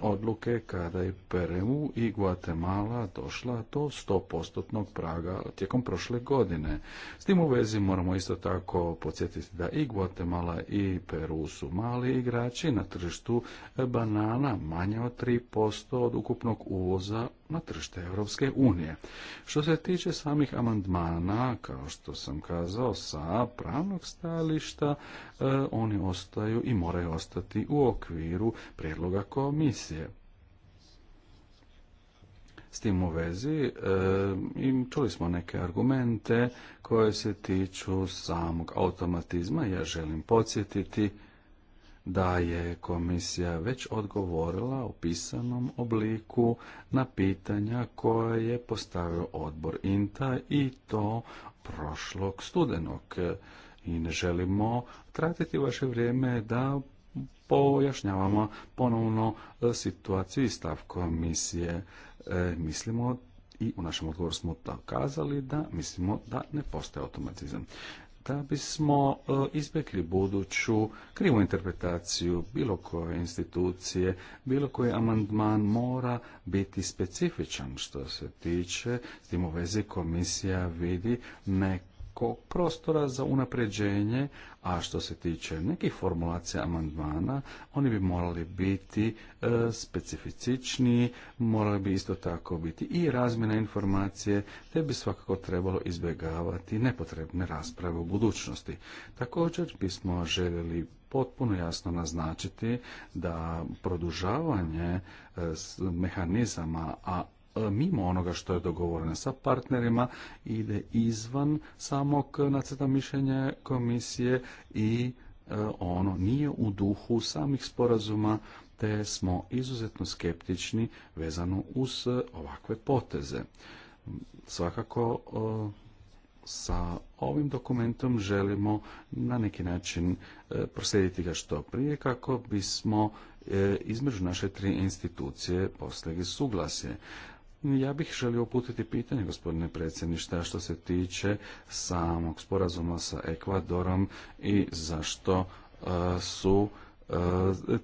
odluke kada je Peru i Guatemala došla do 100% praga tijekom prošle godine. S tim u vezi moramo isto tako podsjetiti da i Guatemala i Peru su mali igrači na tržištu banana manje od 3% od ukupnog uvoza na tržište Europske unije. Što se tiče samih amandmana, kao što sam kazao, sa pravnog stajališta e, oni ostaju i moraju ostati u okviru prijedloga komisije s tim u vezi e, i čuli smo neke argumente koje se tiču samog automatizma. Ja želim podsjetiti da je komisija već odgovorila u pisanom obliku na pitanja koje je postavio odbor INTA i to prošlog studenog. I ne želimo tratiti vaše vrijeme da pojašnjavamo ponovno situaciju i stav komisije. E, mislimo i u našem odgovoru smo kazali da mislimo da ne postoje automatizam da bismo e, izbjegli buduću krivu interpretaciju bilo koje institucije, bilo koji amandman mora biti specifičan što se tiče, s tim u vezi komisija vidi neke prostora za unapređenje, a što se tiče nekih formulacija amandmana, oni bi morali biti e, specificičniji, morali bi isto tako biti i razmjena informacije, te bi svakako trebalo izbjegavati nepotrebne rasprave u budućnosti. Također bismo željeli potpuno jasno naznačiti da produžavanje e, mehanizama, a E, mimo onoga što je dogovoreno sa partnerima, ide izvan samog nacrta mišljenja komisije i e, ono nije u duhu samih sporazuma, te smo izuzetno skeptični vezano uz ovakve poteze. Svakako e, sa ovim dokumentom želimo na neki način proslijediti ga što prije kako bismo između naše tri institucije postigli suglasje. Ja bih želio uputiti pitanje, gospodine predsjedništa, što se tiče samog sporazuma sa Ekvadorom i zašto e, su e,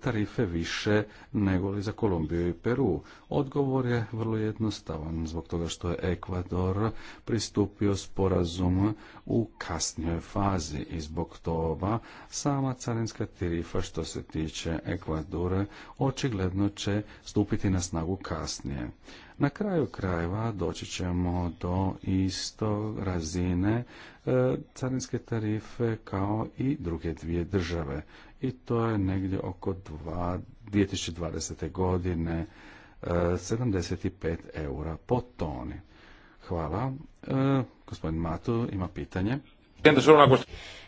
tarife više nego li za Kolumbiju i Peru. Odgovor je vrlo jednostavan zbog toga što je Ekvador pristupio sporazum u kasnijoj fazi i zbog toga sama carinska tarifa što se tiče Ekvadora očigledno će stupiti na snagu kasnije. Na kraju krajeva doći ćemo do isto razine e, carinske tarife kao i druge dvije države. I to je negdje oko 2020. godine 75 e, eura po toni. Hvala. E, gospodin Matu ima pitanje.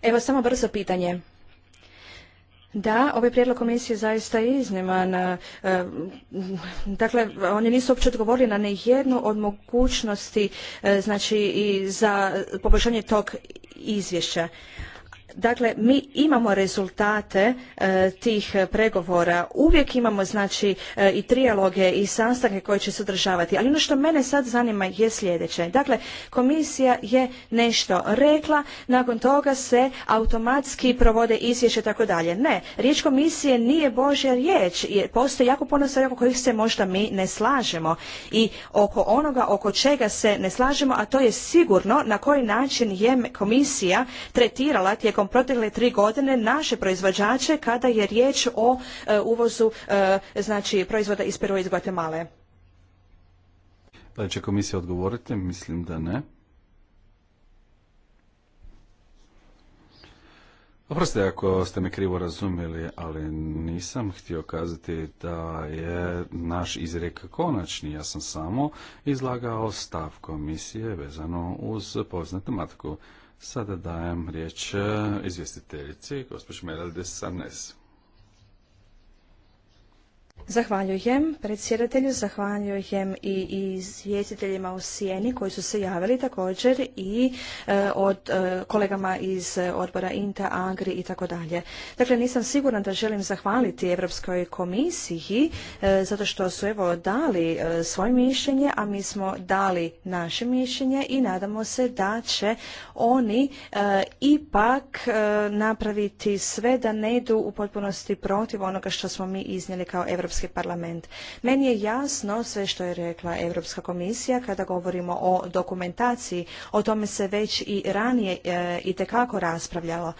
Evo samo brzo pitanje. Da, ovaj prijedlog komisije zaista je izniman. E, dakle, oni nisu uopće odgovorili na nejednu od mogućnosti e, znači, i za poboljšanje tog izvješća. Dakle, mi imamo rezultate e, tih pregovora, uvijek imamo znači e, i trijaloge i sastanke koje će se održavati, ali ono što mene sad zanima je sljedeće. Dakle, komisija je nešto rekla, nakon toga se automatski provode izvješće i tako dalje. Ne, riječ komisije nije Božja riječ, jer postoji jako puno stvari oko kojih se možda mi ne slažemo i oko onoga oko čega se ne slažemo, a to je sigurno na koji način je komisija tretirala tijekom protekle tri godine naše proizvođače kada je riječ o e, uvozu e, znači proizvoda iz i iz Guatemala. Da će komisija odgovoriti? Mislim da ne. Oprosti ako ste me krivo razumjeli, ali nisam htio kazati da je naš izrek konačni. Ja sam samo izlagao stav komisije vezano uz poznatu matku. Sada dajem riječ e, izvjestiteljici, gospođi Meralde Sarnes. Zahvaljujem predsjedatelju, zahvaljujem i izvjestiteljima u Sijeni koji su se javili također i e, od e, kolegama iz odbora INTA, AGRI i tako dalje. Dakle, nisam sigurna da želim zahvaliti Europskoj komisiji e, zato što su evo dali svoje mišljenje, a mi smo dali naše mišljenje i nadamo se da će oni ipak napraviti sve da ne idu u potpunosti protiv onoga što smo mi iznijeli kao euro. Europski parlament. Meni je jasno sve što je rekla Europska komisija kada govorimo o dokumentaciji, o tome se već i ranije e, itekako raspravljalo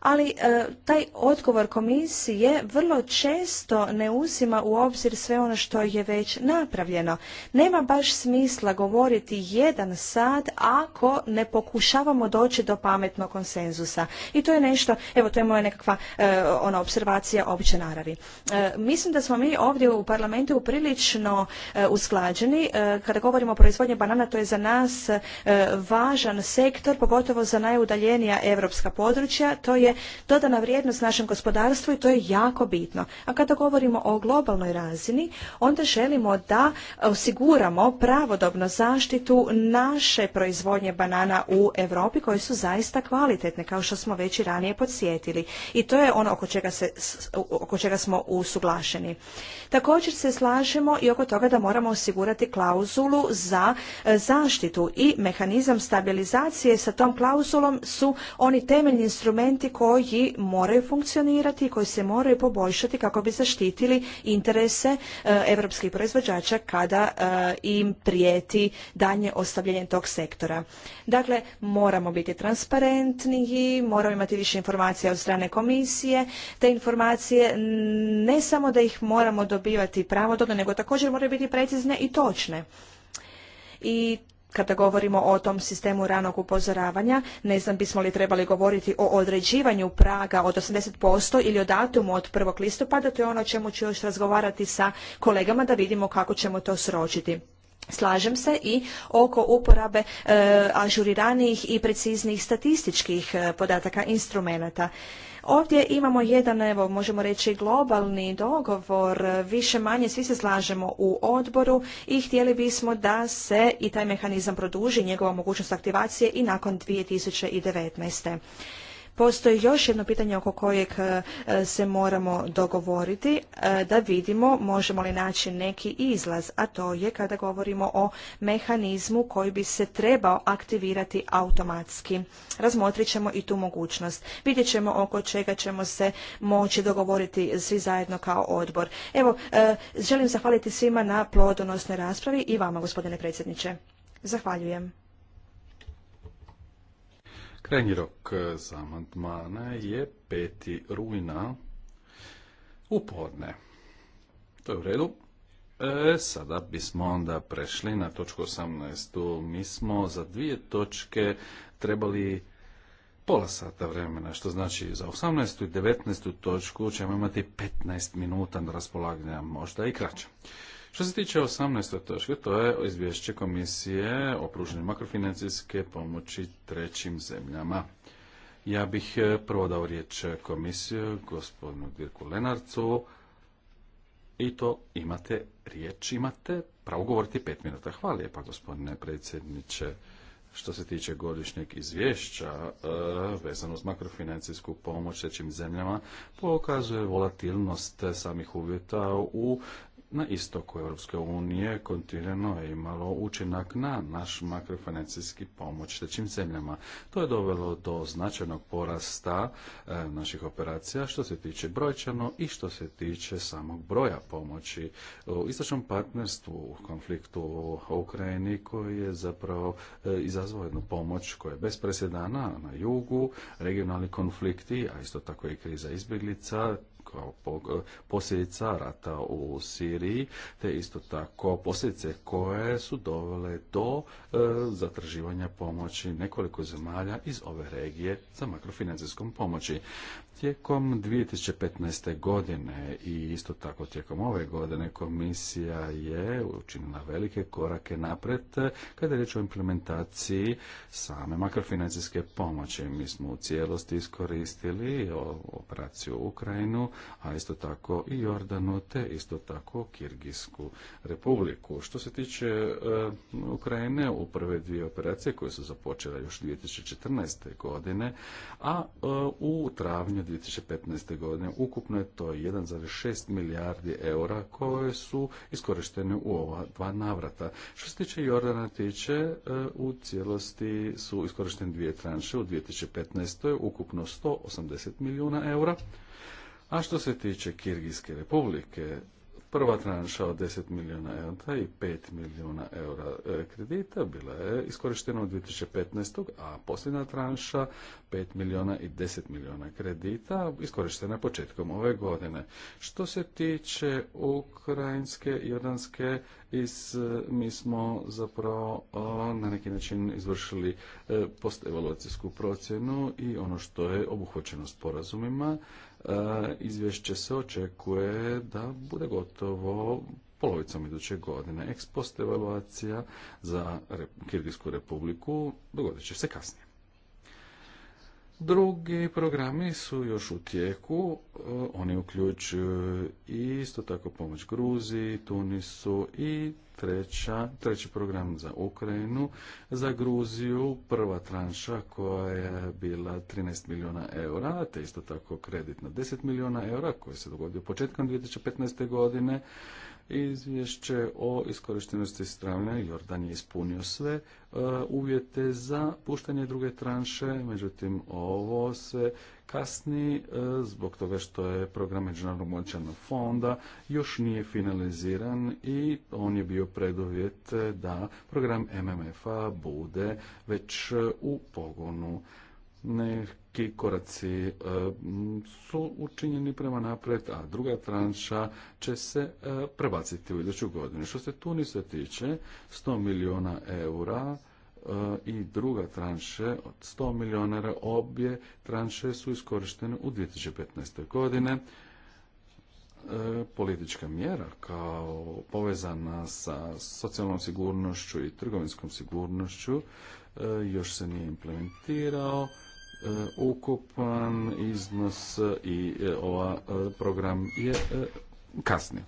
ali e, taj odgovor komisije vrlo često ne uzima u obzir sve ono što je već napravljeno. Nema baš smisla govoriti jedan sad ako ne pokušavamo doći do pametnog konsenzusa. I to je nešto, evo to je moja nekakva e, ona observacija opće naravi. E, mislim da smo mi ovdje u parlamentu prilično usklađeni. Kada govorimo o proizvodnji banana, to je za nas važan sektor, pogotovo za najudaljenija europska područja. To je je dodana vrijednost našem gospodarstvu i to je jako bitno. A kada govorimo o globalnoj razini, onda želimo da osiguramo pravodobno zaštitu naše proizvodnje banana u Europi koje su zaista kvalitetne, kao što smo već i ranije podsjetili. I to je ono oko čega, se, oko čega smo usuglašeni. Također se slažemo i oko toga da moramo osigurati klauzulu za e, zaštitu i mehanizam stabilizacije sa tom klauzulom su oni temeljni instrumenti koji moraju funkcionirati i koji se moraju poboljšati kako bi zaštitili interese europskih proizvođača kada e, im prijeti daljnje ostavljanje tog sektora. Dakle, moramo biti transparentniji, moramo imati više informacija od strane komisije. Te informacije ne samo da ih moramo dobivati pravodobno, nego također moraju biti precizne i točne. I kada govorimo o tom sistemu ranog upozoravanja, ne znam bismo li trebali govoriti o određivanju praga od 80% ili o datumu od 1. listopada, to je ono o čemu ću još razgovarati sa kolegama da vidimo kako ćemo to sročiti. Slažem se i oko uporabe e, i preciznijih statističkih e, podataka instrumenata. Ovdje imamo jedan, evo, možemo reći globalni dogovor, više manje svi se slažemo u odboru i htjeli bismo da se i taj mehanizam produži, njegova mogućnost aktivacije i nakon 2019. Postoji još jedno pitanje oko kojeg e, se moramo dogovoriti e, da vidimo možemo li naći neki izlaz, a to je kada govorimo o mehanizmu koji bi se trebao aktivirati automatski. Razmotrit ćemo i tu mogućnost. Vidjet ćemo oko čega ćemo se moći dogovoriti svi zajedno kao odbor. Evo, e, želim zahvaliti svima na plodonosnoj raspravi i vama, gospodine predsjedniče. Zahvaljujem. Krajnji rok e, za amandmane je 5. rujna u podne. To je u redu. E, sada bismo onda prešli na točku 18. Mi smo za dvije točke trebali pola sata vremena, što znači za 18. i 19. točku ćemo imati 15 minuta na raspolaganje, možda i kraće. Što se tiče 18. točke, to je izvješće komisije o pruženju makrofinancijske pomoći trećim zemljama. Ja bih e, prvo dao riječ komisiju, gospodinu Dirku Lenarcu, i to imate riječ, imate pravo govoriti pet minuta. Hvala lijepa, gospodine predsjedniče. Što se tiče godišnjeg izvješća e, vezano uz makrofinancijsku pomoć trećim zemljama, pokazuje volatilnost samih uvjeta u na istoku Europske unije kontinuirano je imalo učinak na naš makrofinancijski pomoć trećim zemljama. To je dovelo do značajnog porasta e, naših operacija što se tiče brojčano i što se tiče samog broja pomoći u istočnom partnerstvu u konfliktu u Ukrajini koji je zapravo e, izazvao jednu pomoć koja je bez presedana na jugu, regionalni konflikti, a isto tako i kriza izbjeglica kao e, posljedica rata u Siriji, te isto tako posljedice koje su dovele do e, zatraživanja pomoći nekoliko zemalja iz ove regije za makrofinancijskom pomoći. Tijekom 2015. godine i isto tako tijekom ove godine komisija je učinila velike korake napred kada je riječ o implementaciji same makrofinancijske pomoći. Mi smo u cijelosti iskoristili operaciju Ukrajinu, a isto tako i Jordanu, te isto tako Kirgijsku republiku. Što se tiče e, Ukrajine, u prve dvije operacije koje su započele još 2014. godine, a e, u travnju 2015. godine. Ukupno je to 1,6 milijardi eura koje su iskorištene u ova dva navrata. Što se tiče Jordana tiče, e, u cijelosti su iskorištene dvije tranše. U 2015. ukupno 180 milijuna eura. A što se tiče Kirgijske republike, Prva tranša od 10 milijuna eura i 5 milijuna eura e, kredita bila je iskorištena u 2015. a posljedna tranša 5 milijuna i 10 milijuna kredita iskorištena početkom ove godine. Što se tiče ukrajinske i jordanske iz, e, mi smo zapravo e, na neki način izvršili postevaluacijsku procjenu i ono što je obuhvaćeno sporazumima E, izvješće se očekuje da bude gotovo polovicom iduće godine. Ex post evaluacija za Kirgijsku republiku dogodit će se kasnije. Drugi programi su još u tijeku, e, oni uključuju isto tako pomoć Gruziji, Tunisu i treća, treći program za Ukrajinu, za Gruziju prva tranša koja je bila 13 milijuna eura, te isto tako kredit na 10 milijuna eura koji se dogodio početkom 2015. godine izvješće o iskorištenosti strane. Jordan je ispunio sve e, uvjete za puštanje druge tranše, međutim ovo se kasni e, zbog toga što je program Međunarodnog moćanog fonda još nije finaliziran i on je bio preduvjet da program MMF-a bude već u pogonu. Ne ti koraci e, su učinjeni prema napred, a druga tranša će se e, prebaciti u iduću godinu. Što se Tunisa tiče, 100 milijuna eura e, i druga tranše od 100 milijuna obje tranše su iskorištene u 2015. godine. Politička mjera kao povezana sa socijalnom sigurnošću i trgovinskom sigurnošću još se nije implementirao E, ukupan iznos e, i e, ova program je kasni.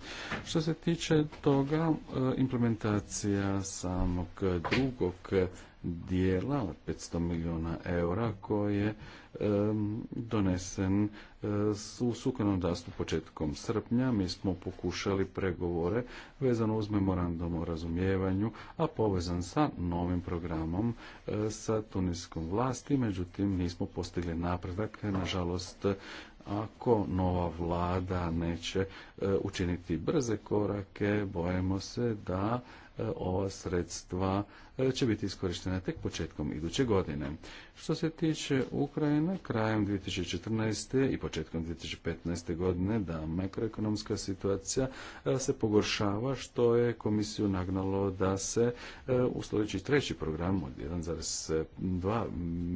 Što se tiče toga, implementacija samog drugog dijela od 500 milijuna eura koji je donesen e, u dastu početkom srpnja. Mi smo pokušali pregovore vezano uz memorandum o razumijevanju, a povezan sa novim programom e, sa tuniskom vlasti. Međutim, nismo postigli napredak. Nažalost, ako nova vlada neće e, učiniti brze korake, bojemo se da ova sredstva E, će biti iskorištena tek početkom iduće godine. Što se tiče Ukrajine, krajem 2014. i početkom 2015. godine da makroekonomska situacija e, se pogoršava što je komisiju nagnalo da se e, u sljedeći treći program od 1,2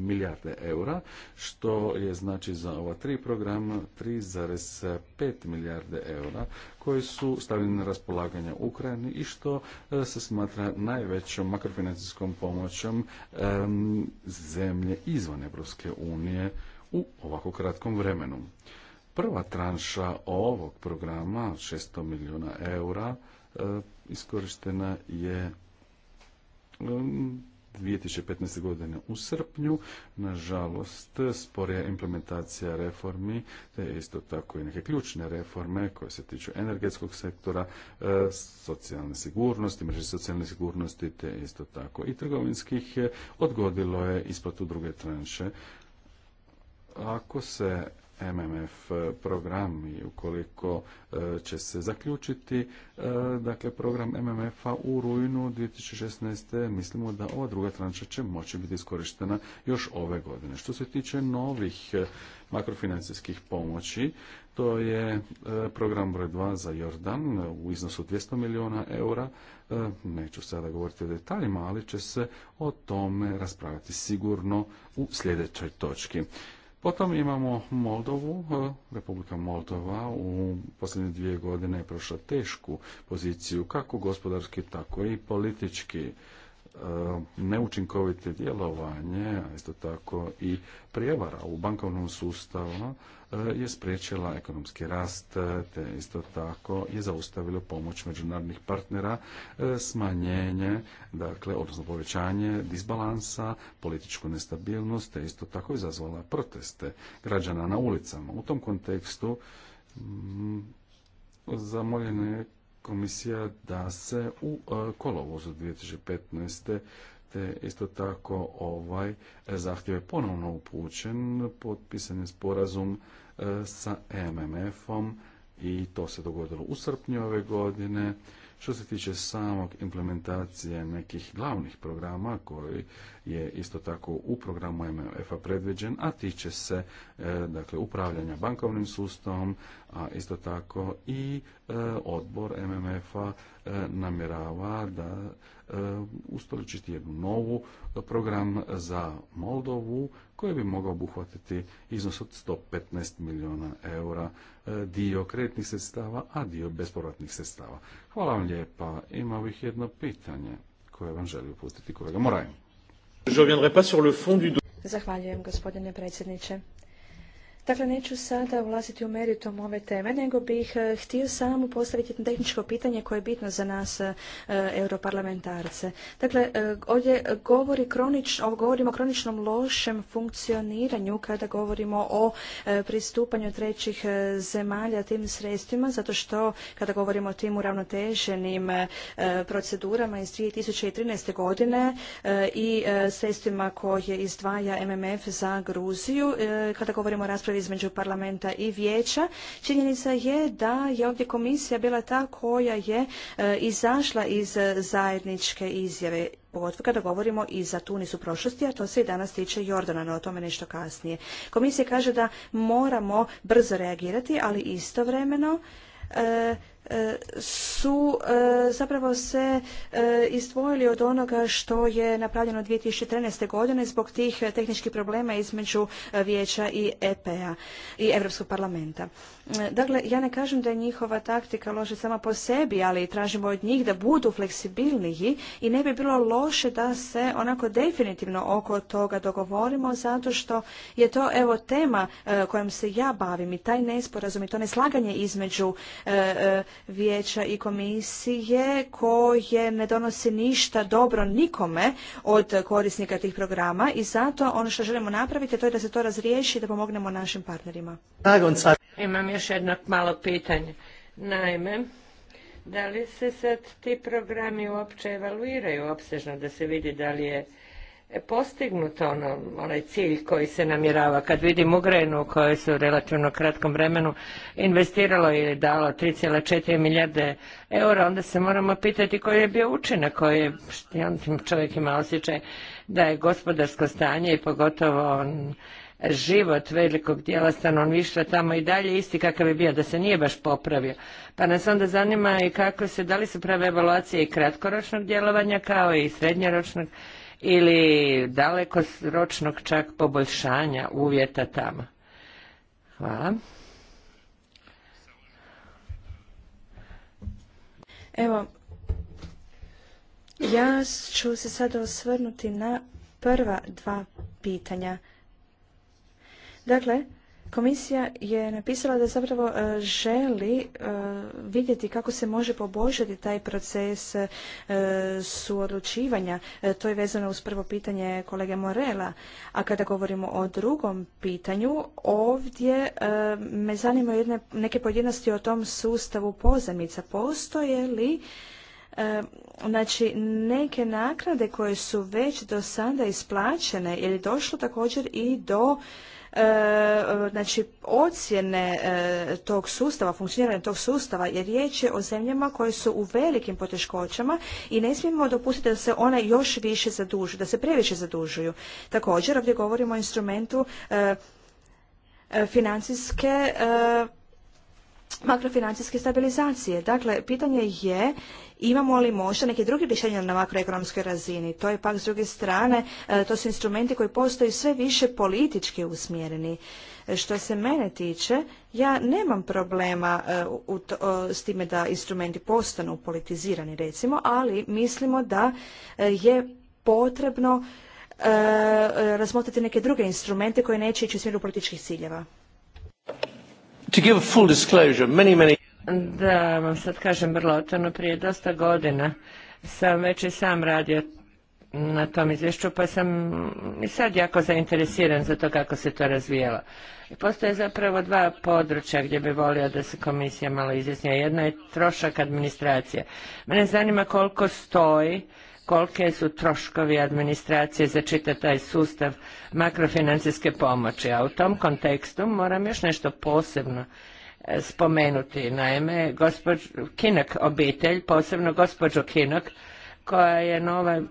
milijarde eura, što je znači za ova tri programa 3,5 milijarde eura koji su stavljeni na raspolaganje Ukrajini i što se smatra najvećom makrofinancijom financijskom pomoćom zemlje izvan Evropske unije u ovako kratkom vremenu. Prva tranša ovog programa od 600 milijuna eura e, iskorištena je 2015. godine u srpnju. Nažalost, sporija implementacija reformi, te isto tako i neke ključne reforme koje se tiču energetskog sektora, e, socijalne sigurnosti, mreže socijalne sigurnosti, te isto tako i trgovinskih, e, odgodilo je isplatu druge tranše. Ako se MMF e, program i ukoliko e, će se zaključiti e, dakle program MMF-a u rujnu 2016. mislimo da ova druga tranča će moći biti iskorištena još ove godine. Što se tiče novih makrofinancijskih pomoći, to je program broj 2 za Jordan u iznosu 200 milijuna eura. Neću sada govoriti o detaljima, ali će se o tome raspraviti sigurno u sljedećoj točki. Potom imamo Moldovu. Republika Moldova u posljednje dvije godine je prošla tešku poziciju, kako gospodarski, tako i politički e, neučinkovite djelovanje, a isto tako i prijevara u bankovnom sustavu Eh, je spriječila ekonomski rast, eh, te isto tako je zaustavilo pomoć međunarodnih partnera, eh, smanjenje, dakle, odnosno povećanje disbalansa, političku nestabilnost, te isto tako izazvala proteste građana na ulicama. U tom kontekstu mm, zamoljena je komisija da se u kolovozu 2015 te isto tako ovaj zahtjev je ponovno upućen, potpisan je sporazum sa MMF-om i to se dogodilo u srpnju ove godine. Što se tiče samog implementacije nekih glavnih programa koji je isto tako u programu MMF-a predviđen, a tiče se e, dakle upravljanja bankovnim sustavom, a isto tako i e, odbor MMF-a e, namjerava da ustoličiti jednu novu program za Moldovu koji bi mogao obuhvatiti iznos od 115 milijuna eura, e, dio kreditnih sredstava, a dio bespovratnih sredstava. Hvala vam lijepa. Imao bih jedno pitanje koje vam želi uputiti kolega Moraj. Zahvaljujem gospodine predsjedniče. Dakle, neću sada ulaziti u meritum ove teme, nego bih e, htio samo postaviti jedno tehničko pitanje koje je bitno za nas e, europarlamentarce. Dakle, e, ovdje govori govorimo o kroničnom lošem funkcioniranju kada govorimo o pristupanju trećih zemalja tim sredstvima, zato što kada govorimo o tim uravnoteženim procedurama iz 2013. godine i sredstvima koje izdvaja MMF za Gruziju, kada govorimo o raspravi između parlamenta i vijeća. Činjenica je da je ovdje komisija bila ta koja je e, izašla iz e, zajedničke izjave pogotovo kada govorimo i za Tunis u prošlosti, a to se i danas tiče Jordana, no o tome nešto kasnije. Komisija kaže da moramo brzo reagirati, ali istovremeno e, E, su e, zapravo se e, izdvojili od onoga što je napravljeno 2013. godine zbog tih tehničkih problema između vijeća i EP-a i Europskog parlamenta. Dakle, ja ne kažem da je njihova taktika loša sama po sebi, ali tražimo od njih da budu fleksibilniji i ne bi bilo loše da se onako definitivno oko toga dogovorimo, zato što je to evo tema e, kojom se ja bavim i taj nesporazum i to neslaganje između e, e, vijeća i komisije koje ne donosi ništa dobro nikome od korisnika tih programa i zato ono što želimo napraviti to je da se to razriješi i da pomognemo našim partnerima. Imam još jedno malo pitanje. Naime, da li se sad ti programi uopće evaluiraju opsežno da se vidi da li je postignut ono, onaj cilj koji se namjerava. Kad vidim Ugrajinu u kojoj su u relativno kratkom vremenu investiralo ili dalo 3,4 milijarde eura, onda se moramo pitati koji je bio učinak, koji je, on čovjek ima osjećaj da je gospodarsko stanje i pogotovo on, život velikog dijela stanovništva tamo i dalje isti kakav je bio, da se nije baš popravio. Pa nas onda zanima i kako se, da li se prave evaluacije i kratkoročnog djelovanja kao i srednjoročnog ili dalekoročnog čak poboljšanja uvjeta tamo. Hvala. Evo, ja ću se sada osvrnuti na prva dva pitanja. Dakle, komisija je napisala da zapravo e, želi e, vidjeti kako se može poboljšati taj proces e, suodlučivanja. To je vezano uz prvo pitanje kolege Morela. A kada govorimo o drugom pitanju, ovdje me zanimaju neke pojedinosti o tom sustavu pozemica. Postoje li znači neke naknade koje su već do sada isplaćene je li došlo također i do E, znači ocjene e, tog sustava, funkcioniranja tog sustava jer riječ je o zemljama koje su u velikim poteškoćama i ne smijemo dopustiti da se one još više zadužuju, da se previše zadužuju. Također ovdje govorimo o instrumentu e, financijske makrofinancijske stabilizacije. Dakle, pitanje je Imamo li možda neke druge rješenja na makroekonomskoj razini? To je pak s druge strane, e, to su instrumenti koji postaju sve više politički usmjereni. E, što se mene tiče, ja nemam problema e, s time da instrumenti postanu politizirani recimo, ali mislimo da je potrebno razmotriti neke druge instrumente koje neće ići u smjeru političkih ciljeva. Da vam sad kažem vrlo otvorno, prije dosta godina sam već i sam radio na tom izvješću, pa sam i sad jako zainteresiran za to kako se to razvijelo. I postoje zapravo dva područja gdje bi volio da se komisija malo izjasnija. Jedna je trošak administracije. Mene zanima koliko stoji, kolike su troškovi administracije za čitav taj sustav makrofinancijske pomoći. A u tom kontekstu moram još nešto posebno E, spomenuti. Naime, gospođ, Kinak obitelj, posebno gospođo Kinak, koja je nova e,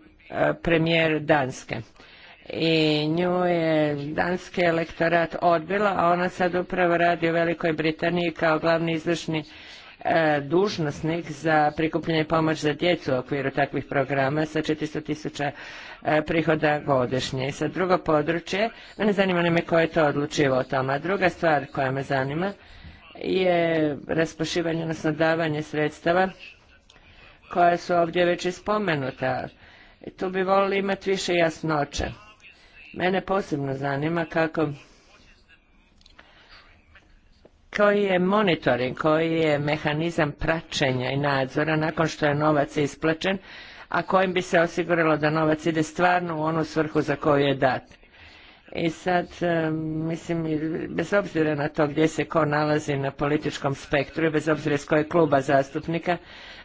premijer Danske. I nju je Danski elektorat odbila, a ona sad upravo radi u Velikoj Britaniji kao glavni izvršni dužnostnik e, dužnosnik za prikupljanje pomoć za djecu u okviru takvih programa sa 400 tisuća prihoda godišnje. I sad drugo područje, mene zanima me koje je to odlučivo o tome. A druga stvar koja me zanima, je raspošivanje, na davanje sredstava koja su ovdje već i Tu bi volili imati više jasnoće. Mene posebno zanima kako koji je monitoring, koji je mehanizam praćenja i nadzora nakon što je novac isplaćen, a kojim bi se osiguralo da novac ide stvarno u onu svrhu za koju je dat. I sad, mislim, bez obzira na to gdje se ko nalazi na političkom spektru i bez obzira s kojeg kluba zastupnika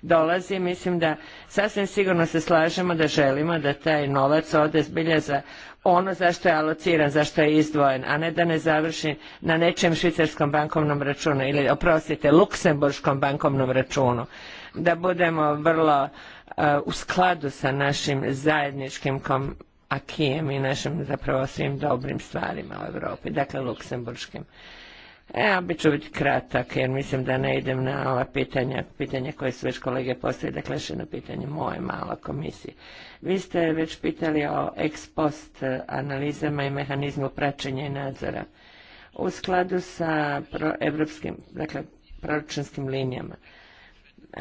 dolazi, mislim da sasvim sigurno se slažemo da želimo da taj novac ode zbilja za ono zašto je alociran, zašto je izdvojen, a ne da ne završi na nečem švicarskom bankovnom računu ili, oprostite, luksemburškom bankovnom računu. Da budemo vrlo eh, u skladu sa našim zajedničkim kom akijem i našim zapravo svim dobrim stvarima u Europi, dakle luksemburškim. Ja e, bit ću biti kratak jer mislim da ne idem na ova pitanja, pitanja koje su već kolege postavili, dakle še na pitanje moje malo komisije. Vi ste već pitali o ex post analizama i mehanizmu praćenja i nadzora u skladu sa evropskim, dakle proračunskim linijama.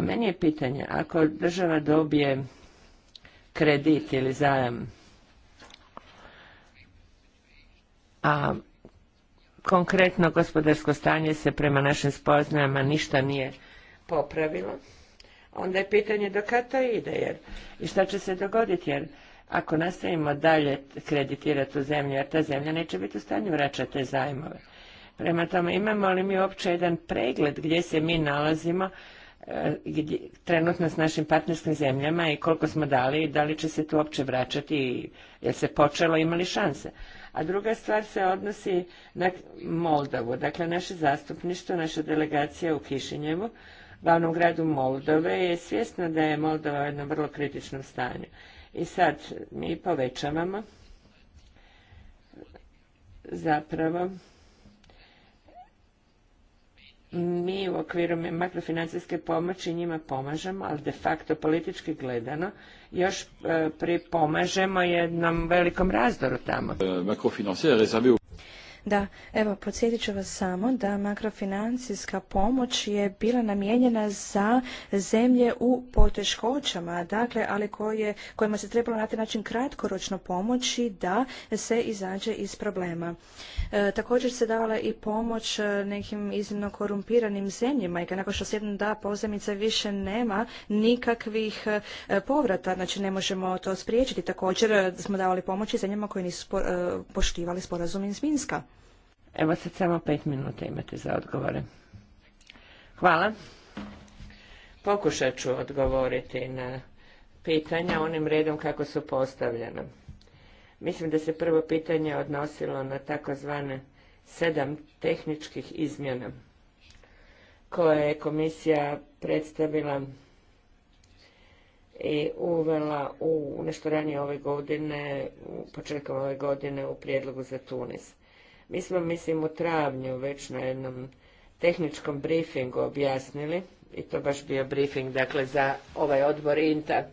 meni je pitanje, ako država dobije kredit ili zajam a konkretno gospodarsko stanje se prema našim spoznajama ništa nije popravilo, onda je pitanje do kada to ide jer, i šta će se dogoditi jer ako nastavimo dalje kreditirati tu zemlju, jer ta zemlja neće biti u stanju vraćati te zajmove. Prema tome, imamo li mi uopće jedan pregled gdje se mi nalazimo eh, trenutno s našim partnerskim zemljama i koliko smo dali i da li će se tu uopće vraćati i jer se počelo imali šanse. A druga stvar se odnosi na Moldavu, dakle naše zastupništvo, naša delegacija u Kišinjevu, glavnom gradu Moldove, je svjesna da je Moldova u jednom vrlo kritičnom stanju. I sad mi povećavamo zapravo mi u okviru makrofinancijske pomoći njima pomažemo, ali de facto politički gledano još e, pripomažemo jednom velikom razdoru tamo. E, da, evo, podsjetit ću vas samo da makrofinancijska pomoć je bila namijenjena za zemlje u poteškoćama, dakle, ali koje, kojima se trebalo na taj način kratkoročno pomoći da se izađe iz problema. E, također se davala i pomoć e, nekim iznimno korumpiranim zemljama i nakon što se jednom da pozemica više nema nikakvih e, povrata, znači ne možemo to spriječiti. Također smo davali pomoći zemljama koje nisu poštivali sporazum iz Minska. Evo sad samo pet minuta imate za odgovore. Hvala. Pokušat ću odgovoriti na pitanja onim redom kako su postavljena. Mislim da se prvo pitanje odnosilo na takozvane sedam tehničkih izmjena koje je komisija predstavila i uvela u nešto ranije ove godine, početkom ove godine u prijedlogu za Tunis. Mi smo, mislim, u travnju već na jednom tehničkom briefingu objasnili, i to baš bio briefing, dakle, za ovaj odbor INTA,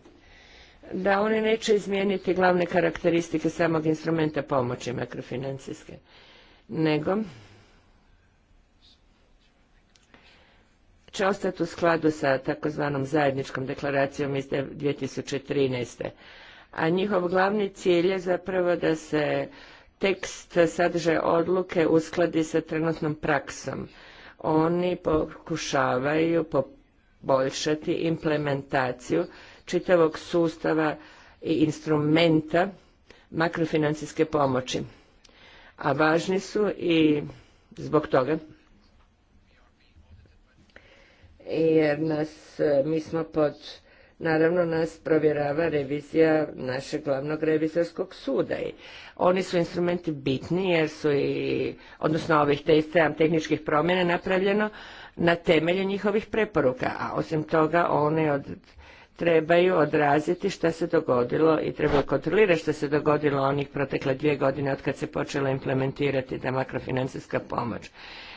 da oni neće izmijeniti glavne karakteristike samog instrumenta pomoći makrofinancijske, nego će ostati u skladu sa takozvanom zajedničkom deklaracijom iz 2013. A njihov glavni cilj je zapravo da se tekst sadržaj odluke uskladi sa trenutnom praksom. Oni pokušavaju poboljšati implementaciju čitavog sustava i instrumenta makrofinancijske pomoći. A važni su i zbog toga jer nas, mi smo pod naravno nas provjerava revizija našeg glavnog revizorskog suda i oni su instrumenti bitni jer su i, odnosno ovih tehničkih promjena napravljeno na temelju njihovih preporuka, a osim toga one od, trebaju odraziti šta se dogodilo i trebaju kontrolirati što se dogodilo onih protekle dvije godine od kad se počela implementirati ta makrofinancijska pomoć.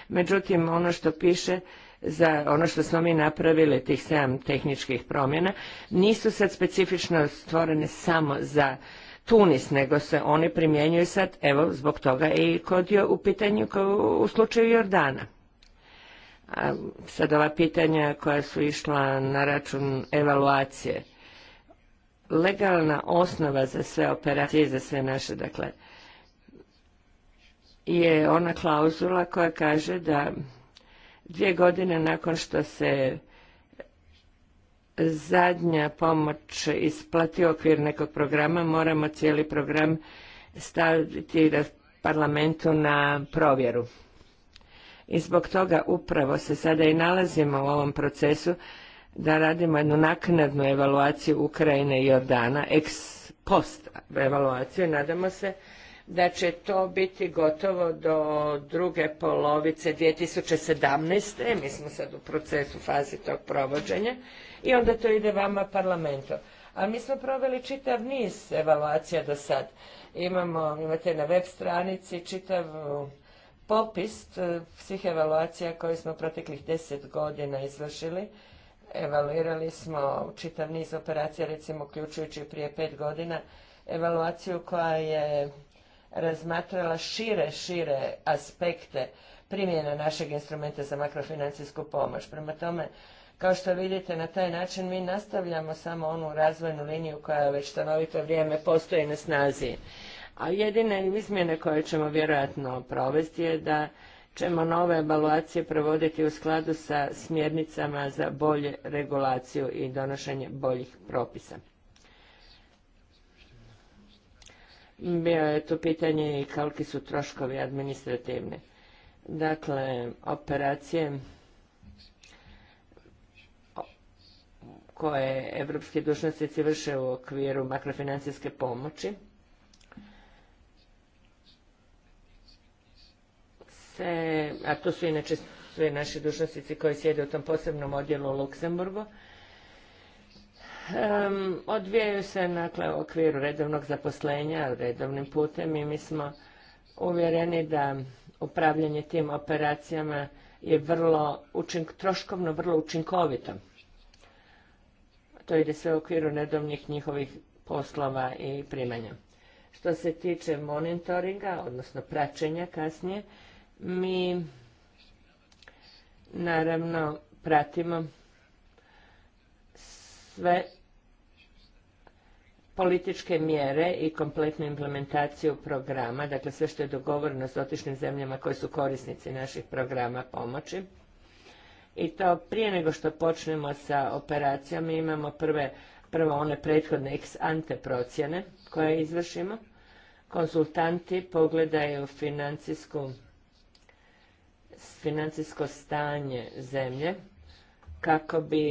Međutim, ono što piše za ono što smo mi napravili, tih sedam tehničkih promjena, nisu sad specifično stvorene samo za Tunis, nego se oni primjenjuju sad, evo, zbog toga i kod je u pitanju u slučaju Jordana. sad ova pitanja koja su išla na račun evaluacije. Legalna osnova za sve operacije i za sve naše, dakle, je ona klauzula koja kaže da dvije godine nakon što se zadnja pomoć isplati okvir nekog programa, moramo cijeli program staviti parlamentu na provjeru. I zbog toga upravo se sada i nalazimo u ovom procesu da radimo jednu naknadnu evaluaciju Ukrajine i Jordana, ex post evaluaciju nadamo se da će to biti gotovo do druge polovice 2017. Mi smo sad u procesu fazi tog provođenja i onda to ide vama parlamentu. A mi smo proveli čitav niz evaluacija do sad. Imamo, imate na web stranici čitav uh, popis uh, svih evaluacija koje smo proteklih deset godina izvršili. Evaluirali smo čitav niz operacija, recimo uključujući prije pet godina, evaluaciju koja je razmatrala šire, šire aspekte primjene našeg instrumenta za makrofinancijsku pomoć. Prema tome, kao što vidite, na taj način mi nastavljamo samo onu razvojnu liniju koja već stanovito vrijeme postoji na snazi. A jedine izmjene koje ćemo vjerojatno provesti je da ćemo nove evaluacije provoditi u skladu sa smjernicama za bolje regulaciju i donošenje boljih propisa. bio je to pitanje i koliki su troškovi administrativni. Dakle, operacije koje evropski dužnosnici vrše u okviru makrofinancijske pomoći se, a to su inače sve naši dužnosnici koji sjede u tom posebnom odjelu u Luksemburgu, odvijaju se dakle, u okviru redovnog zaposlenja, redovnim putem i mi smo uvjereni da upravljanje tim operacijama je vrlo troškovno vrlo učinkovito. To ide sve u okviru redovnih njihovih poslova i primanja. Što se tiče monitoringa, odnosno praćenja kasnije, mi naravno pratimo sve političke mjere i kompletnu implementaciju programa, dakle sve što je dogovoreno s otišnim zemljama koje su korisnici naših programa pomoći. I to prije nego što počnemo sa operacijama imamo prve, prvo one prethodne ex ante procjene koje izvršimo. Konsultanti pogledaju financijsko stanje zemlje kako bi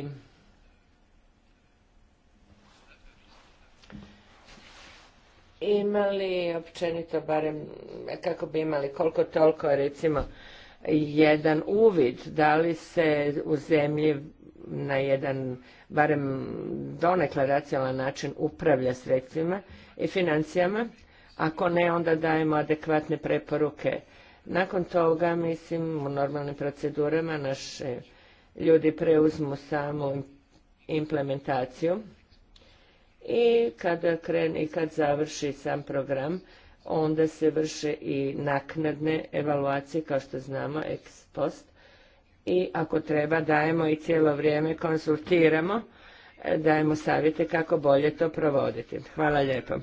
imali općenito barem kako bi imali koliko toliko recimo jedan uvid da li se u zemlji na jedan barem donekle racionalan način upravlja sredstvima i financijama. Ako ne, onda dajemo adekvatne preporuke. Nakon toga, mislim, u normalnim procedurama naši ljudi preuzmu samu implementaciju i kada krene i kad završi sam program, onda se vrše i naknadne evaluacije, kao što znamo, ex post. I ako treba dajemo i cijelo vrijeme konsultiramo, e, dajemo savjete kako bolje to provoditi. Hvala lijepo.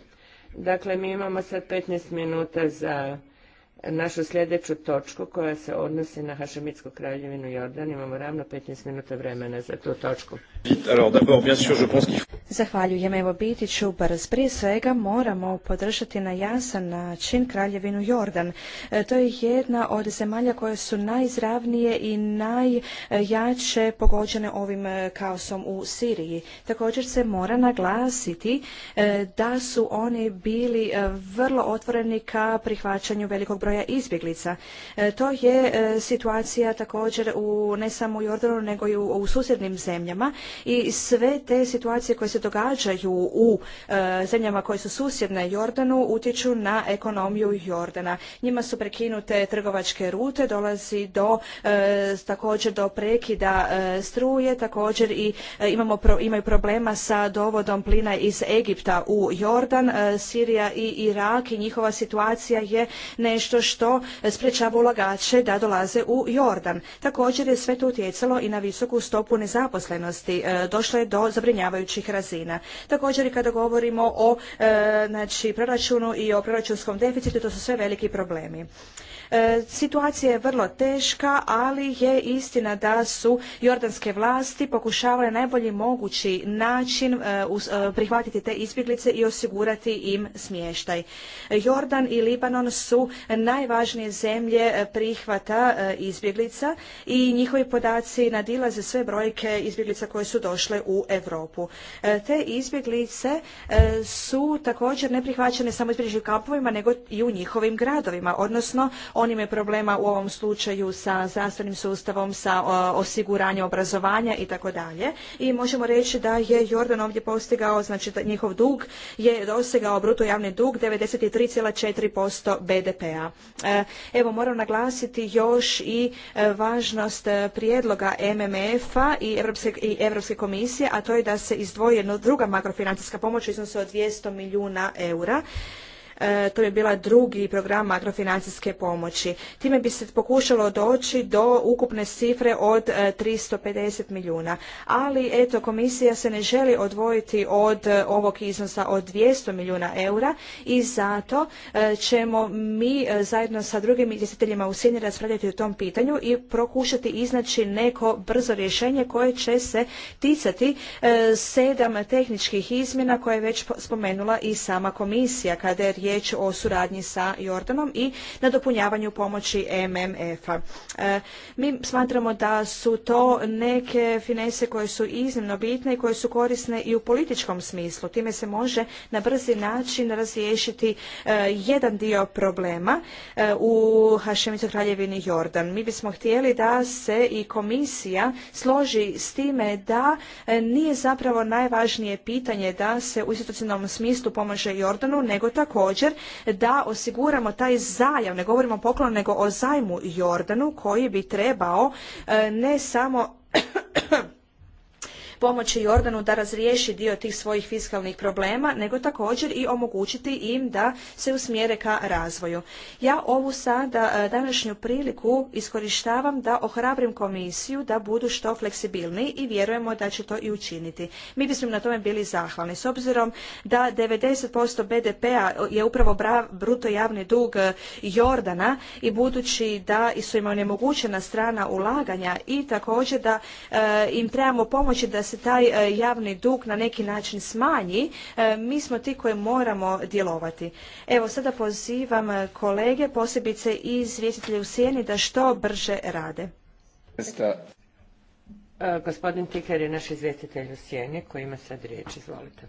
Dakle, mi imamo sad 15 minuta za našu sljedeću točku koja se odnosi na Hašemitsku kraljevinu Jordan. Imamo ravno 15 minuta vremena za tu točku. Zahvaljujem, evo biti ću brz. Prije svega moramo podržati na jasan način Kraljevinu Jordan. E, to je jedna od zemalja koje su najizravnije i najjače pogođene ovim e, kaosom u Siriji. Također se mora naglasiti e, da su oni bili vrlo otvoreni ka prihvaćanju velikog broja izbjeglica. to je situacija također u ne samo u Jordanu nego i u, u susjednim zemljama i sve te situacije koje se događaju u e, zemljama koje su susjedne Jordanu utječu na ekonomiju Jordana. Njima su prekinute trgovačke rute, dolazi do e, također do prekida e, struje, također i imamo imaju problema sa dovodom plina iz Egipta u Jordan, Sirija i Irak i njihova situacija je nešto što sprečava ulagače da dolaze u Jordan. Također je sve to utjecalo i na visoku stopu nezaposlenosti. Došlo je do zabrinjavajućih razina. Također i kada govorimo o e, znači, proračunu i o proračunskom deficitu, to su sve veliki problemi. E, situacija je vrlo teška, ali je istina da su jordanske vlasti pokušavale najbolji mogući način e, e, prihvatiti te izbjeglice i osigurati im smještaj. Jordan i Libanon su najvažnije zemlje prihvata izbjeglica i njihovi podaci nadilaze sve brojke izbjeglica koje su došle u Europu. Te izbjeglice su također neprihvaćene samo izbjegličkim kampovima, nego i u njihovim gradovima, odnosno on je problema u ovom slučaju sa zdravstvenim sustavom, sa osiguranjem obrazovanja i tako dalje. I možemo reći da je Jordan ovdje postigao, znači da njihov dug je dosegao bruto javni dug 93,4% BDP-a. E, evo moram naglasiti još i e, važnost e, prijedloga MMF-a i Europske, i Europske komisije, a to je da se izdvoji jedna druga makrofinancijska pomoć u iznosu od 200 milijuna eura E, to bi bila drugi program makrofinancijske pomoći. Time bi se pokušalo doći do ukupne cifre od 350 e, milijuna. Ali eto, komisija se ne želi odvojiti od e, ovog iznosa od 200 milijuna eura i zato ćemo mi zajedno sa drugim izvjestiteljima u Sjeni raspravljati o tom pitanju i prokušati iznaći neko brzo rješenje koje će se ticati sedam tehničkih izmjena koje je već spomenula i sama komisija kada je riječ o suradnji sa Jordanom i na dopunjavanju pomoći MMF-a. E, mi smatramo da su to neke finese koje su iznimno bitne i koje su korisne i u političkom smislu. Time se može na brzi način razriješiti e, jedan dio problema e, u Hašemicu Kraljevini Jordan. Mi bismo htjeli da se i komisija složi s time da nije zapravo najvažnije pitanje da se u institucionalnom smislu pomaže Jordanu, nego tako također da osiguramo taj zajam, ne govorimo o poklonu, nego o zajmu Jordanu koji bi trebao e, ne samo pomoći Jordanu da razriješi dio tih svojih fiskalnih problema, nego također i omogućiti im da se usmjere ka razvoju. Ja ovu sada e, današnju priliku iskorištavam da ohrabrim komisiju da budu što fleksibilniji i vjerujemo da će to i učiniti. Mi bismo na tome bili zahvalni. S obzirom da 90% BDP-a je upravo bruto javni dug e, Jordana i budući da su im onemogućena strana ulaganja i također da e, im trebamo pomoći da se taj e, javni dug na neki način smanji, e, mi smo ti koji moramo djelovati. Evo, sada pozivam e, kolege, posebice i izvjestitelje u sjeni, da što brže rade. Gospodin Tikar je naš izvjestitelj u sjeni koji ima sad riječ. Izvolite.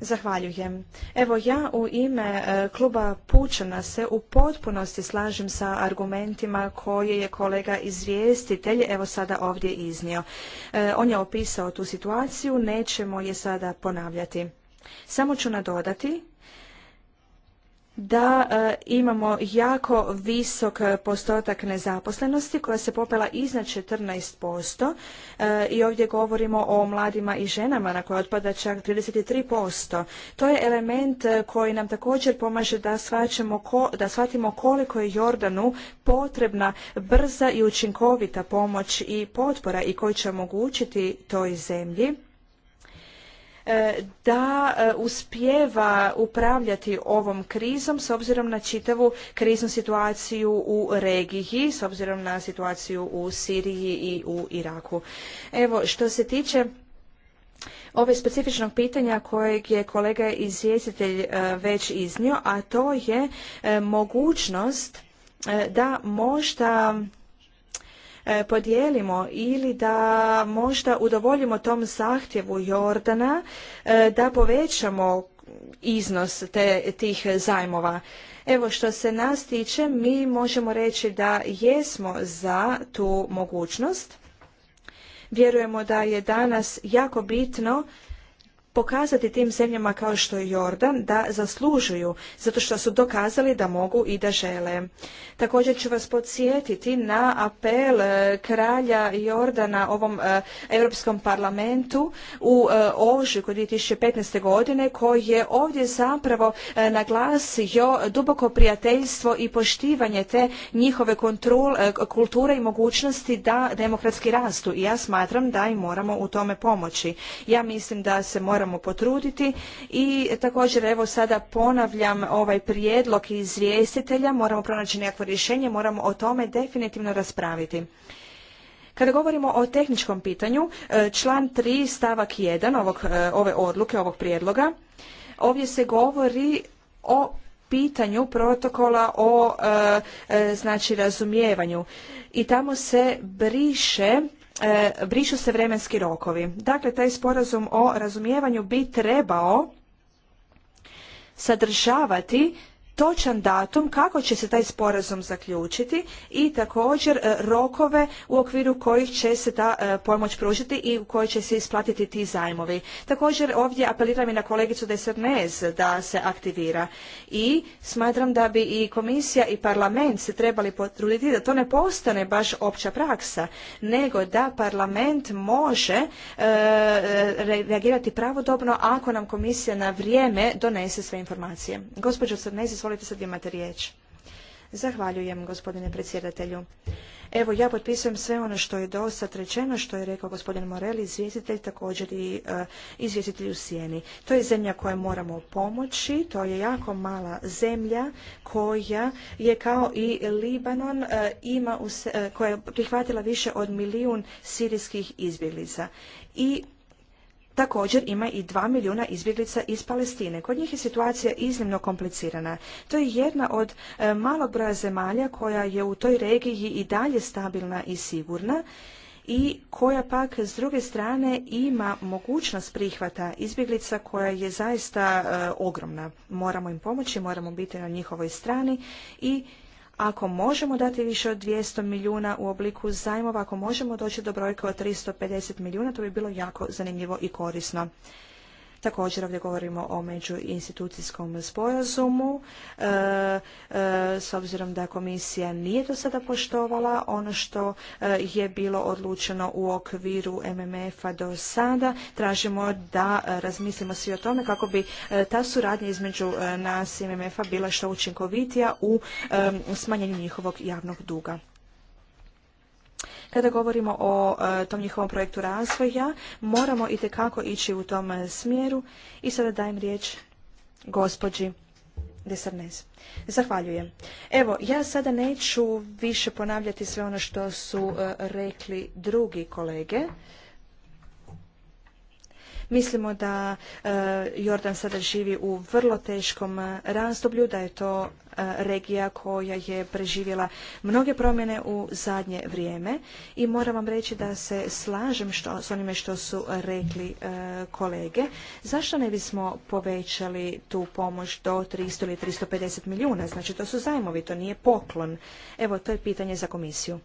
Zahvaljujem. Evo ja u ime e, kluba Pučana se u potpunosti slažem sa argumentima koje je kolega izvjestitelj evo sada ovdje iznio. E, on je opisao tu situaciju, nećemo je sada ponavljati. Samo ću nadodati da e, imamo jako visok postotak nezaposlenosti koja se popela iznad 14% posto e, i ovdje govorimo o mladima i ženama na koje otpada čak 33%. To je element e, koji nam također pomaže da, da shvatimo koliko je Jordanu potrebna brza i učinkovita pomoć i potpora i koji će omogućiti toj zemlji E, da e, uspjeva upravljati ovom krizom s obzirom na čitavu kriznu situaciju u regiji, s obzirom na situaciju u Siriji i u Iraku. Evo, što se tiče ove specifičnog pitanja kojeg je kolega izvjestitelj e, već iznio, a to je mogućnost da možda E, podijelimo ili da možda udovoljimo tom zahtjevu Jordana e, da povećamo iznos tih zajmova. Evo što se nas tiče, mi možemo reći da jesmo za tu mogućnost. Vjerujemo da je danas jako bitno pokazati tim zemljama kao što je Jordan da zaslužuju, zato što su dokazali da mogu i da žele. Također ću vas podsjetiti na apel e, kralja Jordana ovom e, Europskom parlamentu u e, Ožiku 2015. godine koji je ovdje zapravo naglasio duboko prijateljstvo i poštivanje te njihove kulture i mogućnosti da demokratski rastu i ja smatram da im moramo u tome pomoći. Ja mislim da se moramo moramo potruditi i također evo sada ponavljam ovaj prijedlog izvjestitelja, moramo pronaći nekakvo rješenje, moramo o tome definitivno raspraviti. Kada govorimo o tehničkom pitanju, e, član 3 stavak 1 ovog, e, ove odluke, ovog prijedloga, ovdje se govori o pitanju protokola o e, e znači razumijevanju i tamo se briše E, brišu se vremenski rokovi. Dakle, taj sporazum o razumijevanju bi trebao sadržavati točan datum kako će se taj sporazum zaključiti i također e, rokove u okviru kojih će se ta e, pomoć pružiti i u kojoj će se isplatiti ti zajmovi. Također ovdje apeliram i na kolegicu Desernez da se aktivira i smatram da bi i komisija i parlament se trebali potruditi da to ne postane baš opća praksa, nego da parlament može e, reagirati pravodobno ako nam komisija na vrijeme donese sve informacije. Gospođo izvolite Zahvaljujem gospodine predsjedatelju. Evo ja potpisujem sve ono što je dosad rečeno, što je rekao gospodin Morel, izvjestitelj također i e, izvjestitelj u Sijeni. To je zemlja kojoj moramo pomoći, to je jako mala zemlja koja je kao i Libanon e, ima, e, koja je prihvatila više od milijun sirijskih izbjeglica. I također ima i dva milijuna izbjeglica iz Palestine. Kod njih je situacija iznimno komplicirana. To je jedna od e, malog broja zemalja koja je u toj regiji i dalje stabilna i sigurna i koja pak s druge strane ima mogućnost prihvata izbjeglica koja je zaista e, ogromna. Moramo im pomoći, moramo biti na njihovoj strani i ako možemo dati više od 200 milijuna u obliku zajmova, ako možemo doći do brojke od 350 milijuna, to bi bilo jako zanimljivo i korisno. Također ovdje govorimo o međuinstitucijskom sporazumu. E, e, s obzirom da komisija nije do sada poštovala ono što e, je bilo odlučeno u okviru MMF-a do sada, tražimo da razmislimo svi o tome kako bi ta suradnja između nas i MMF-a bila što učinkovitija u smanjenju njihovog javnog duga. Kada govorimo o e, tom njihovom projektu razvoja, moramo i tekako ići u tom e, smjeru. I sada dajem riječ gospođi Desarnez. Zahvaljujem. Evo, ja sada neću više ponavljati sve ono što su e, rekli drugi kolege. Mislimo da e, Jordan sada živi u vrlo teškom e, razdoblju, da je to e, regija koja je preživjela mnoge promjene u zadnje vrijeme i moram vam reći da se slažem što, s onime što su rekli kolege. Zašto ne bismo povećali tu pomoć do 300 ili 350 milijuna? Znači to su zajmovi, to nije poklon. Evo, to je pitanje za komisiju.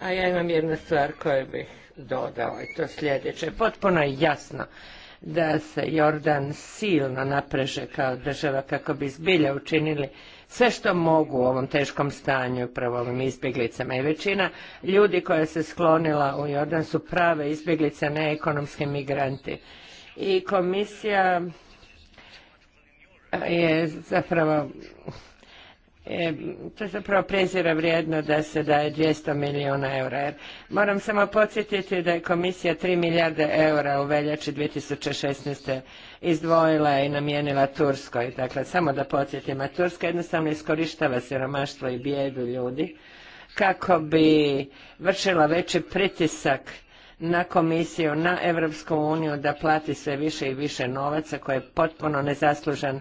A ja imam jednu stvar koju bih dodao i to sljedeće. Potpuno je jasno da se Jordan silno napreže kao država kako bi zbilja učinili sve što mogu u ovom teškom stanju, upravo ovim izbjeglicama. I većina ljudi koja se sklonila u Jordan su prave izbjeglice, ne ekonomski migranti. I komisija je zapravo E, to je zapravo prezira vrijedno da se daje 200 milijuna eura. moram samo podsjetiti da je komisija 3 milijarde eura u veljači 2016. izdvojila i namijenila Turskoj. Dakle, samo da podsjetim, a Turska jednostavno iskorištava siromaštvo i bijedu ljudi kako bi vršila veći pritisak na komisiju, na Europsku uniju da plati sve više i više novaca koje je potpuno nezaslužan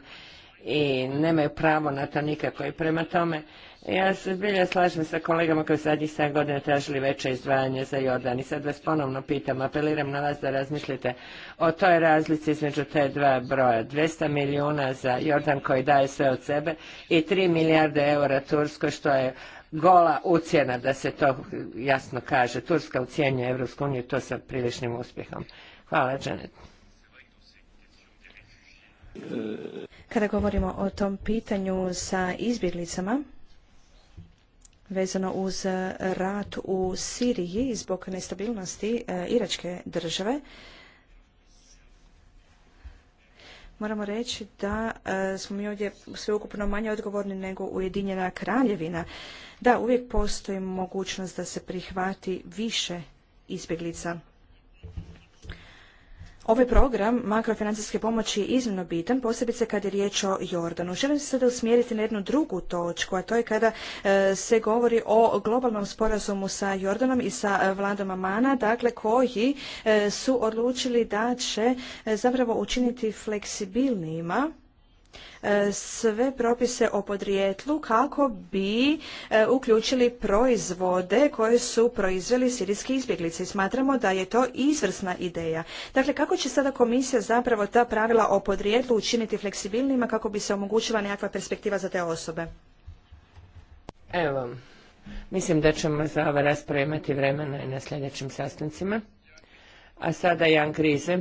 i nemaju pravo na to nikako. I prema tome, ja se zbilja slažem sa kolegama koji su zadnjih 7 godina tražili veće izdvajanje za Jordan. I sad vas ponovno pitam, apeliram na vas da razmislite o toj razlici između te dva broja. 200 milijuna za Jordan koji daje sve od sebe i 3 milijarde eura Turskoj što je gola ucjena, da se to jasno kaže. Turska ucijenja Evropsku uniju, to sa priličnim uspjehom. Hvala, Janet. Kada govorimo o tom pitanju sa izbjeglicama, vezano uz rat u Siriji zbog nestabilnosti e, iračke države, moramo reći da e, smo mi ovdje sveukupno manje odgovorni nego Ujedinjena kraljevina. Da, uvijek postoji mogućnost da se prihvati više izbjeglica Ovaj program makrofinancijske pomoći je iznimno bitan, posebice kad je riječ o Jordanu. Želim se sada usmjeriti na jednu drugu točku, a to je kada e, se govori o globalnom sporazumu sa Jordanom i sa e, vladom Amana, dakle koji e, su odlučili da će zapravo učiniti fleksibilnijima E, sve propise o podrijetlu kako bi e, uključili proizvode koje su proizveli sirijski izbjeglice. Smatramo da je to izvrsna ideja. Dakle, kako će sada komisija zapravo ta pravila o podrijetlu učiniti fleksibilnima kako bi se omogućila nekakva perspektiva za te osobe? Evo, mislim da ćemo za ove rasprave imati vremena i na sljedećim sastancima. A sada Jan Krize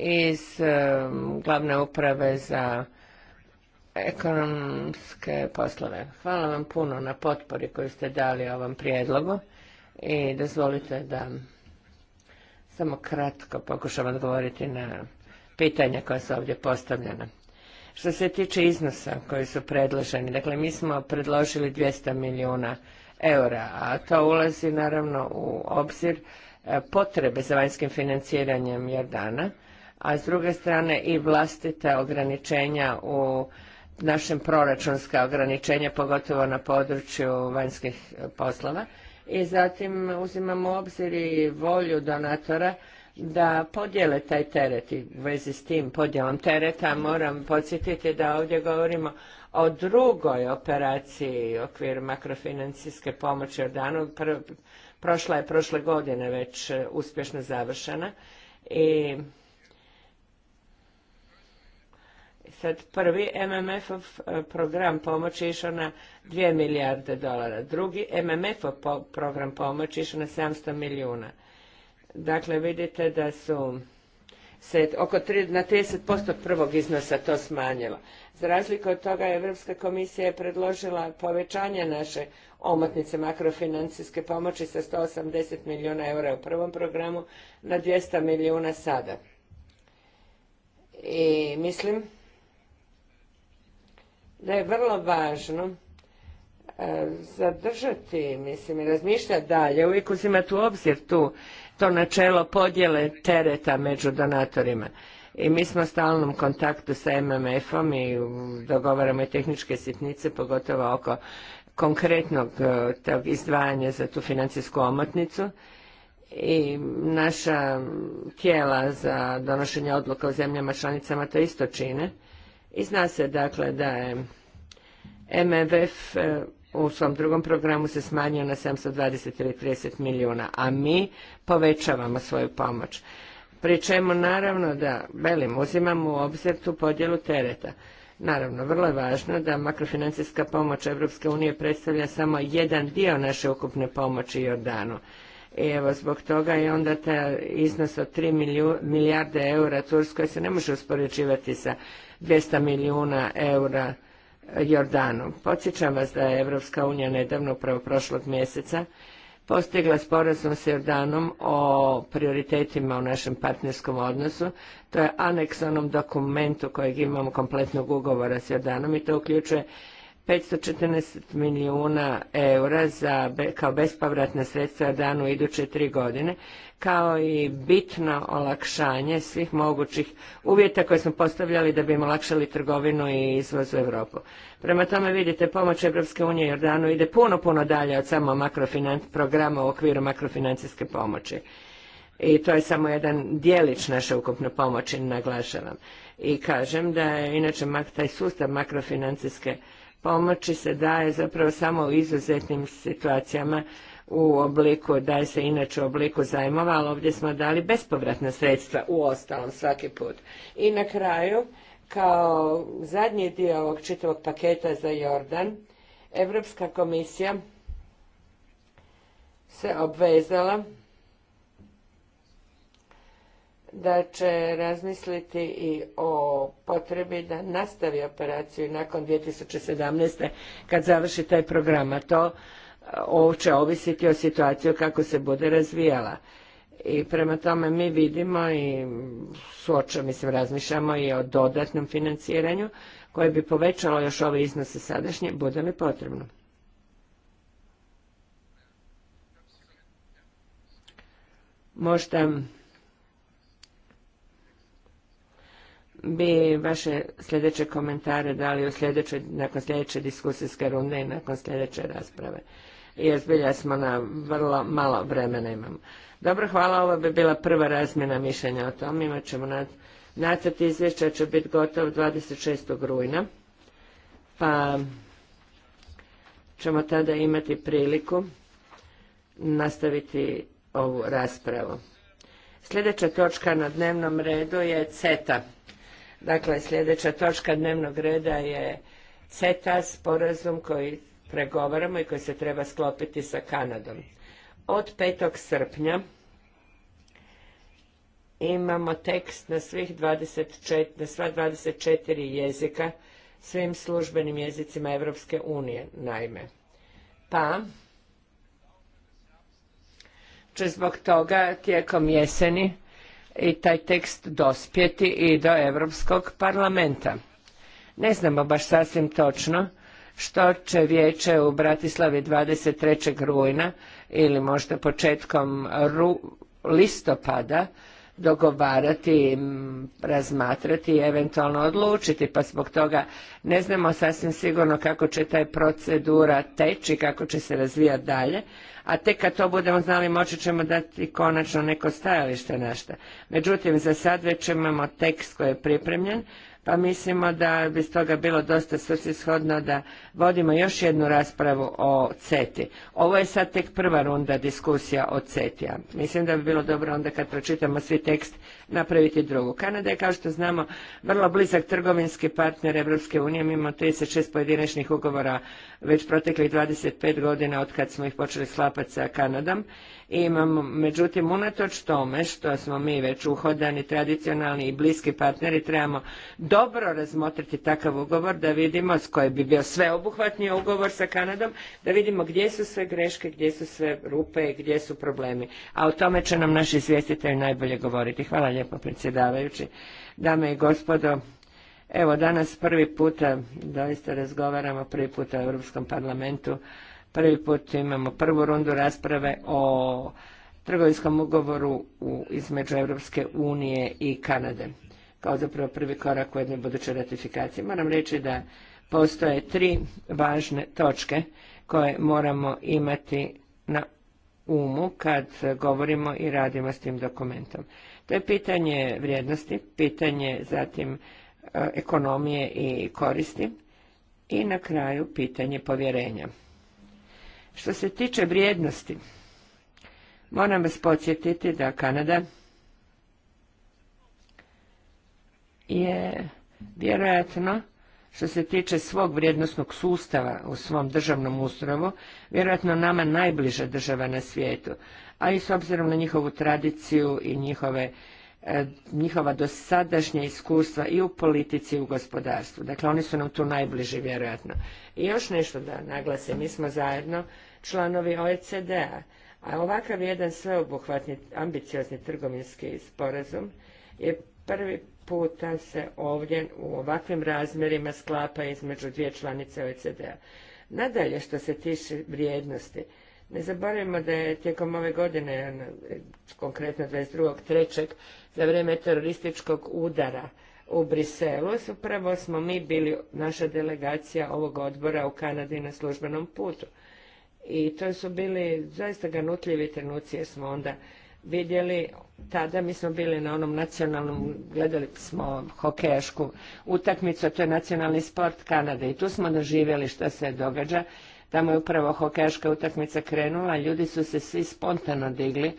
iz glavne uprave za ekonomske poslove. Hvala vam puno na potpori koju ste dali ovom prijedlogu i dozvolite da samo kratko pokušam odgovoriti na pitanja koja su ovdje postavljena. Što se tiče iznosa koji su predloženi, dakle mi smo predložili 200 milijuna eura, a to ulazi naravno u obzir e, potrebe za vanjskim financiranjem Jordana a s druge strane i vlastite ograničenja u našem proračunska ograničenja, pogotovo na području vanjskih poslova. I zatim uzimamo u obzir i volju donatora da podijele taj teret i u vezi s tim podjelom tereta moram podsjetiti da ovdje govorimo o drugoj operaciji u okviru makrofinancijske pomoći danu. Prošla je prošle godine već uspješno završena i Sad prvi MMF-ov e, program pomoći išao na 2 milijarde dolara, drugi MMF-ov program pomoći išao na 700 milijuna. Dakle, vidite da su se oko tri, na 30% prvog iznosa to smanjilo. Za razliku od toga, Europska komisija je predložila povećanje naše omotnice makrofinancijske pomoći sa 180 milijuna eura u prvom programu na 200 milijuna sada. I mislim da je vrlo važno e, zadržati, mislim, i razmišljati dalje, uvijek uzimati u obzir tu to načelo podjele tereta među donatorima. I mi smo u stalnom kontaktu sa MMF-om i dogovaramo i tehničke sitnice, pogotovo oko konkretnog e, izdvajanja za tu financijsku omotnicu i naša tijela za donošenje odluka u zemljama članicama to isto čine. I zna se dakle da je MMF e, u svom drugom programu se smanjio na 720 milijuna, a mi povećavamo svoju pomoć. Pri čemu naravno da, velim, uzimamo u obzir tu podjelu tereta. Naravno, vrlo je važno da makrofinancijska pomoć Europske unije predstavlja samo jedan dio naše ukupne pomoći Jordanu. I evo, zbog toga je onda ta iznos od 3 milijarde eura Turskoj se ne može uspoređivati sa 200 milijuna eura Jordanom. Podsjećam vas da je Evropska unija nedavno, upravo prošlog mjeseca, postigla sporazum s Jordanom o prioritetima u našem partnerskom odnosu. To je aneks onom dokumentu kojeg imamo kompletnog ugovora s Jordanom i to uključuje 514 milijuna eura za, kao bespovratna sredstva u iduće tri godine, kao i bitno olakšanje svih mogućih uvjeta koje smo postavljali da bi im olakšali trgovinu i izvoz u Europu. Prema tome vidite, pomoć Evropske unije Jordanu ide puno, puno dalje od samo programa u okviru makrofinancijske pomoći. I to je samo jedan dijelić naše ukupne pomoći, naglašavam. I kažem da je inače taj sustav makrofinancijske pomoći se daje zapravo samo u izuzetnim situacijama u obliku, daje se inače u obliku zajmova, ali ovdje smo dali bespovratna sredstva u ostalom svaki put. I na kraju, kao zadnji dio ovog čitavog paketa za Jordan, Europska komisija se obvezala da će razmisliti i o potrebi da nastavi operaciju nakon 2017. kad završi taj program, a to e, će ovisiti o situaciji kako se bude razvijala. I prema tome mi vidimo i mi se razmišljamo i o dodatnom financiranju koje bi povećalo još ove iznose sadašnje, bude li potrebno. Možda bi vaše sljedeće komentare dali u sljedeće, nakon sljedeće diskusijske runde i nakon sljedeće rasprave. Jer zbilja smo na vrlo malo vremena imamo. Dobro, hvala, ovo bi bila prva razmjena mišljenja o tom. Imat ćemo nad, nacrt izvješća će biti gotov 26. rujna, pa ćemo tada imati priliku nastaviti ovu raspravu. Sljedeća točka na dnevnom redu je CETA. Dakle, sljedeća točka dnevnog reda je CETA, sporazum koji pregovaramo i koji se treba sklopiti sa Kanadom. Od 5. srpnja imamo tekst na svih 24, na sva 24 jezika, svim službenim jezicima Evropske unije, naime. Pa, će zbog toga tijekom jeseni i taj tekst dospjeti i do Europskog parlamenta. Ne znamo baš sasvim točno što će vijeće u Bratislavi 23. rujna ili možda početkom listopada dogovarati, razmatrati i eventualno odlučiti, pa zbog toga ne znamo sasvim sigurno kako će taj procedura teći, kako će se razvijati dalje, a tek kad to budemo znali moći ćemo dati konačno neko stajalište našta. Međutim, za sad već imamo tekst koji je pripremljen, pa mislimo da bi toga bilo dosta svrsishodno da vodimo još jednu raspravu o CETI. Ovo je sad tek prva runda diskusija o CETI-a. Mislim da bi bilo dobro onda kad pročitamo svi tekst napraviti drugu. Kanada je, kao što znamo, vrlo blizak trgovinski partner Evropske unije. Mi imamo 36 pojedinačnih ugovora već proteklih 25 godina od kad smo ih počeli sklapati sa Kanadom. I imamo, međutim, unatoč tome što smo mi već uhodani, tradicionalni i bliski partneri, trebamo dobro razmotriti takav ugovor da vidimo s koje bi bio sveobuhvatniji ugovor sa Kanadom, da vidimo gdje su sve greške, gdje su sve rupe, gdje su problemi. A o tome će nam naši izvjestitelji najbolje govoriti. Hvala lijepo predsjedavajući. Dame i gospodo, evo danas prvi puta doista razgovaramo, prvi puta u Europskom parlamentu, prvi put imamo prvu rundu rasprave o trgovinskom ugovoru između Europske unije i Kanade kao zapravo prvi korak u jednoj budućoj ratifikaciji. Moram reći da postoje tri važne točke koje moramo imati na umu kad govorimo i radimo s tim dokumentom. To je pitanje vrijednosti, pitanje zatim e, ekonomije i koristi i na kraju pitanje povjerenja. Što se tiče vrijednosti, moram vas podsjetiti da Kanada je vjerojatno što se tiče svog vrijednosnog sustava u svom državnom ustrovu, vjerojatno nama najbliža država na svijetu a i s obzirom na njihovu tradiciju i njihove e, njihova dosadašnja iskustva i u politici i u gospodarstvu. Dakle, oni su nam tu najbliži, vjerojatno. I još nešto da naglasim, mi smo zajedno članovi OECD-a, a ovakav jedan sveobuhvatni, ambiciozni trgovinski sporazum je prvi puta se ovdje u ovakvim razmjerima sklapa između dvije članice OECD-a. Nadalje, što se tiče vrijednosti, ne zaboravimo da je tijekom ove godine, ono, konkretno 22.3. za vrijeme terorističkog udara u Briselu, upravo smo mi bili, naša delegacija ovog odbora u Kanadi na službenom putu. I to su bili zaista ganutljivi trenuci jer smo onda vidjeli, tada mi smo bili na onom nacionalnom, gledali smo hokejašku utakmicu, to je nacionalni sport Kanade i tu smo doživjeli što se događa Tamo je upravo hokejaška utakmica krenula, ljudi su se svi spontano digli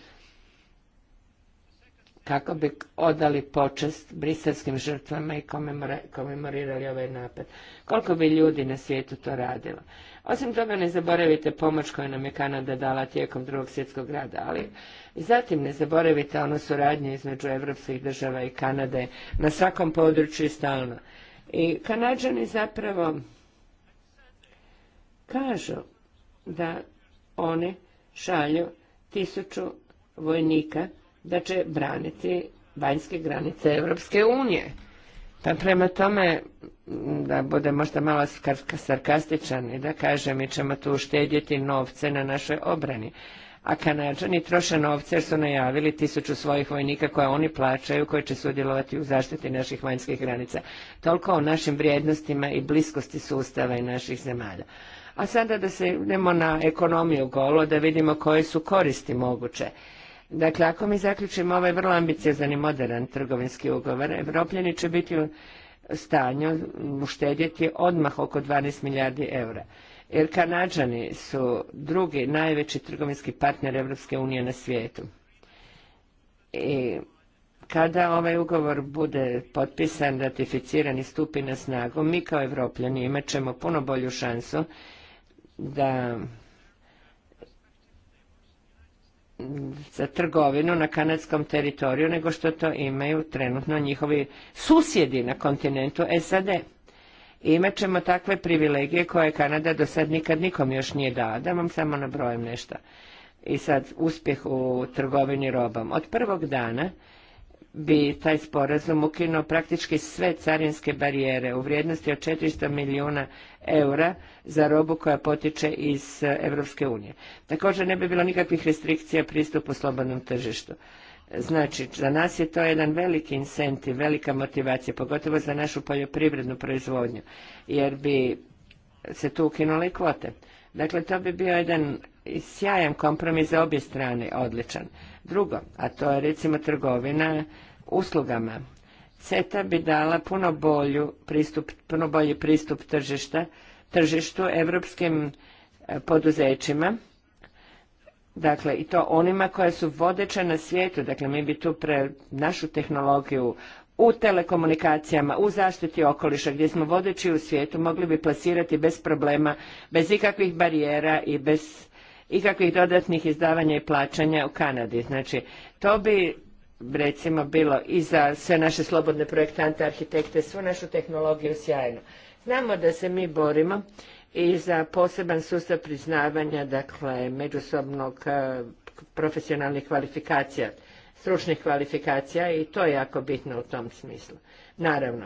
kako bi odali počest briselskim žrtvama i komemorirali ovaj napad. Koliko bi ljudi na svijetu to radilo? Osim toga ne zaboravite pomoć koju nam je Kanada dala tijekom drugog svjetskog rada, ali zatim ne zaboravite ono suradnje između evropskih država i Kanade na svakom području i stalno. I Kanadžani zapravo kažu da oni šalju tisuću vojnika da će braniti vanjske granice Europske unije. Pa prema tome, da bude možda malo sarkastičan i da kaže mi ćemo tu štedjeti novce na našoj obrani. A Kanadžani troše novce jer su najavili tisuću svojih vojnika koje oni plaćaju, koji će sudjelovati u zaštiti naših vanjskih granica. Toliko o našim vrijednostima i bliskosti sustava i naših zemalja. A sada da se idemo na ekonomiju golo, da vidimo koje su koristi moguće. Dakle, ako mi zaključimo ovaj vrlo ambiciozan i modern trgovinski ugovor, Evropljani će biti u stanju uštedjeti odmah oko 12 milijardi eura. Jer Kanađani su drugi najveći trgovinski partner Evropske unije na svijetu. I kada ovaj ugovor bude potpisan, ratificiran i stupi na snagu, mi kao Evropljani imat ćemo puno bolju šansu da za trgovinu na kanadskom teritoriju nego što to imaju trenutno njihovi susjedi na kontinentu SAD. Imaćemo ćemo takve privilegije koje Kanada do sad nikad nikom još nije dala. Da vam samo nabrojim nešto. I sad uspjeh u trgovini robom. Od prvog dana bi taj sporazum ukinuo praktički sve carinske barijere u vrijednosti od 400 milijuna eura za robu koja potiče iz Europske unije. Također ne bi bilo nikakvih restrikcija pristupu slobodnom tržištu. Znači, za nas je to jedan veliki incentiv, velika motivacija, pogotovo za našu poljoprivrednu proizvodnju, jer bi se tu ukinule i kvote. Dakle, to bi bio jedan sjajan kompromis za obje strane, odličan. Drugo, a to je recimo trgovina uslugama. CETA bi dala puno, bolju pristup, puno bolji pristup tržišta, tržištu evropskim e, poduzećima, dakle i to onima koja su vodeća na svijetu, dakle mi bi tu pre našu tehnologiju u telekomunikacijama, u zaštiti okoliša gdje smo vodeći u svijetu mogli bi plasirati bez problema, bez ikakvih barijera i bez ikakvih dodatnih izdavanja i plaćanja u Kanadi. Znači, to bi recimo bilo i za sve naše slobodne projektante, arhitekte, svu našu tehnologiju sjajno. Znamo da se mi borimo i za poseban sustav priznavanja, dakle, međusobnog e, profesionalnih kvalifikacija, stručnih kvalifikacija i to je jako bitno u tom smislu. Naravno,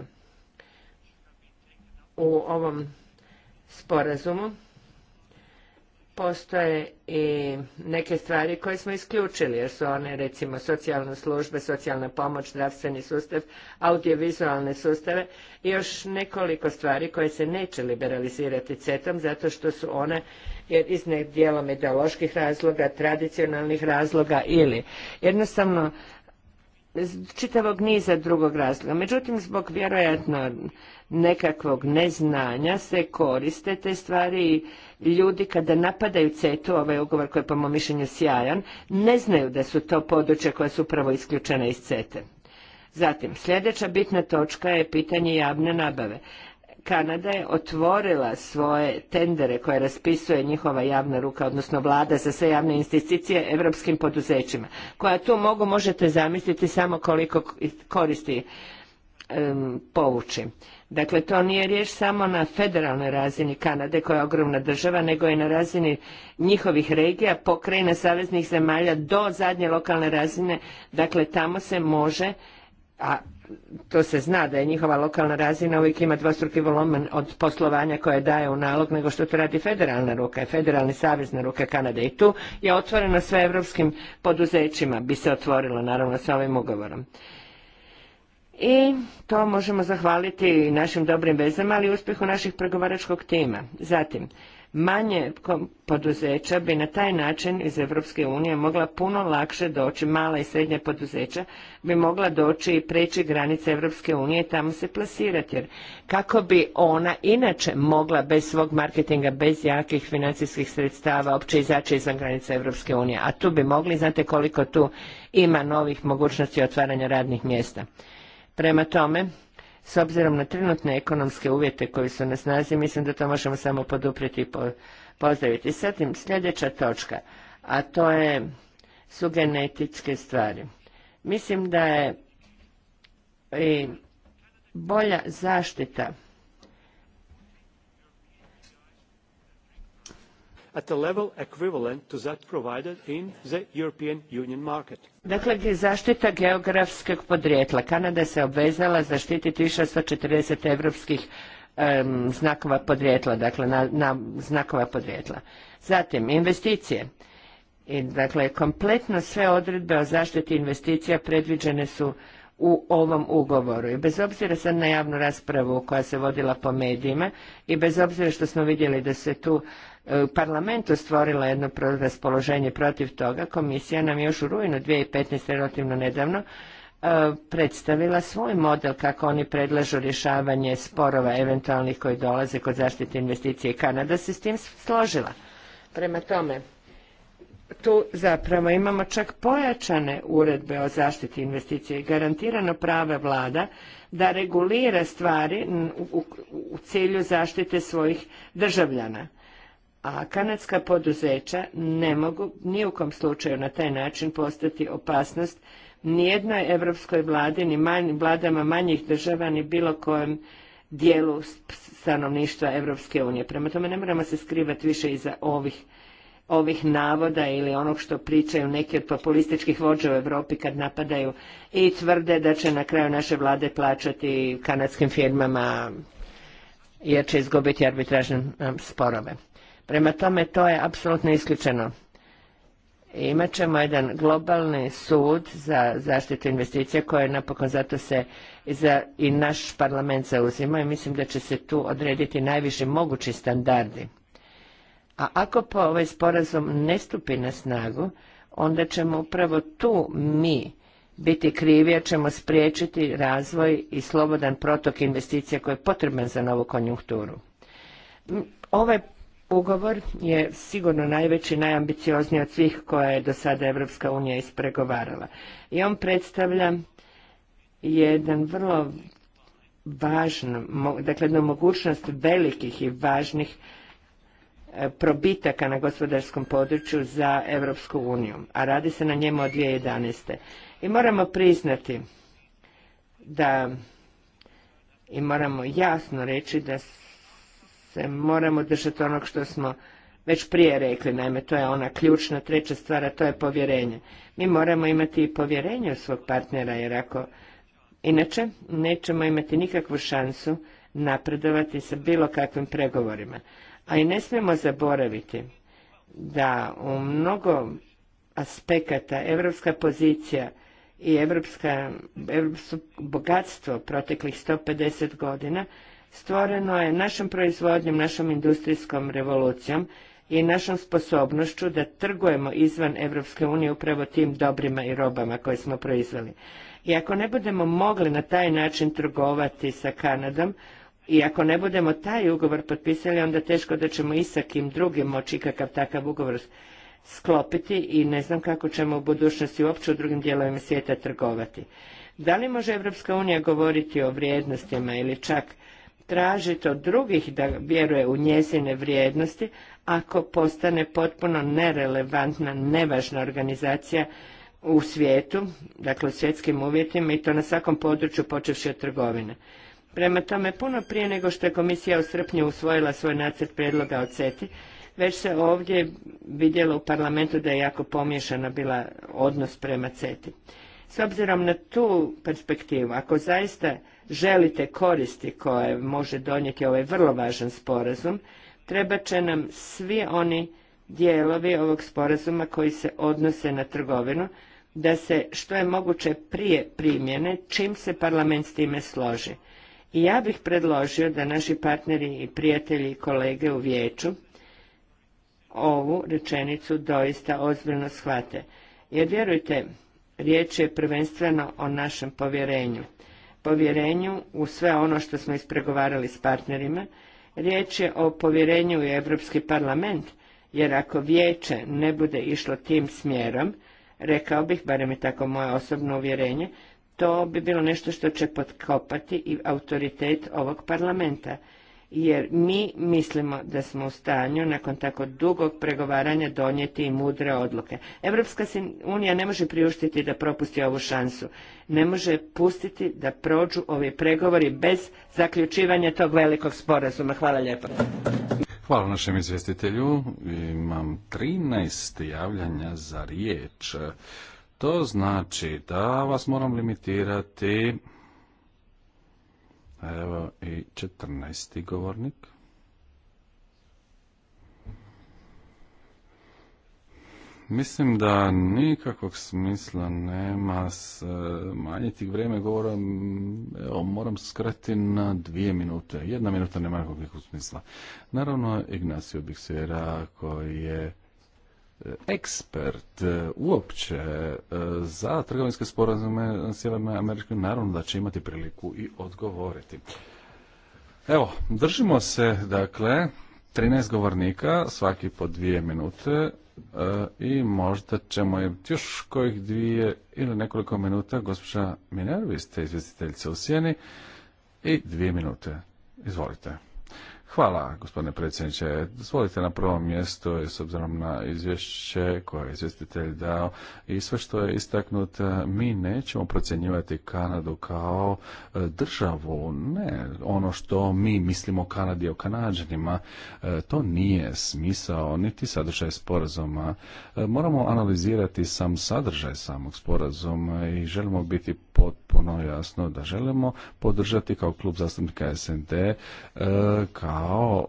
u ovom sporazumu postoje i neke stvari koje smo isključili, jer su one recimo socijalne službe, socijalna pomoć, zdravstveni sustav, audiovizualne sustave i još nekoliko stvari koje se neće liberalizirati CETom zato što su one jer iz dijelom ideoloških razloga, tradicionalnih razloga ili jednostavno čitavog niza drugog razloga. Međutim, zbog vjerojatno nekakvog neznanja se koriste te stvari i ljudi kada napadaju CETU, ovaj ugovor koji je po mom mišljenju sjajan, ne znaju da su to područja koje su upravo isključena iz CETE. Zatim, sljedeća bitna točka je pitanje javne nabave. Kanada je otvorila svoje tendere koje raspisuje njihova javna ruka, odnosno vlada za sve javne investicije evropskim poduzećima, koja tu mogu, možete zamisliti samo koliko koristi povući. Dakle, to nije riješ samo na federalnoj razini Kanade, koja je ogromna država, nego i na razini njihovih regija, pokrajina saveznih zemalja do zadnje lokalne razine. Dakle, tamo se može, a to se zna da je njihova lokalna razina uvijek ima dvostruki volumen od poslovanja koje daje u nalog nego što to radi federalna ruka, federalni savezna ruke Kanade i tu je otvoreno sve evropskim poduzećima, bi se otvorilo naravno sa ovim ugovorom. I to možemo zahvaliti našim dobrim vezama, ali i uspjehu naših pregovaračkog tima. Zatim, Manje poduzeća bi na taj način iz Europske unije mogla puno lakše doći, mala i srednja poduzeća bi mogla doći i preći granice Europske unije i tamo se plasirati. Jer kako bi ona inače mogla bez svog marketinga, bez jakih financijskih sredstava opće izaći izvan granice Europske unije. A tu bi mogli, znate koliko tu ima novih mogućnosti otvaranja radnih mjesta. Prema tome, s obzirom na trenutne ekonomske uvjete koji su na snazi, mislim da to možemo samo poduprijeti i pozdraviti. I sljedeća točka, a to je, su genetičke stvari. Mislim da je i bolja zaštita at a level equivalent to that provided in the European Union market. Dakle, zaštita geografskog podrijetla. Kanada se obvezala zaštititi 640 evropskih znakova podrijetla, dakle na, znakova podrijetla. Zatim, investicije. dakle, kompletno sve odredbe o zaštiti investicija predviđene su u ovom ugovoru. I bez obzira sad na javnu raspravu koja se vodila po medijima i bez obzira što smo vidjeli da se tu E, parlamentu stvorila jedno raspoloženje protiv toga, komisija nam je još u rujnu 2015. relativno nedavno e, predstavila svoj model kako oni predlažu rješavanje sporova eventualnih koji dolaze kod zaštite investicije. Kanada se s tim složila. Prema tome, tu zapravo imamo čak pojačane uredbe o zaštiti investicije i garantirano prava vlada da regulira stvari u cilju zaštite svojih državljana a kanadska poduzeća ne mogu ni u kom slučaju na taj način postati opasnost nijednoj evropskoj vladi, ni manj, vladama manjih država, ni bilo kojem dijelu stanovništva Evropske unije. Prema tome ne moramo se skrivati više iza ovih, ovih navoda ili onog što pričaju neki od populističkih vođa u Europi kad napadaju i tvrde da će na kraju naše vlade plaćati kanadskim firmama jer će izgubiti arbitražne um, sporove. Prema tome, to je apsolutno isključeno. imat ćemo jedan globalni sud za zaštitu investicija koje napokon zato se i, naš parlament zauzima i mislim da će se tu odrediti najviše mogući standardi. A ako po ovaj sporazum ne stupi na snagu, onda ćemo upravo tu mi biti krivi, jer ćemo spriječiti razvoj i slobodan protok investicija koji je potreban za novu konjunkturu. Ovaj Ugovor je sigurno najveći, najambiciozniji od svih koje je do sada Evropska unija ispregovarala. I on predstavlja jedan vrlo važan, dakle jednu mogućnost velikih i važnih e, probitaka na gospodarskom području za Evropsku uniju, a radi se na njemu od 2011. I moramo priznati da i moramo jasno reći da se moramo držati onog što smo već prije rekli, naime to je ona ključna treća stvar, a to je povjerenje. Mi moramo imati i povjerenje u svog partnera, jer ako inače nećemo imati nikakvu šansu napredovati sa bilo kakvim pregovorima. A i ne smijemo zaboraviti da u mnogo aspekata evropska pozicija i evropska, evropsko bogatstvo proteklih 150 godina stvoreno je našom proizvodnjom, našom industrijskom revolucijom i našom sposobnošću da trgujemo izvan Europske unije upravo tim dobrima i robama koje smo proizveli. I ako ne budemo mogli na taj način trgovati sa Kanadom, i ako ne budemo taj ugovor potpisali, onda teško da ćemo i sa kim drugim moći kakav takav ugovor sklopiti i ne znam kako ćemo u budućnosti uopće u drugim dijelovima svijeta trgovati. Da li može Europska unija govoriti o vrijednostima ili čak tražiti od drugih da vjeruje u njezine vrijednosti ako postane potpuno nerelevantna, nevažna organizacija u svijetu, dakle u svjetskim uvjetima i to na svakom području počevši od trgovine. Prema tome, puno prije nego što je komisija u srpnju usvojila svoj nacrt prijedloga o CETI, već se ovdje vidjelo u parlamentu da je jako pomješana bila odnos prema CETI. S obzirom na tu perspektivu, ako zaista želite koristi koje može donijeti ovaj vrlo važan sporazum, treba će nam svi oni dijelovi ovog sporazuma koji se odnose na trgovinu, da se što je moguće prije primjene, čim se parlament s time složi. I ja bih predložio da naši partneri i prijatelji i kolege u vijeću ovu rečenicu doista ozbiljno shvate. Jer vjerujte, riječ je prvenstveno o našem povjerenju povjerenju u sve ono što smo ispregovarali s partnerima. Riječ je o povjerenju u Europski parlament, jer ako vijeće ne bude išlo tim smjerom, rekao bih, barem je tako moje osobno uvjerenje, to bi bilo nešto što će potkopati i autoritet ovog parlamenta jer mi mislimo da smo u stanju nakon tako dugog pregovaranja donijeti i mudre odluke. Evropska unija ne može priuštiti da propusti ovu šansu. Ne može pustiti da prođu ovi pregovori bez zaključivanja tog velikog sporazuma. Hvala lijepo. Hvala našem izvjestitelju. Imam 13 javljanja za riječ. To znači da vas moram limitirati evo i 14. govornik. Mislim da nikakvog smisla nema e, manjiti vrijeme govora, evo, moram skrati na dvije minute. Jedna minuta nema nikakvog smisla. Naravno, Ignacio Bixera koji je ekspert e, uopće e, za trgovinske sporazume Sjeverne Amerike, naravno da će imati priliku i odgovoriti. Evo, držimo se, dakle, 13 govornika, svaki po dvije minute e, i možda ćemo još kojih dvije ili nekoliko minuta. Gospođa Minervi vi ste izvjestiteljica u Sjeni i dvije minute. Izvolite. Hvala, gospodine predsjedniče. Dozvolite na prvom mjestu, s obzirom na izvješće koje je izvjestitelj dao i sve što je istaknut, mi nećemo procjenjivati Kanadu kao e, državu. Ne, ono što mi mislimo o Kanadi o Kanadžanima, e, to nije smisao niti sadržaj sporazuma. E, moramo analizirati sam sadržaj samog sporazuma i želimo biti potpuno jasno da želimo podržati kao klub zastupnika SND e, kao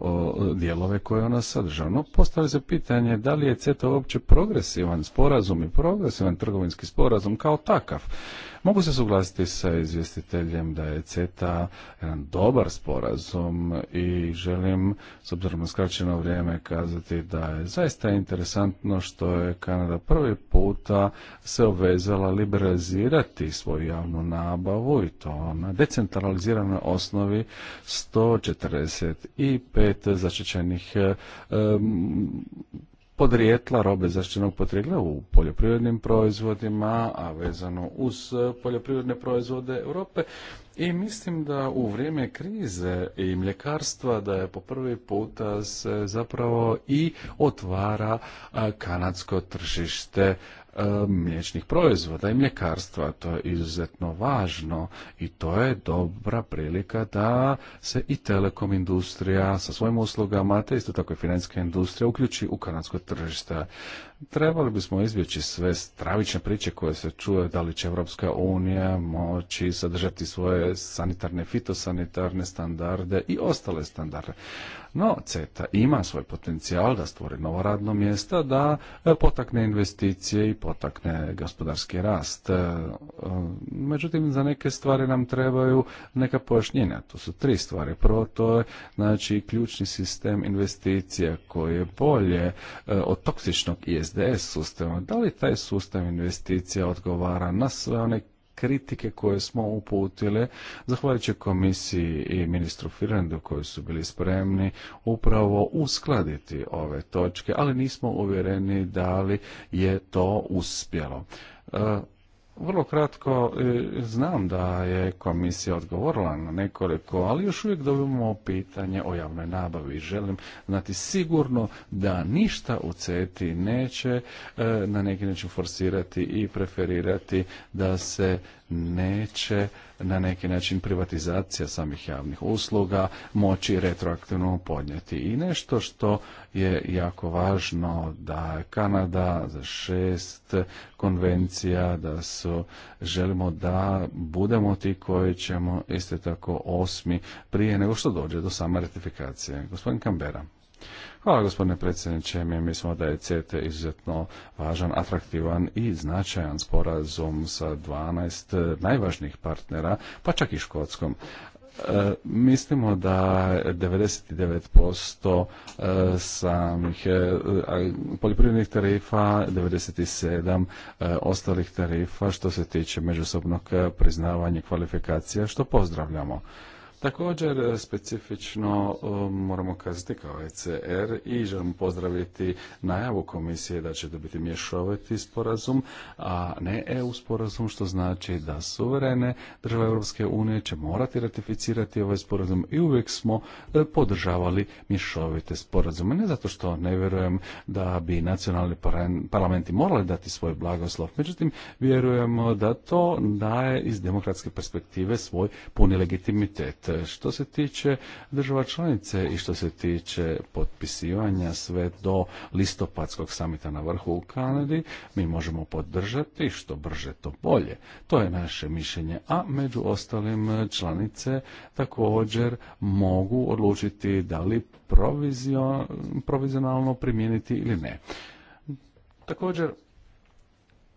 dijelove koje ona sadrža. No, postavlja se pitanje da li je CETA uopće progresivan sporazum i progresivan trgovinski sporazum kao takav. Mogu se suglasiti sa izvjestiteljem da je CETA jedan dobar sporazum i želim, s obzirom na skraćeno vrijeme, kazati da je zaista interesantno što je Kanada prvi puta se obvezala liberalizirati svoju javnu nabavu i to na decentraliziranoj osnovi 145 začećenih um, podrijetla robe zaštićenog potrijetla u poljoprivrednim proizvodima, a vezano uz poljoprivredne proizvode Europe. I mislim da u vrijeme krize i mljekarstva da je po prvi puta se zapravo i otvara kanadsko tržište E, mliječnih proizvoda i mljekarstva. To je izuzetno važno i to je dobra prilika da se i telekom industrija sa svojim uslugama, te isto tako i financijska industrija uključi u kanadsko tržište trebali bismo izbjeći sve stravične priče koje se čuje da li će Evropska unija moći sadržati svoje sanitarne, fitosanitarne standarde i ostale standarde. No, CETA ima svoj potencijal da stvori novo radno mjesta, da potakne investicije i potakne gospodarski rast. E, međutim, za neke stvari nam trebaju neka pojašnjenja. To su tri stvari. Prvo, to je znači, ključni sistem investicija koji je bolje e, od toksičnog ISD SDS da li taj sustav investicija odgovara na sve one kritike koje smo uputile, zahvaljujući komisiji i ministru Firendu koji su bili spremni upravo uskladiti ove točke, ali nismo uvjereni da li je to uspjelo. E, vrlo kratko, e, znam da je komisija odgovorila na nekoliko, ali još uvijek dobivamo pitanje o javnoj nabavi. Želim znati sigurno da ništa u CETI neće e, na neki način forsirati i preferirati da se neće na neki način privatizacija samih javnih usluga moći retroaktivno podnijeti. I nešto što je jako važno da je Kanada za šest konvencija, da su želimo da budemo ti koji ćemo isto tako osmi prije nego što dođe do same ratifikacije. Gospodin Kambera. Hvala gospodine predsjedniče. Mi mislimo da je CETA izuzetno važan, atraktivan i značajan sporazum sa 12 najvažnijih partnera, pa čak i Škotskom. E, mislimo da 99% e, samih e, poljoprivrednih tarifa, 97 ostalih tarifa što se tiče međusobnog priznavanja kvalifikacija, što pozdravljamo. Također, e, specifično e, moramo kazati kao ECR i želim pozdraviti najavu komisije da će dobiti mješoviti sporazum, a ne EU sporazum, što znači da suverene države Europske unije će morati ratificirati ovaj sporazum i uvijek smo e, podržavali mješovite sporazume. Ne zato što ne vjerujem da bi nacionalni parlamenti morali dati svoj blagoslov, međutim vjerujemo da to daje iz demokratske perspektive svoj puni legitimitet. Što se tiče država članice i što se tiče potpisivanja sve do listopadskog samita na vrhu u Kanadi, mi možemo podržati što brže to bolje. To je naše mišljenje, a među ostalim članice također mogu odlučiti da li provizionalno primijeniti ili ne. Također,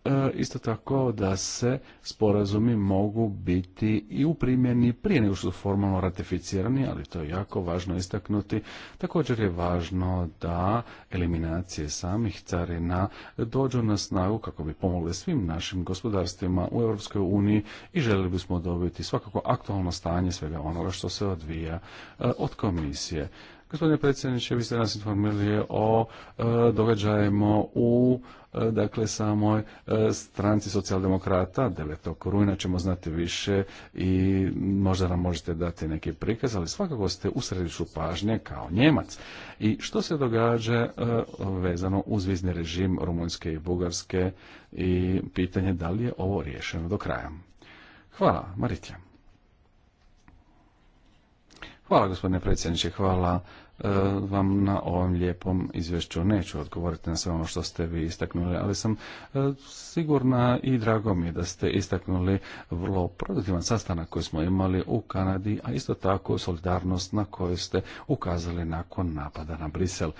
E, isto tako da se sporazumi mogu biti i u primjeni prije nego što su formalno ratificirani, ali to je jako važno istaknuti. Također je važno da eliminacije samih carina dođu na snagu kako bi pomogle svim našim gospodarstvima u Europskoj uniji i željeli bismo dobiti svakako aktualno stanje svega onoga što se odvija e, od komisije. Gospodine predsjedniče, vi ste nas informirali o e, događajima u e, dakle samoj e, stranci socijaldemokrata. 9. rujna ćemo znati više i možda nam možete dati neki prikaz, ali svakako ste u središu pažnje kao Njemac. I što se događa vezano uz vizni režim Rumunjske i Bugarske i pitanje da li je ovo riješeno do kraja. Hvala, Maritja. Hvala gospodine predsjedniče, hvala E, vam na ovom lijepom izvješću neću odgovoriti na sve ono što ste vi istaknuli, ali sam e, sigurna i drago mi je da ste istaknuli vrlo produktivan sastanak koji smo imali u Kanadi, a isto tako solidarnost na koju ste ukazali nakon napada na Brisel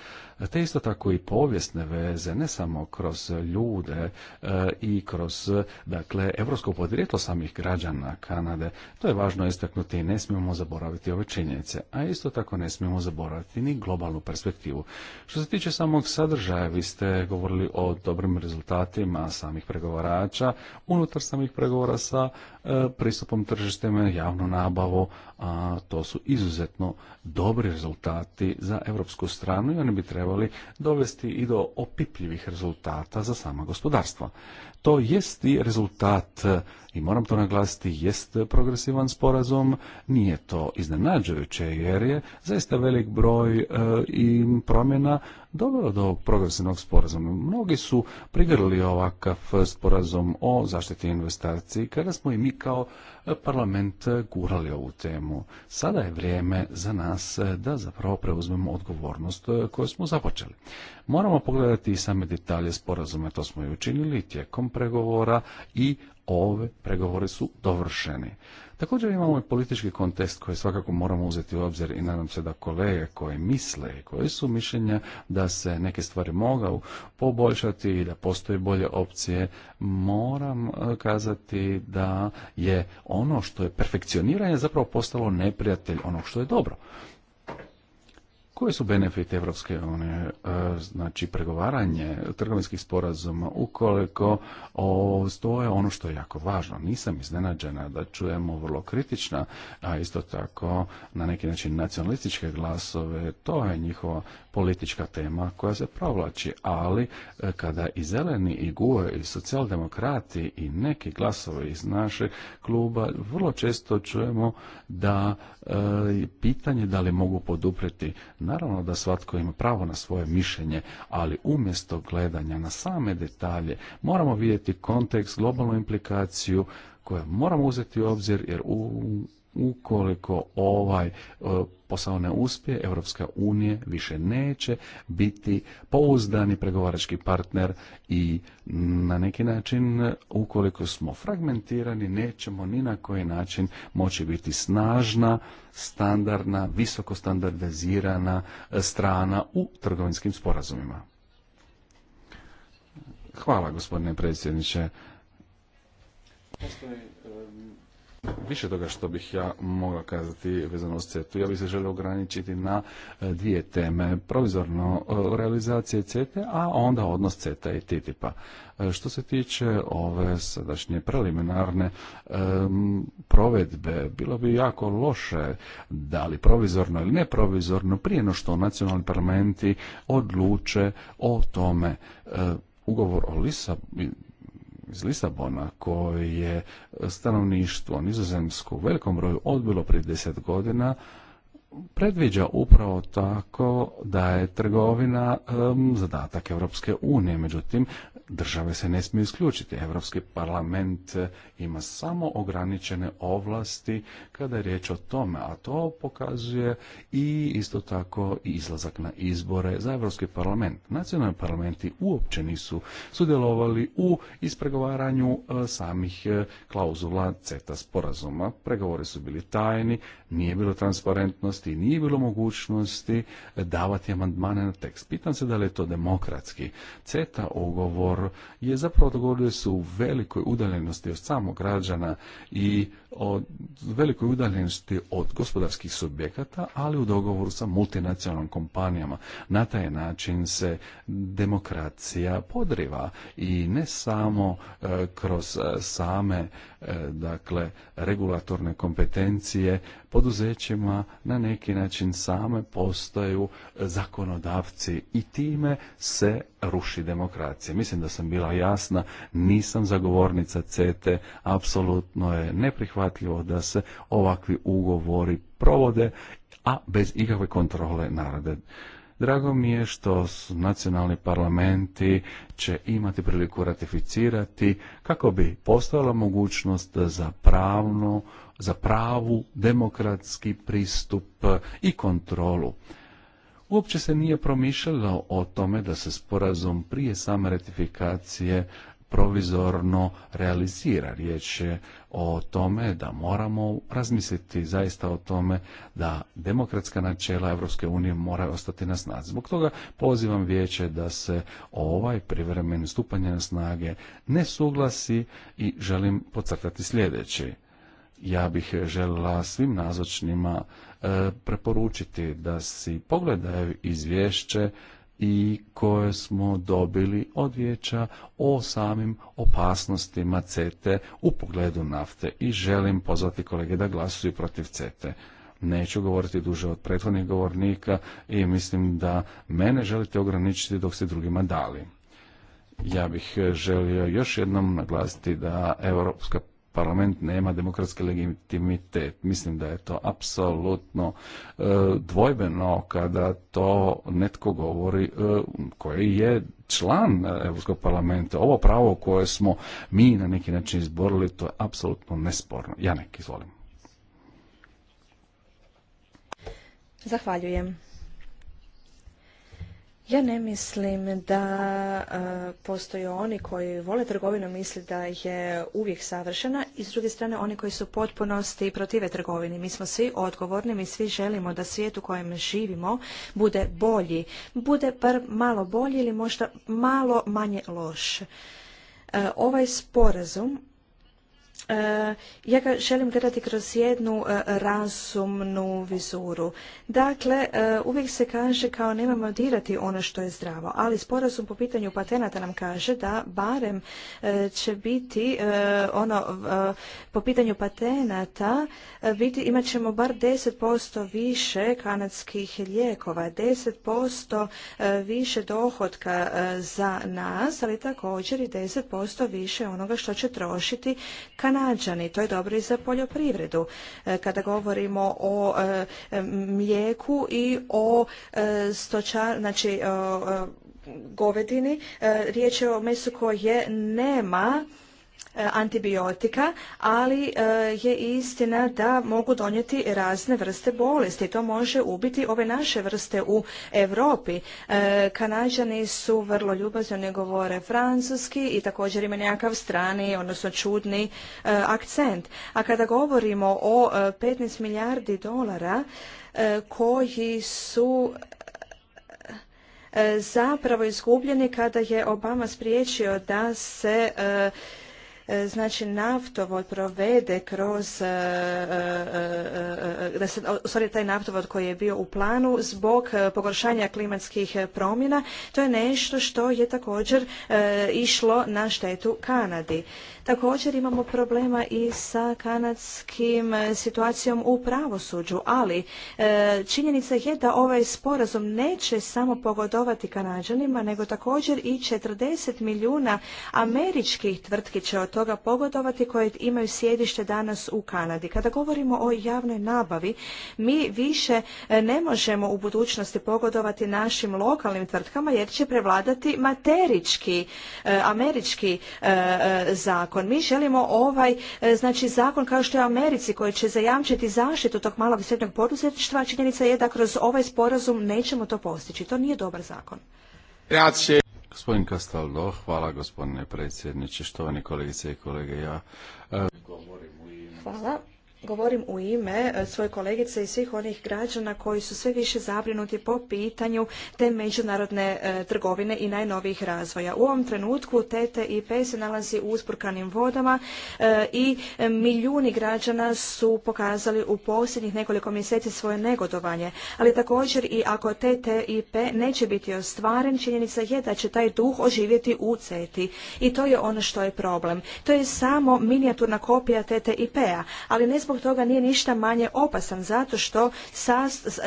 te isto tako i povijesne veze, ne samo kroz ljude e, i kroz, dakle, evropsko podrijetlo samih građana Kanade. To je važno istaknuti i ne smijemo zaboraviti ove činjenice, a isto tako ne smijemo zaboraviti ni globalnu perspektivu. Što se tiče samog sadržaja, vi ste govorili o dobrim rezultatima samih pregovarača, unutar samih pregovora sa e, pristupom tržištima, javnu nabavu, a to su izuzetno dobri rezultati za evropsku stranu i oni bi trebali trebali dovesti i do opipljivih rezultata za sama gospodarstvo. To jest i rezultat, i moram to naglasiti, jest progresivan sporazum, nije to iznenađujuće jer je zaista velik broj e, i promjena dobro do progresivnog sporazuma. Mnogi su prigrlili ovakav sporazum o zaštiti investaciji kada smo i mi kao parlament gurali ovu temu. Sada je vrijeme za nas da zapravo preuzmemo odgovornost koju smo započeli. Moramo pogledati i same detalje sporazuma, to smo i učinili tijekom pregovora i ove pregovore su dovršeni. Također imamo i politički kontekst koji svakako moramo uzeti u obzir i nadam se da kolege koje misle i koje su mišljenja da se neke stvari mogu poboljšati i da postoje bolje opcije, moram e, kazati da je ono što je perfekcioniranje zapravo postalo neprijatelj onog što je dobro. Koji su benefiti Evropske unije? E, znači, pregovaranje trgovinskih sporazuma ukoliko je ono što je jako važno. Nisam iznenađena da čujemo vrlo kritična, a isto tako na neki način nacionalističke glasove. To je njihova politička tema koja se provlači, ali e, kada i zeleni i guo, i socijaldemokrati i neki glasovi iz našeg kluba vrlo često čujemo da e, pitanje da li mogu podupreti. Naravno da svatko ima pravo na svoje mišljenje, ali umjesto gledanja na same detalje moramo vidjeti kontekst, globalnu implikaciju koje moramo uzeti u obzir jer u ukoliko ovaj e, posao ne uspije, Evropska unija više neće biti pouzdani pregovarački partner i na neki način ukoliko smo fragmentirani nećemo ni na koji način moći biti snažna, standardna, visoko standardizirana strana u trgovinskim sporazumima. Hvala gospodine predsjedniče više toga što bih ja mogla kazati vezano uz CETU. Ja bih se želio ograničiti na e, dvije teme. Provizorno e, realizacije CETE, a onda odnos CETA i TTIP-a. E, što se tiče ove sadašnje preliminarne provedbe, bilo bi jako loše da li provizorno ili neprovizorno prije no što nacionalni parlamenti odluče o tome ugovor o Lisabonu, iz Lisabona koji je stanovništvo nizozemsko u velikom broju odbilo prije deset godina predviđa upravo tako da je trgovina zadatak Europske unije. Međutim, države se ne smiju isključiti. Europski parlament eh, ima samo ograničene ovlasti kada je riječ o tome, a to pokazuje i isto tako izlazak na izbore za Europski parlament. Nacionalni parlamenti uopće nisu sudjelovali u ispregovaranju eh, samih eh, klauzula CETA sporazuma. Pregovori su bili tajni, nije bilo transparentnosti, nije bilo mogućnosti davati amandmane na tekst. Pitam se da li je to demokratski. CETA ugovor je zapravo dogodio se u velikoj udaljenosti od samog građana i o velikoj udaljenosti od gospodarskih subjekata, ali u dogovoru sa multinacionalnim kompanijama. Na taj način se demokracija podriva i ne samo e, kroz e, same e, dakle regulatorne kompetencije poduzećima na neki način same postaju zakonodavci i time se ruši demokracija. Mislim da sam bila jasna, nisam zagovornica CETE, apsolutno je neprihvatljivo prihvatljivo da se ovakvi ugovori provode, a bez ikakve kontrole narode. Drago mi je što nacionalni parlamenti će imati priliku ratificirati kako bi postojala mogućnost za pravno, za pravu demokratski pristup i kontrolu. Uopće se nije promišljalo o tome da se sporazum prije same ratifikacije provizorno realizira. Riječ je o tome da moramo razmisliti zaista o tome da demokratska načela Evropske unije mora ostati na snazi. Zbog toga pozivam vijeće da se ovaj privremeni stupanje na snage ne suglasi i želim podcrtati sljedeće. Ja bih želila svim nazočnima e, preporučiti da si pogledaju izvješće i koje smo dobili od vijeća o samim opasnostima CETE u pogledu nafte i želim pozvati kolege da glasuju protiv CETE. Neću govoriti duže od prethodnih govornika i mislim da mene želite ograničiti dok ste drugima dali. Ja bih želio još jednom naglasiti da Europska parlament nema demokratski legitimitet. Mislim da je to apsolutno e, dvojbeno kada to netko govori e, koji je član Europskog parlamenta. Ovo pravo koje smo mi na neki način izborili, to je apsolutno nesporno. Janek, izvolim. Zahvaljujem. Ja ne mislim da postoje oni koji vole trgovinu misli da je uvijek savršena i s druge strane oni koji su potpunosti protive trgovini. Mi smo svi odgovorni, mi svi želimo da svijet u kojem živimo bude bolji, bude bar malo bolji ili možda malo manje loš. Ovaj sporazum E, ja ga želim gledati kroz jednu e, razumnu vizuru. Dakle, e, uvijek se kaže kao nemamo dirati ono što je zdravo, ali sporazum po pitanju patenata nam kaže da barem će biti ono po pitanju patenata biti, imat ćemo bar 10% više kanadskih lijekova, 10% više dohodka za nas, ali također i 10% više onoga što će trošiti kanadžani. To je dobro i za poljoprivredu. E, kada govorimo o e, mlijeku i o e, stočar, znači govedini, riječ je o mesu koje nema E, antibiotika, ali e, je istina da mogu donijeti razne vrste bolesti. To može ubiti ove naše vrste u Europi. E, Kanađani su vrlo ljubazni, oni govore francuski i također ima nekakav strani, odnosno čudni akcent. A kada govorimo o 15 milijardi dolara koji su zapravo izgubljeni kada je Obama spriječio da se E, znači naftovod provede kroz e, e, da se sorry, taj naftovod koji je bio u planu zbog pogoršanja klimatskih promjena to je nešto što je također išlo na štetu Kanadi. Također imamo problema i sa kanadskim situacijom u pravosuđu, ali činjenica je da ovaj sporazum neće samo pogodovati Kanađanima, nego također i 40 milijuna američkih tvrtki će od toga pogodovati koje imaju sjedište danas u Kanadi. Kada govorimo o javnoj nabavi, mi više e, ne možemo u budućnosti pogodovati našim lokalnim tvrtkama jer će prevladati materički e, američki e, zakon. Mi želimo ovaj znači zakon kao što je u Americi koji će zajamčiti zaštitu tog malog i srednjeg poduzetništva, činjenica je da kroz ovaj sporazum nećemo to postići. To nije dobar zakon. Gospodin Kastaldo, hvala gospodine predsjedniče, štovani kolegice i kolege, ja e, Hvala govorim u ime e, svoje kolegice i svih onih građana koji su sve više zabrinuti po pitanju te međunarodne e, trgovine i najnovijih razvoja. U ovom trenutku TTIP se nalazi u uspurkanim vodama e, i milijuni građana su pokazali u posljednjih nekoliko mjeseci svoje negodovanje. Ali također i ako TTIP neće biti ostvaren, činjenica je da će taj duh oživjeti u CETI. I to je ono što je problem. To je samo minijaturna kopija TTIP-a, ali ne zbog zbog toga nije ništa manje opasan zato što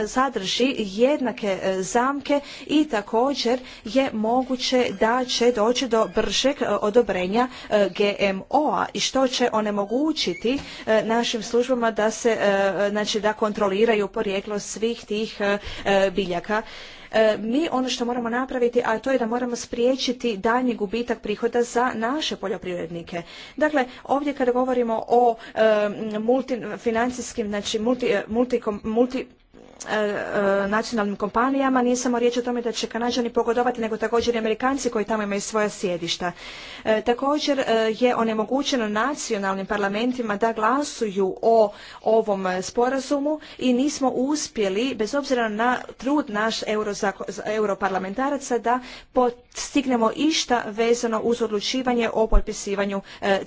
sadrži jednake e, zamke i također je moguće da će doći do bržeg e, odobrenja e, GMO-a i što će onemogućiti našim službama da se znači da kontroliraju porijeklo svih tih biljaka E, mi ono što moramo napraviti, a to je da moramo spriječiti daljnji gubitak prihoda za naše poljoprivrednike. Dakle, ovdje kada govorimo o e, multifinancijskim, znači multi, e, multi E, e, nacionalnim kompanijama nije samo riječ o tome da će Kanađani pogodovati, nego također i Amerikanci koji tamo imaju svoja sjedišta. E, također je onemogućeno nacionalnim parlamentima da glasuju o ovom sporazumu i nismo uspjeli, bez obzira na trud naš europarlamentaraca, da pod stignemo išta vezano uz odlučivanje o potpisivanju e,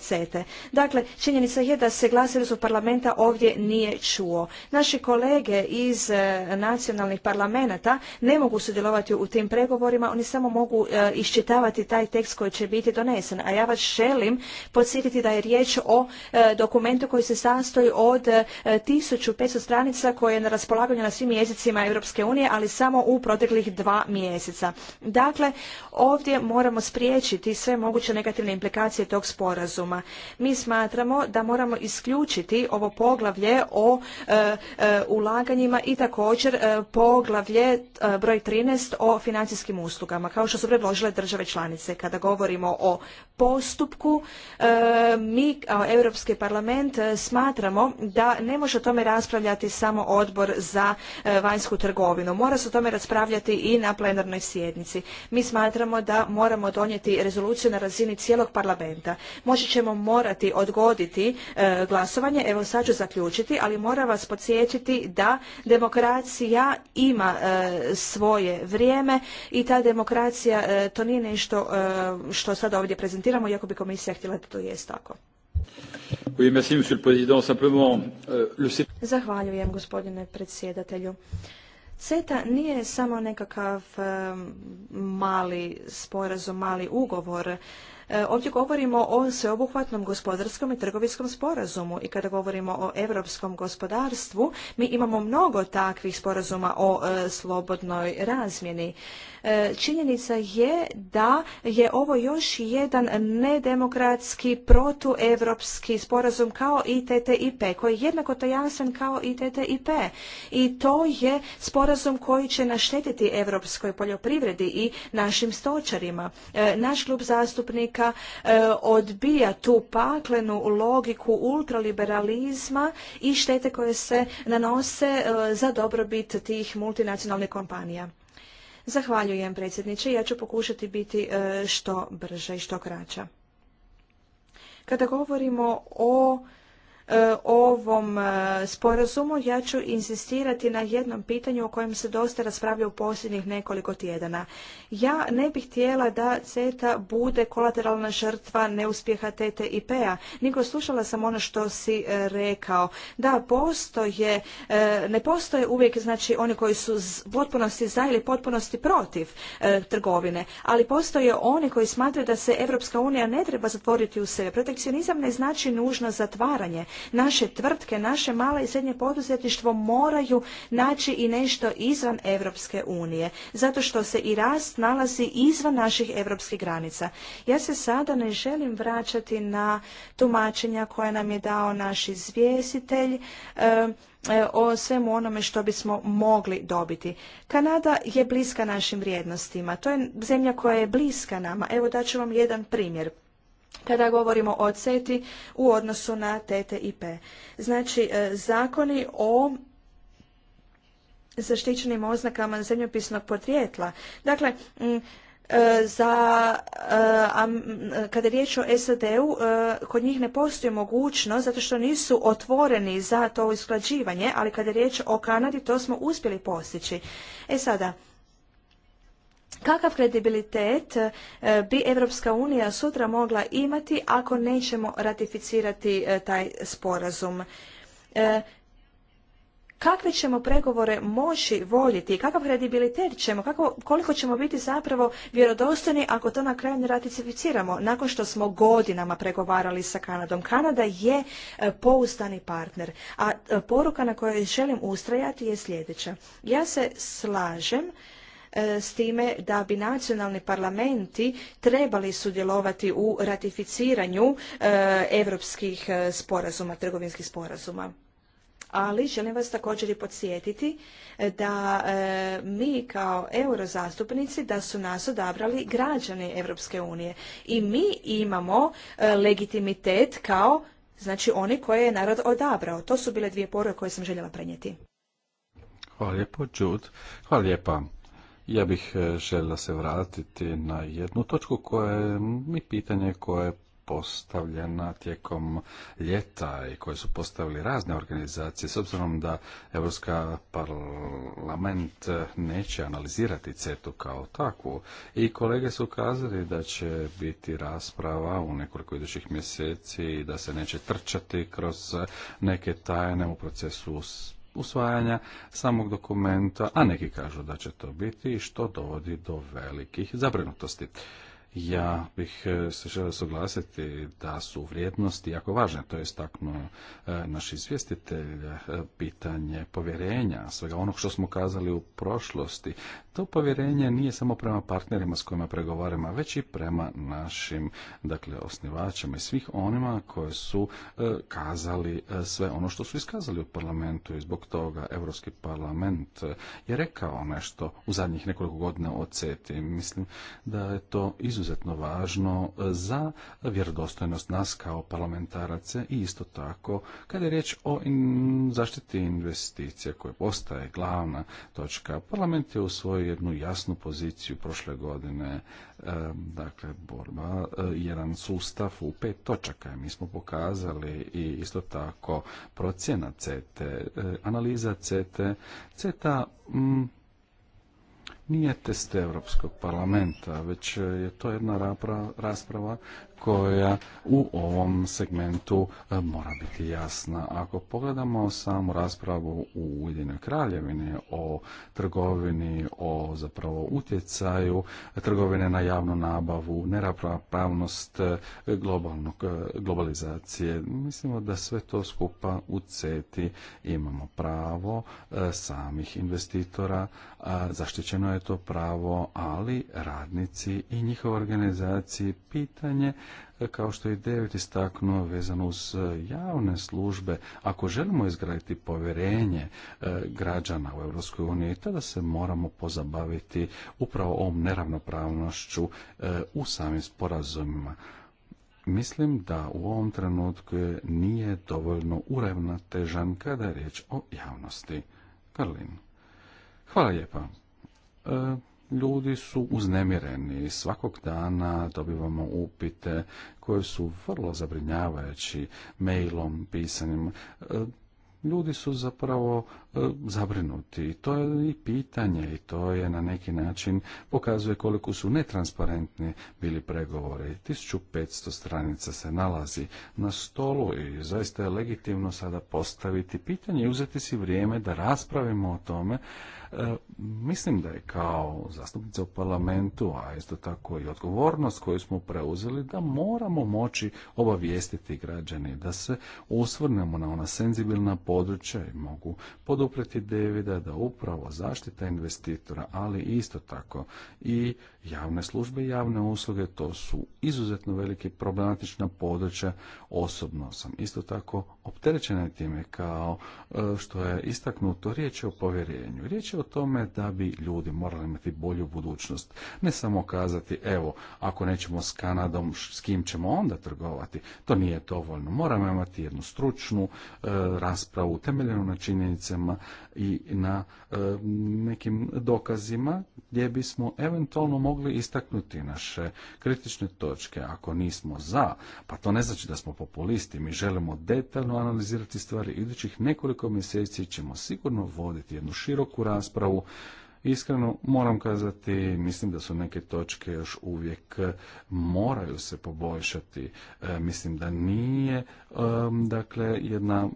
Dakle, činjenica je da se glas Europskog parlamenta ovdje nije čuo. Naši kolege iz e, nacionalnih parlamenata ne mogu sudjelovati u tim pregovorima, oni samo mogu e, iščitavati taj tekst koji će biti donesen. A ja vas želim podsjetiti da je riječ o e, dokumentu koji se sastoji od 1500 stranica koje je na raspolaganju na svim jezicima Europske unije, ali samo u proteklih dva mjeseca. Dakle, ovdje moramo spriječiti sve moguće negativne implikacije tog sporazuma. Mi smatramo da moramo isključiti ovo poglavlje o e, e, ulaganjima i također e, poglavlje broj 13 o financijskim uslugama, kao što su predložile države članice. Kada govorimo o postupku, mi kao Europski parlament smatramo da ne može o tome raspravljati samo odbor za vanjsku trgovinu. Mora se o tome raspravljati i na plenarnoj sjednici. Mi smatramo smatramo da moramo donijeti rezoluciju na razini cijelog parlamenta. Možda ćemo morati odgoditi e, glasovanje, evo sad ću zaključiti, ali moram vas podsjetiti da demokracija ima e, svoje vrijeme i ta demokracija e, to nije nešto što sad ovdje prezentiramo, iako bi komisija htjela da to jest tako. Euh, Zahvaljujem gospodine predsjedatelju. CETA nije samo nekakav e, mali sporazum, mali ugovor. E, ovdje govorimo o sveobuhvatnom gospodarskom i trgovinskom sporazumu i kada govorimo o europskom gospodarstvu, mi imamo mnogo takvih sporazuma o e, slobodnoj razmjeni. E, činjenica je da je ovo još jedan nedemokratski protuevropski sporazum kao i TTIP koji je jednako tajanstven kao i TTIP i to je sporazum koji će naštetiti europskoj poljoprivredi i našim stočarima. E, naš klub zastupnika e, odbija tu paklenu logiku ultraliberalizma i štete koje se nanose za dobrobit tih multinacionalnih kompanija. Zahvaljujem predsjedniče, ja ću pokušati biti e, što brže i što kraća. Kada govorimo o E, ovom e, sporazumu ja ću insistirati na jednom pitanju o kojem se dosta raspravlja u posljednjih nekoliko tjedana. Ja ne bih htjela da CETA bude kolateralna žrtva neuspjeha TTIP-a, nego slušala sam ono što si e, rekao. Da, postoje, ne postoje uvijek znači oni koji su potpunosti za ili potpunosti protiv trgovine, ali postoje oni koji smatraju da se Europska unija ne treba zatvoriti u sebe. Protekcionizam ne znači nužno zatvaranje naše tvrtke, naše male i srednje poduzetništvo moraju naći i nešto izvan Europske unije, zato što se i rast nalazi izvan naših europskih granica. Ja se sada ne želim vraćati na tumačenja koje nam je dao naš izvjestitelj, e, e, o svemu onome što bismo mogli dobiti. Kanada je bliska našim vrijednostima. To je zemlja koja je bliska nama. Evo daću vam jedan primjer kada govorimo o CETI u odnosu na TTIP. Znači, e, zakoni o zaštićenim oznakama zemljopisnog podrijetla. Dakle, e, za e, kada je riječ o SAD-u kod njih ne postoji mogućnost zato što nisu otvoreni za to usklađivanje, ali kada je riječ o Kanadi to smo uspjeli postići. E sada, Kakav kredibilitet eh, bi Evropska unija sutra mogla imati ako nećemo ratificirati eh, taj sporazum? Eh, kakve ćemo pregovore moći voljeti, kakav kredibilitet ćemo, kako, koliko ćemo biti zapravo vjerodostojni ako to na kraju ne ratificiramo, nakon što smo godinama pregovarali sa Kanadom. Kanada je poustani partner, a poruka na kojoj želim ustrajati je sljedeća. Ja se slažem E, s time da bi nacionalni parlamenti trebali sudjelovati u ratificiranju europskih e, sporazuma, trgovinskih sporazuma ali želim vas također i podsjetiti e, da mi kao eurozastupnici da su nas odabrali građani Europske unije i mi imamo legitimitet kao znači oni koje je narod odabrao. To su bile dvije poruke koje sam željela prenijeti. Hvala ja bih e, željela se vratiti na jednu točku koja je mi pitanje koje je postavljena tijekom ljeta i koje su postavili razne organizacije s obzirom da Evropska parlament e, neće analizirati CETU kao takvu i kolege su kazali da će biti rasprava u nekoliko idućih mjeseci i da se neće trčati kroz e, neke tajne u procesu usvajanja samog dokumenta, a neki kažu da će to biti, što dovodi do velikih zabrinutosti. Ja bih e, se želio suglasiti da su vrijednosti jako važne, to je istaknuo e, naš izvjestitelj, e, pitanje povjerenja, svega onog što smo kazali u prošlosti, to povjerenje nije samo prema partnerima s kojima pregovaramo, već i prema našim dakle, osnivačima i svih onima koji su e, kazali e, sve ono što su iskazali u parlamentu i zbog toga Europski parlament je rekao nešto u zadnjih nekoliko godina o CETI. Mislim da je to izuzetno važno za vjerodostojnost nas kao parlamentaraca i isto tako kada je riječ o zaštiti investicija koja postaje glavna točka. Parlament je u svoj jednu jasnu poziciju prošle godine, e, dakle borba, e, jedan sustav u pet točaka. Mi smo pokazali i isto tako procjena CETE, analiza CETE. CETA mm, nije test Europskog parlamenta, već je to jedna rasprava koja u ovom segmentu e, mora biti jasna. Ako pogledamo samu raspravu u Ujedinoj kraljevini o trgovini, o zapravo utjecaju trgovine na javnu nabavu, nerapravnost e, globalnog, e, globalizacije, mislimo da sve to skupa u CETI imamo pravo samih investitora, zaštićeno je to pravo, ali radnici i njihove organizacije pitanje kao što je devet istaknuo vezano uz e, javne službe, ako želimo izgraditi povjerenje e, građana u Europskoj uniji, tada se moramo pozabaviti upravo ovom neravnopravnošću e, u samim sporazumima. Mislim da u ovom trenutku nije dovoljno uravnotežan kada je riječ o javnosti. Karlin. Hvala lijepa ljudi su uznemireni. Svakog dana dobivamo upite koje su vrlo zabrinjavajući mailom, pisanim. E, ljudi su zapravo e, zabrinuti i to je i pitanje i to je na neki način pokazuje koliko su netransparentni bili pregovori. 1500 stranica se nalazi na stolu i zaista je legitimno sada postaviti pitanje i uzeti si vrijeme da raspravimo o tome E, mislim da je kao zastupnica u parlamentu, a isto tako i odgovornost koju smo preuzeli, da moramo moći obavijestiti građani, da se usvrnemo na ona senzibilna područja i mogu podupreti devida da upravo zaštita investitora, ali isto tako i javne službe i javne usluge, to su izuzetno velike problematična područja. Osobno sam isto tako opterećena time kao e, što je istaknuto riječ je o povjerenju, riječ je o tome da bi ljudi morali imati bolju budućnost. Ne samo kazati, evo, ako nećemo s Kanadom, s kim ćemo onda trgovati? To nije dovoljno. Moramo imati jednu stručnu e, raspravu temeljenu na činjenicama i na e, nekim dokazima gdje bismo eventualno mogli istaknuti naše kritične točke. Ako nismo za, pa to ne znači da smo populisti. Mi želimo detaljno analizirati stvari. Idućih nekoliko mjeseci ćemo sigurno voditi jednu široku raspravu raspravu. Iskreno moram kazati, mislim da su neke točke još uvijek e, moraju se poboljšati. E, mislim da nije e, dakle jedna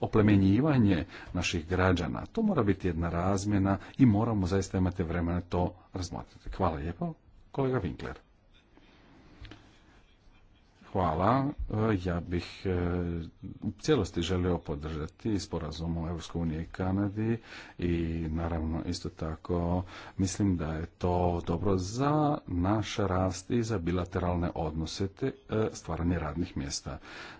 oplemenjivanje naših građana. To mora biti jedna razmjena i moramo zaista imati vremena to razmotriti. Hvala lijepo, kolega Winkler. Hvala. E, ja bih e, u cijelosti želio podržati sporazum o Europskoj i Kanadi i naravno isto tako mislim da je to dobro za naš rast i za bilateralne odnose te e, stvaranje radnih mjesta.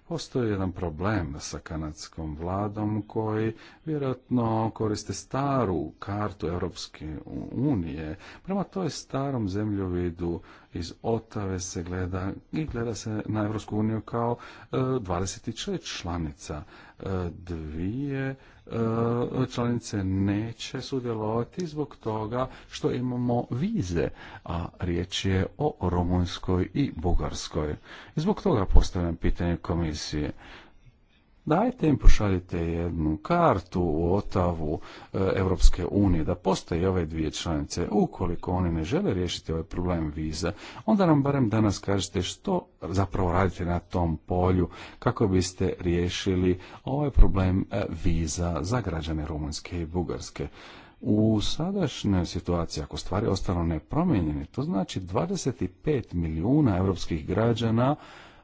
Postoji jedan problem sa kanadskom vladom koji vjerojatno koriste staru kartu Europske unije. Prema toj starom zemljovidu iz Otave se gleda i gleda se na Europsku uniju kao e, 26 članica dvije e, članice neće sudjelovati zbog toga što imamo vize, a riječ je o Rumunjskoj i Bugarskoj. I zbog toga postavljam pitanje komisije dajte im pošaljite jednu kartu u otavu Europske unije da postoje ove dvije članice. Ukoliko oni ne žele riješiti ovaj problem viza, onda nam barem danas kažete što zapravo radite na tom polju kako biste riješili ovaj problem e, viza za građane Rumunjske i Bugarske. U sadašnjoj situaciji, ako stvari ostanu nepromijenjene, to znači 25 milijuna europskih građana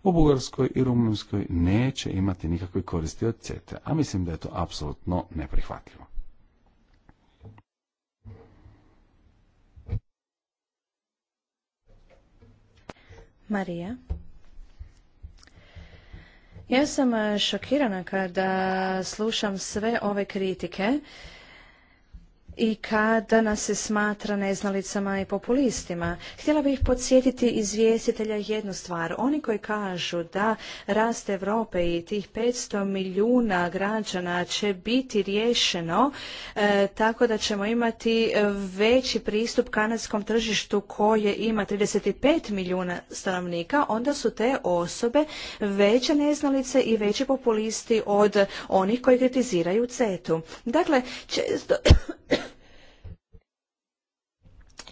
u Bugarskoj i Rumunjskoj neće imati nikakve koristi od CETA, a mislim da je to apsolutno neprihvatljivo. Marija. Ja sam eh, šokirana kada slušam sve ove kritike i kada nas se smatra neznalicama i populistima. Htjela bih podsjetiti izvjestitelja jednu stvar. Oni koji kažu da rast Europe i tih 500 milijuna građana će biti riješeno e, tako da ćemo imati veći pristup kanadskom tržištu koje ima 35 milijuna stanovnika, onda su te osobe veće neznalice i veći populisti od onih koji kritiziraju CETU. Dakle, često [COUGHS]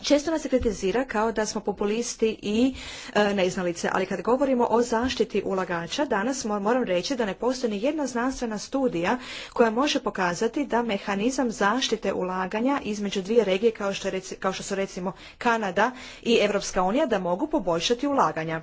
Često nas se kritizira kao da smo populisti i neiznalice, neznalice, ali kad govorimo o zaštiti ulagača, danas moram reći da ne postoji ni jedna znanstvena studija koja može pokazati da mehanizam zaštite ulaganja između dvije regije kao što, su recimo Kanada i Europska unija da mogu poboljšati ulaganja.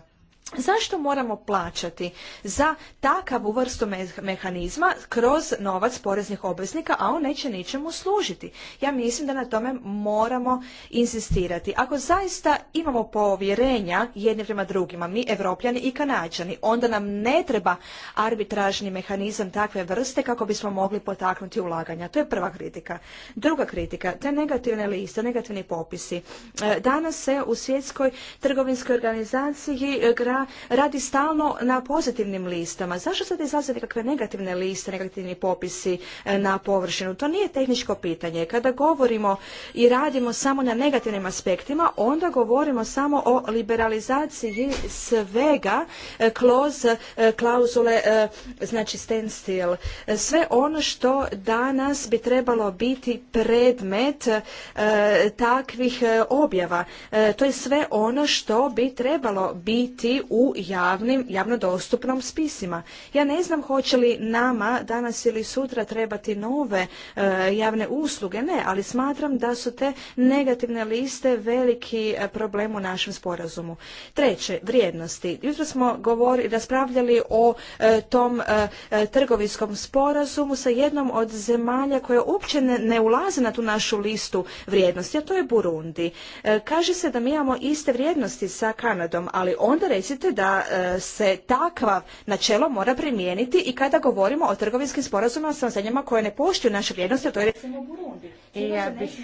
Zašto moramo plaćati za takav vrstu mehanizma kroz novac poreznih obveznika, a on neće ničemu služiti? Ja mislim da na tome moramo insistirati. Ako zaista imamo povjerenja jedni prema drugima, mi evropljani i Kanađani, onda nam ne treba arbitražni mehanizam takve vrste kako bismo mogli potaknuti ulaganja. To je prva kritika. Druga kritika, te negativne liste, negativni popisi. E, danas se u svjetskoj trgovinskoj organizaciji radi stalno na pozitivnim listama. Zašto sad izlaze nekakve negativne liste, negativni popisi e, na površinu? To nije tehničko pitanje. Kada govorimo i radimo samo na negativnim aspektima, onda govorimo samo o liberalizaciji svega e, kloz e, klauzule, znači still Sve ono što danas bi trebalo biti predmet takvih objava. to je sve ono što bi trebalo biti u javnim, javno dostupnom spisima. Ja ne znam hoće li nama danas ili sutra trebati nove e, javne usluge, ne, ali smatram da su te negativne liste veliki e, problem u našem sporazumu. Treće, vrijednosti. Jutro smo govori, raspravljali o e, tom trgovinskom sporazumu sa jednom od zemalja koja uopće ne, ne ulaze na tu našu listu vrijednosti, a to je Burundi. Kaže se da mi imamo iste vrijednosti sa Kanadom, ali onda recite mislite da e, se takva načelo mora primijeniti i kada govorimo o trgovinskim sporazumima sa zemljama koje ne poštuju naše vrijednosti, a to je recimo Burundi. ja bih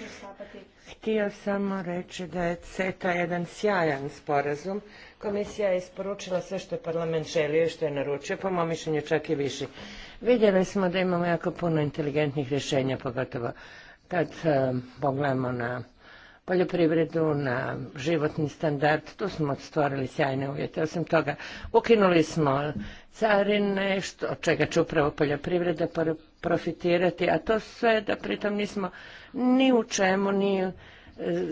htio samo reći da je CETA jedan sjajan sporazum. Komisija je isporučila sve što je parlament želio i što je naručio, po mom mišljenju čak i više. Vidjeli smo da imamo jako puno inteligentnih rješenja, pogotovo kad e, pogledamo na poljoprivredu, na životni standard, tu smo stvorili sjajne uvjete. Osim toga, ukinuli smo carine, što, od čega će upravo poljoprivreda profitirati, a to sve da pritom nismo ni u čemu, ni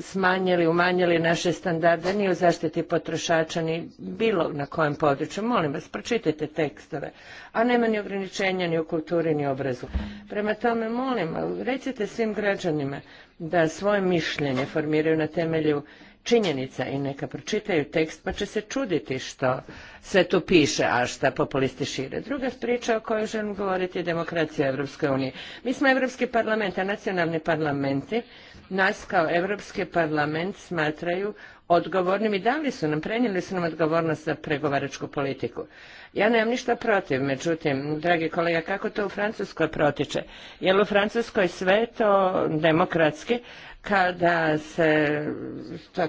smanjili, umanjili naše standarde ni u zaštiti potrošača ni bilo na kojem području. Molim vas, pročitajte tekstove. A nema ni ograničenja ni u kulturi ni u obrazu. Prema tome, molim, recite svim građanima da svoje mišljenje formiraju na temelju činjenica i neka pročitaju tekst pa će se čuditi što sve tu piše, a šta populisti šire. Druga priča o kojoj želim govoriti je demokracija Europske unije. Mi smo Europski parlament, a nacionalni parlamenti nas kao Europski parlament smatraju odgovornim i dali su nam, prenijeli su nam odgovornost za pregovaračku politiku. Ja nemam ništa protiv, međutim, dragi kolega, kako to u Francuskoj protiče? Jer u Francuskoj sve to demokratski, kada se,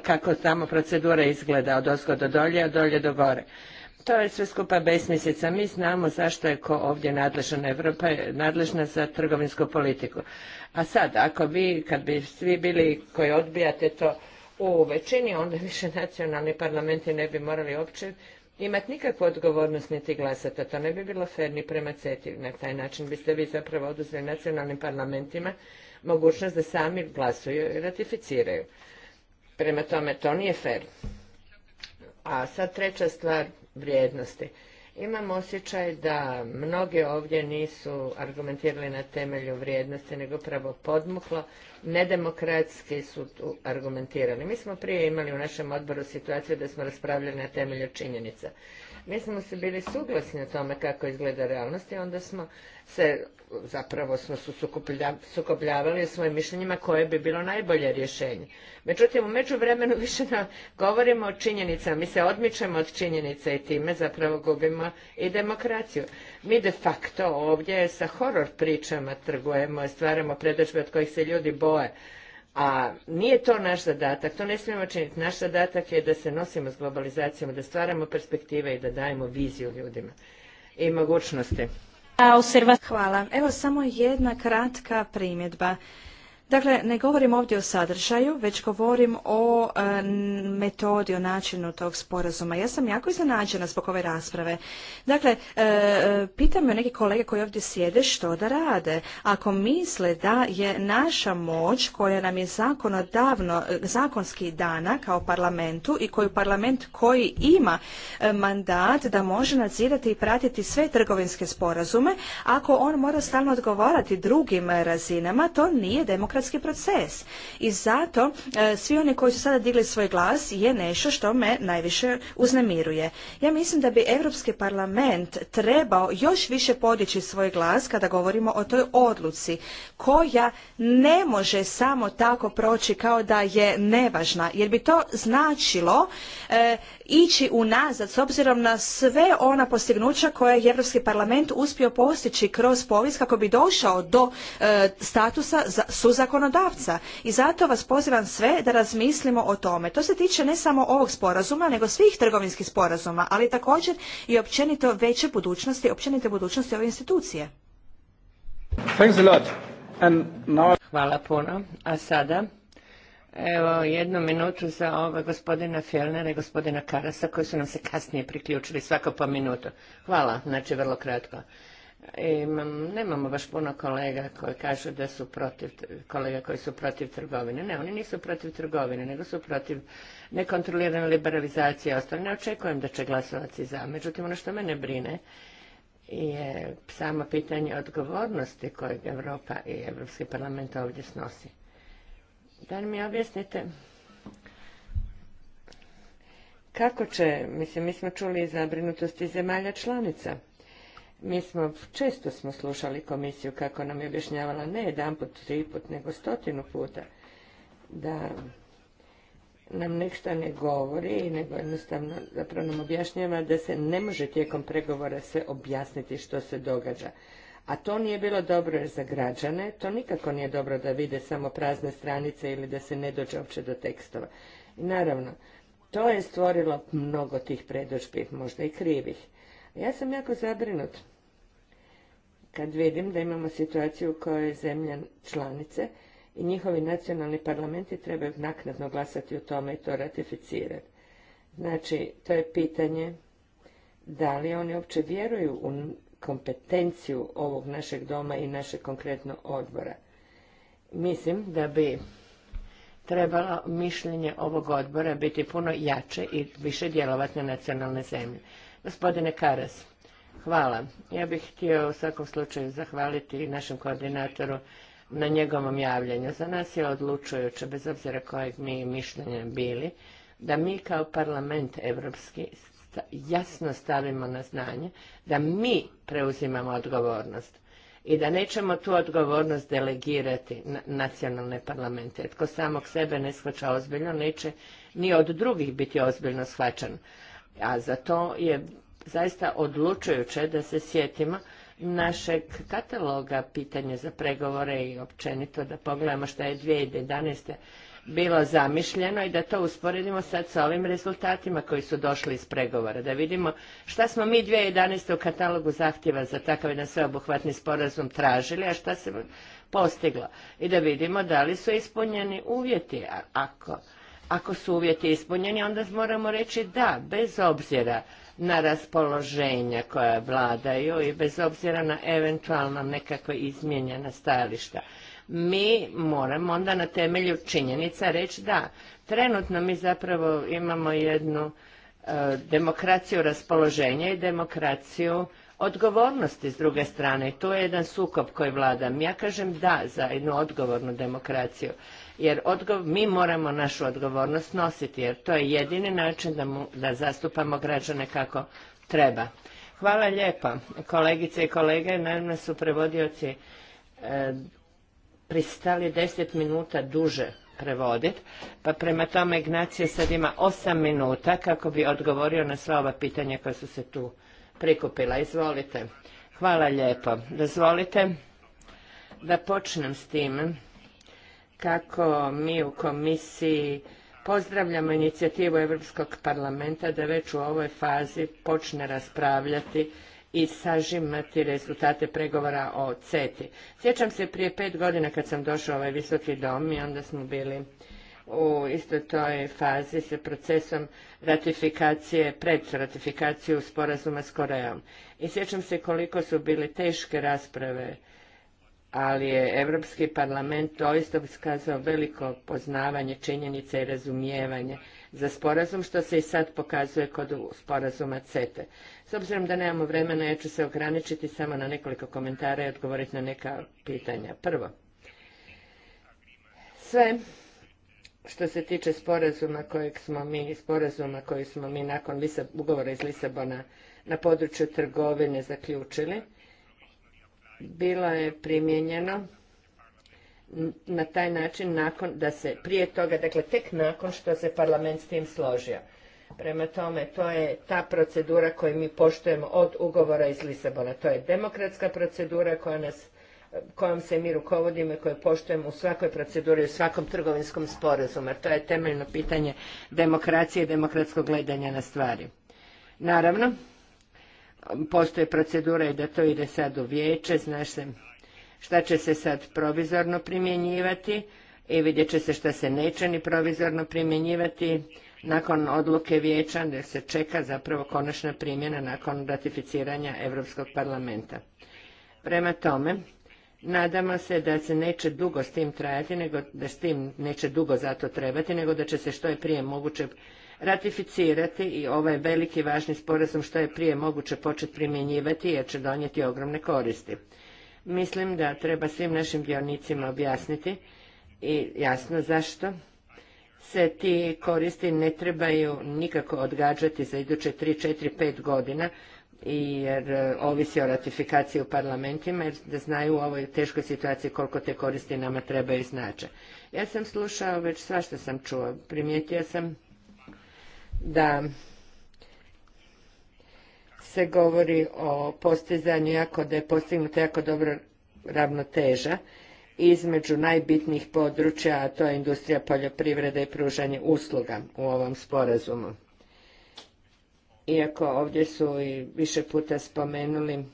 kako tamo procedura izgleda od osgo do dolje, a dolje do gore. To je sve skupa besmislica. Mi znamo zašto je tko ovdje nadležna Evropa je nadležna za trgovinsku politiku. A sad, ako vi, kad bi svi bili koji odbijate to u većini, onda više nacionalni parlamenti ne bi morali uopće imati nikakvu odgovornost niti glasati. A to ne bi bilo fer ni prema CETI. Na taj način biste vi zapravo oduzeli nacionalnim parlamentima mogućnost da sami glasuju i ratificiraju. Prema tome, to nije fer. A sad treća stvar vrijednosti. Imam osjećaj da mnogi ovdje nisu argumentirali na temelju vrijednosti, nego pravo podmuklo, nedemokratski su tu argumentirali. Mi smo prije imali u našem odboru situaciju da smo raspravljali na temelju činjenica. Mi smo se bili suglasni o tome kako izgleda realnost i onda smo se, zapravo smo su sukobljavali svojim mišljenjima koje bi bilo najbolje rješenje. Međutim, u međuvremenu [LAUGHS] više na, govorimo o činjenicama, mi se odmičemo od činjenica i time zapravo gubimo i demokraciju. Mi de facto ovdje sa horor pričama trgujemo, i stvaramo predođbe od kojih se ljudi boje a nije to naš zadatak, to ne smijemo činiti. Naš zadatak je da se nosimo s globalizacijom, da stvaramo perspektive i da dajemo viziju ljudima i mogućnosti. Hvala. Evo samo jedna kratka primjedba. Dakle, ne govorim ovdje o sadržaju, već govorim o e, metodi, o načinu tog sporazuma. Ja sam jako iznenađena zbog ove rasprave. Dakle, e, pitam me neke kolege koji ovdje sjede što da rade. Ako misle da je naša moć koja nam je zakonodavno, zakonski dana kao parlamentu i koju parlament koji ima e, mandat da može nadzirati i pratiti sve trgovinske sporazume, ako on mora stalno odgovarati drugim razinama, to nije demokratski demokratski proces. I zato e, svi oni koji su sada digli svoj glas je nešto što me najviše uznemiruje. Ja mislim da bi Europski parlament trebao još više podići svoj glas kada govorimo o toj odluci koja ne može samo tako proći kao da je nevažna jer bi to značilo e, ići unazad s obzirom na sve ona postignuća koje je Europski parlament uspio postići kroz povijest kako bi došao do e, statusa za, zakonodavca. I zato vas pozivam sve da razmislimo o tome. To se tiče ne samo ovog sporazuma, nego svih trgovinskih sporazuma, ali također i općenito veće budućnosti, općenite budućnosti ove institucije. Hvala puno. A sada, evo jednu minutu za ove gospodina Fjellnera i gospodina Karasa koji su nam se kasnije priključili svako po minutu. Hvala, znači vrlo kratko nemamo baš puno kolega koji kažu da su protiv, kolega koji su protiv trgovine. Ne, oni nisu protiv trgovine, nego su protiv nekontrolirane liberalizacije i ostalo. Ne očekujem da će glasovati za. Međutim, ono što mene brine je samo pitanje odgovornosti kojeg Europa i Europski parlament ovdje snosi. Da mi objasnite kako će, mislim, mi smo čuli zabrinutosti zemalja članica – mi smo, često smo slušali komisiju kako nam je objašnjavala ne jedan put, tri put, nego stotinu puta da nam ništa ne govori, nego jednostavno zapravo nam objašnjava da se ne može tijekom pregovora sve objasniti što se događa. A to nije bilo dobro za građane, to nikako nije dobro da vide samo prazne stranice ili da se ne dođe uopće do tekstova. I naravno, to je stvorilo mnogo tih predođbi, možda i krivih. Ja sam jako zabrinut kad vidim da imamo situaciju u kojoj zemlja članice i njihovi nacionalni parlamenti trebaju naknadno glasati o tome i to ratificirati. Znači, to je pitanje da li oni uopće vjeruju u kompetenciju ovog našeg doma i našeg konkretno odbora. Mislim da bi trebalo mišljenje ovog odbora biti puno jače i više djelovati na nacionalne zemlje. Gospodine Karas, hvala. Ja bih htio u svakom slučaju zahvaliti našem koordinatoru na njegovom javljanju. Za nas je odlučujuće, bez obzira kojeg mi mišljenja bili, da mi kao parlament evropski jasno stavimo na znanje da mi preuzimamo odgovornost i da nećemo tu odgovornost delegirati na nacionalne parlamente. Tko samog sebe ne shvaća ozbiljno, neće ni od drugih biti ozbiljno shvaćan. A za to je zaista odlučujuće da se sjetimo našeg kataloga pitanja za pregovore i općenito da pogledamo šta je 2011. bilo zamišljeno i da to usporedimo sad sa ovim rezultatima koji su došli iz pregovora. Da vidimo šta smo mi 2011. u katalogu zahtjeva za takav jedan sveobuhvatni sporazum tražili, a šta se postiglo. I da vidimo da li su ispunjeni uvjeti. ako ako su uvjeti ispunjeni, onda moramo reći da, bez obzira na raspoloženja koja vladaju i bez obzira na eventualno nekakve izmjenjena stajališta. Mi moramo onda na temelju činjenica reći da. Trenutno mi zapravo imamo jednu e, demokraciju raspoloženja i demokraciju odgovornosti s druge strane. I tu je jedan sukob koji vladam. Ja kažem da za jednu odgovornu demokraciju. Jer odgov, mi moramo našu odgovornost nositi, jer to je jedini način da, da zastupamo građane kako treba. Hvala lijepa Kolegice i kolege, naravno su prevodioci e, pristali deset minuta duže prevoditi, pa prema tome Ignacije sad ima osam minuta kako bi odgovorio na sva ova pitanja koja su se tu prikupila. Izvolite. Hvala lijepo. Dozvolite da počnem s tim kako mi u komisiji pozdravljamo inicijativu Europskog parlamenta da već u ovoj fazi počne raspravljati i sažimati rezultate pregovora o CETI. Sjećam se prije pet godina kad sam došao u ovaj visoki dom i onda smo bili u istoj toj fazi sa procesom ratifikacije, pred ratifikaciju sporazuma s Korejom. I sjećam se koliko su bili teške rasprave, ali je Europski parlament doista iskazao veliko poznavanje činjenice i razumijevanje za sporazum, što se i sad pokazuje kod sporazuma CETE. S obzirom da nemamo vremena, ja ću se ograničiti samo na nekoliko komentara i odgovoriti na neka pitanja. Prvo, sve što se tiče sporazuma kojeg smo mi, sporazuma koji smo mi nakon ugovora iz Lisabona na području trgovine zaključili, bilo je primijenjeno na taj način nakon da se prije toga, dakle tek nakon što se parlament s tim složio. Prema tome, to je ta procedura koju mi poštujemo od ugovora iz Lisabona. To je demokratska procedura koja nas kojom se mi rukovodimo i koje poštujemo u svakoj proceduri, u svakom trgovinskom sporazumu, jer to je temeljno pitanje demokracije i demokratskog gledanja na stvari. Naravno, postoje procedura i da to ide sad u vijeće, zna se šta će se sad provizorno primjenjivati i vidjet će se šta se neće ni provizorno primjenjivati nakon odluke vijeća jer se čeka zapravo konačna primjena nakon ratificiranja Europskog parlamenta. Prema tome, Nadamo se da se neće dugo s tim trajati, nego da s tim neće dugo zato trebati, nego da će se što je prije moguće ratificirati i ovaj veliki važni sporazum što je prije moguće početi primjenjivati jer će donijeti ogromne koristi. Mislim da treba svim našim dionicima objasniti i jasno zašto se ti koristi ne trebaju nikako odgađati za iduće 3, 4, 5 godina, jer e, ovisi o ratifikaciji u parlamentima jer da znaju u ovoj teškoj situaciji koliko te koristi nama treba i znače. Ja sam slušao već svašta sam čuo. Primijetio sam da se govori o postizanju jako, da je postignuta jako dobro ravnoteža između najbitnijih područja, a to je industrija poljoprivrede i pružanje usluga u ovom sporazumu iako ovdje su i više puta spomenuli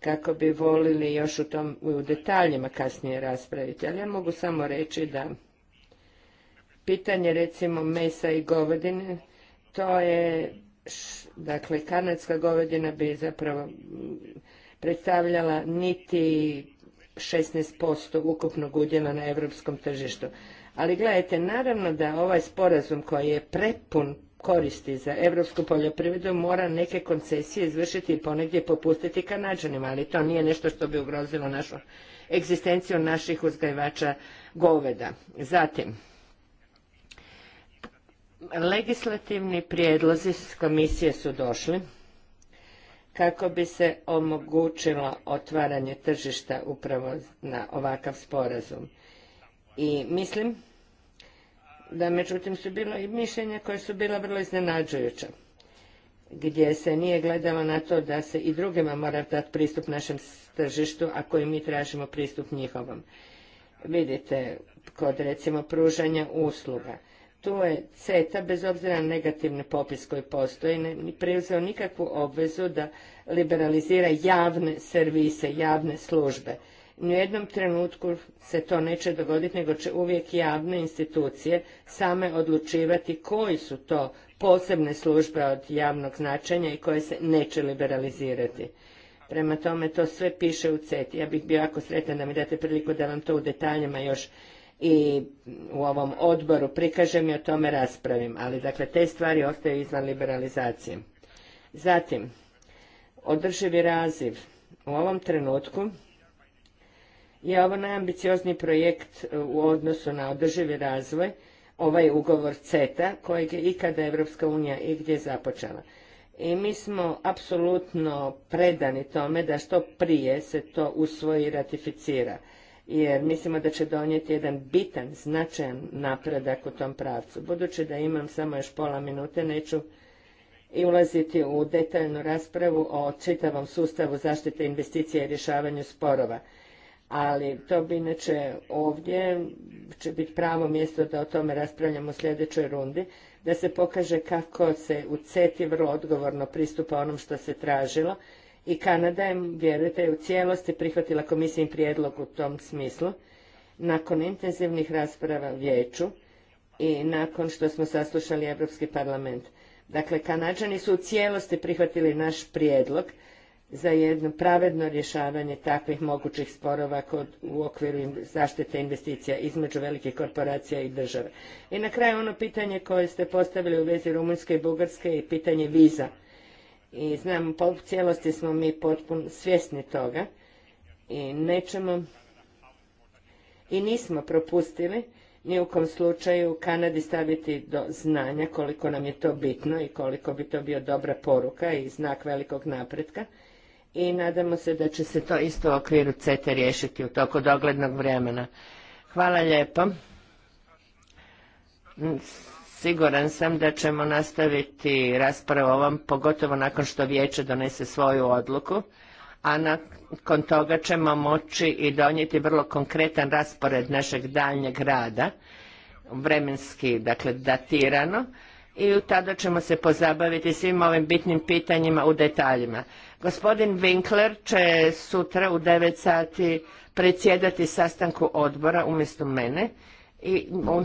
kako bi volili još u tom u detaljima kasnije raspraviti. Ali ja mogu samo reći da pitanje recimo mesa i govedine, to je, dakle, kanadska govedina bi zapravo predstavljala niti 16% ukupnog udjela na europskom tržištu. Ali gledajte, naravno da ovaj sporazum koji je prepun koristi za europsku poljoprivredu mora neke koncesije izvršiti i ponegdje popustiti kanađanima, ali to nije nešto što bi ugrozilo našu egzistenciju naših uzgajivača goveda. Zatim, legislativni prijedlozi s komisije su došli kako bi se omogućilo otvaranje tržišta upravo na ovakav sporazum. I mislim da međutim su bilo i mišljenja koje su bila vrlo iznenađujuća gdje se nije gledalo na to da se i drugima mora dati pristup našem tržištu ako koji mi tražimo pristup njihovom. Vidite, kod recimo pružanja usluga. Tu je CETA, bez obzira na negativni popis koji postoji, ne preuzeo nikakvu obvezu da liberalizira javne servise, javne službe ni u jednom trenutku se to neće dogoditi, nego će uvijek javne institucije same odlučivati koji su to posebne službe od javnog značenja i koje se neće liberalizirati. Prema tome, to sve piše u CETI. Ja bih bio jako sretan da mi date priliku da vam to u detaljima još i u ovom odboru prikažem i o tome raspravim. Ali, dakle, te stvari ostaju izvan liberalizacije. Zatim, održivi raziv. U ovom trenutku je ovo najambiciozniji projekt e, u odnosu na održivi razvoj, ovaj ugovor CETA, kojeg je ikada Evropska unija igdje započela. I mi smo apsolutno predani tome da što prije se to usvoji i ratificira, jer mislimo da će donijeti jedan bitan, značajan napredak u tom pravcu. Budući da imam samo još pola minute, neću i ulaziti u detaljnu raspravu o čitavom sustavu zaštite investicija i rješavanju sporova ali to bi inače ovdje će biti pravo mjesto da o tome raspravljamo u sljedećoj rundi, da se pokaže kako se u CETI vrlo odgovorno pristupa onom što se tražilo i Kanada je, vjerujte, u cijelosti prihvatila komisijin prijedlog u tom smislu. Nakon intenzivnih rasprava vijeću i nakon što smo saslušali Europski parlament. Dakle, Kanađani su u cijelosti prihvatili naš prijedlog za jedno pravedno rješavanje takvih mogućih sporova kod, u okviru zaštite investicija između velikih korporacija i države. I na kraju ono pitanje koje ste postavili u vezi Rumunjske i Bugarske i pitanje viza. I znam, po cijelosti smo mi potpuno svjesni toga i nećemo i nismo propustili ni u kom slučaju Kanadi staviti do znanja koliko nam je to bitno i koliko bi to bio dobra poruka i znak velikog napretka i nadamo se da će se to isto u okviru CETA riješiti u toku doglednog vremena. Hvala lijepo. Mm, siguran sam da ćemo nastaviti raspravu ovom, pogotovo nakon što vijeće donese svoju odluku, a nakon toga ćemo moći i donijeti vrlo konkretan raspored našeg daljnjeg rada, vremenski, dakle, datirano, i tada ćemo se pozabaviti svim ovim bitnim pitanjima u detaljima. Gospodin Winkler će sutra u 9 sati predsjedati sastanku odbora umjesto mene i on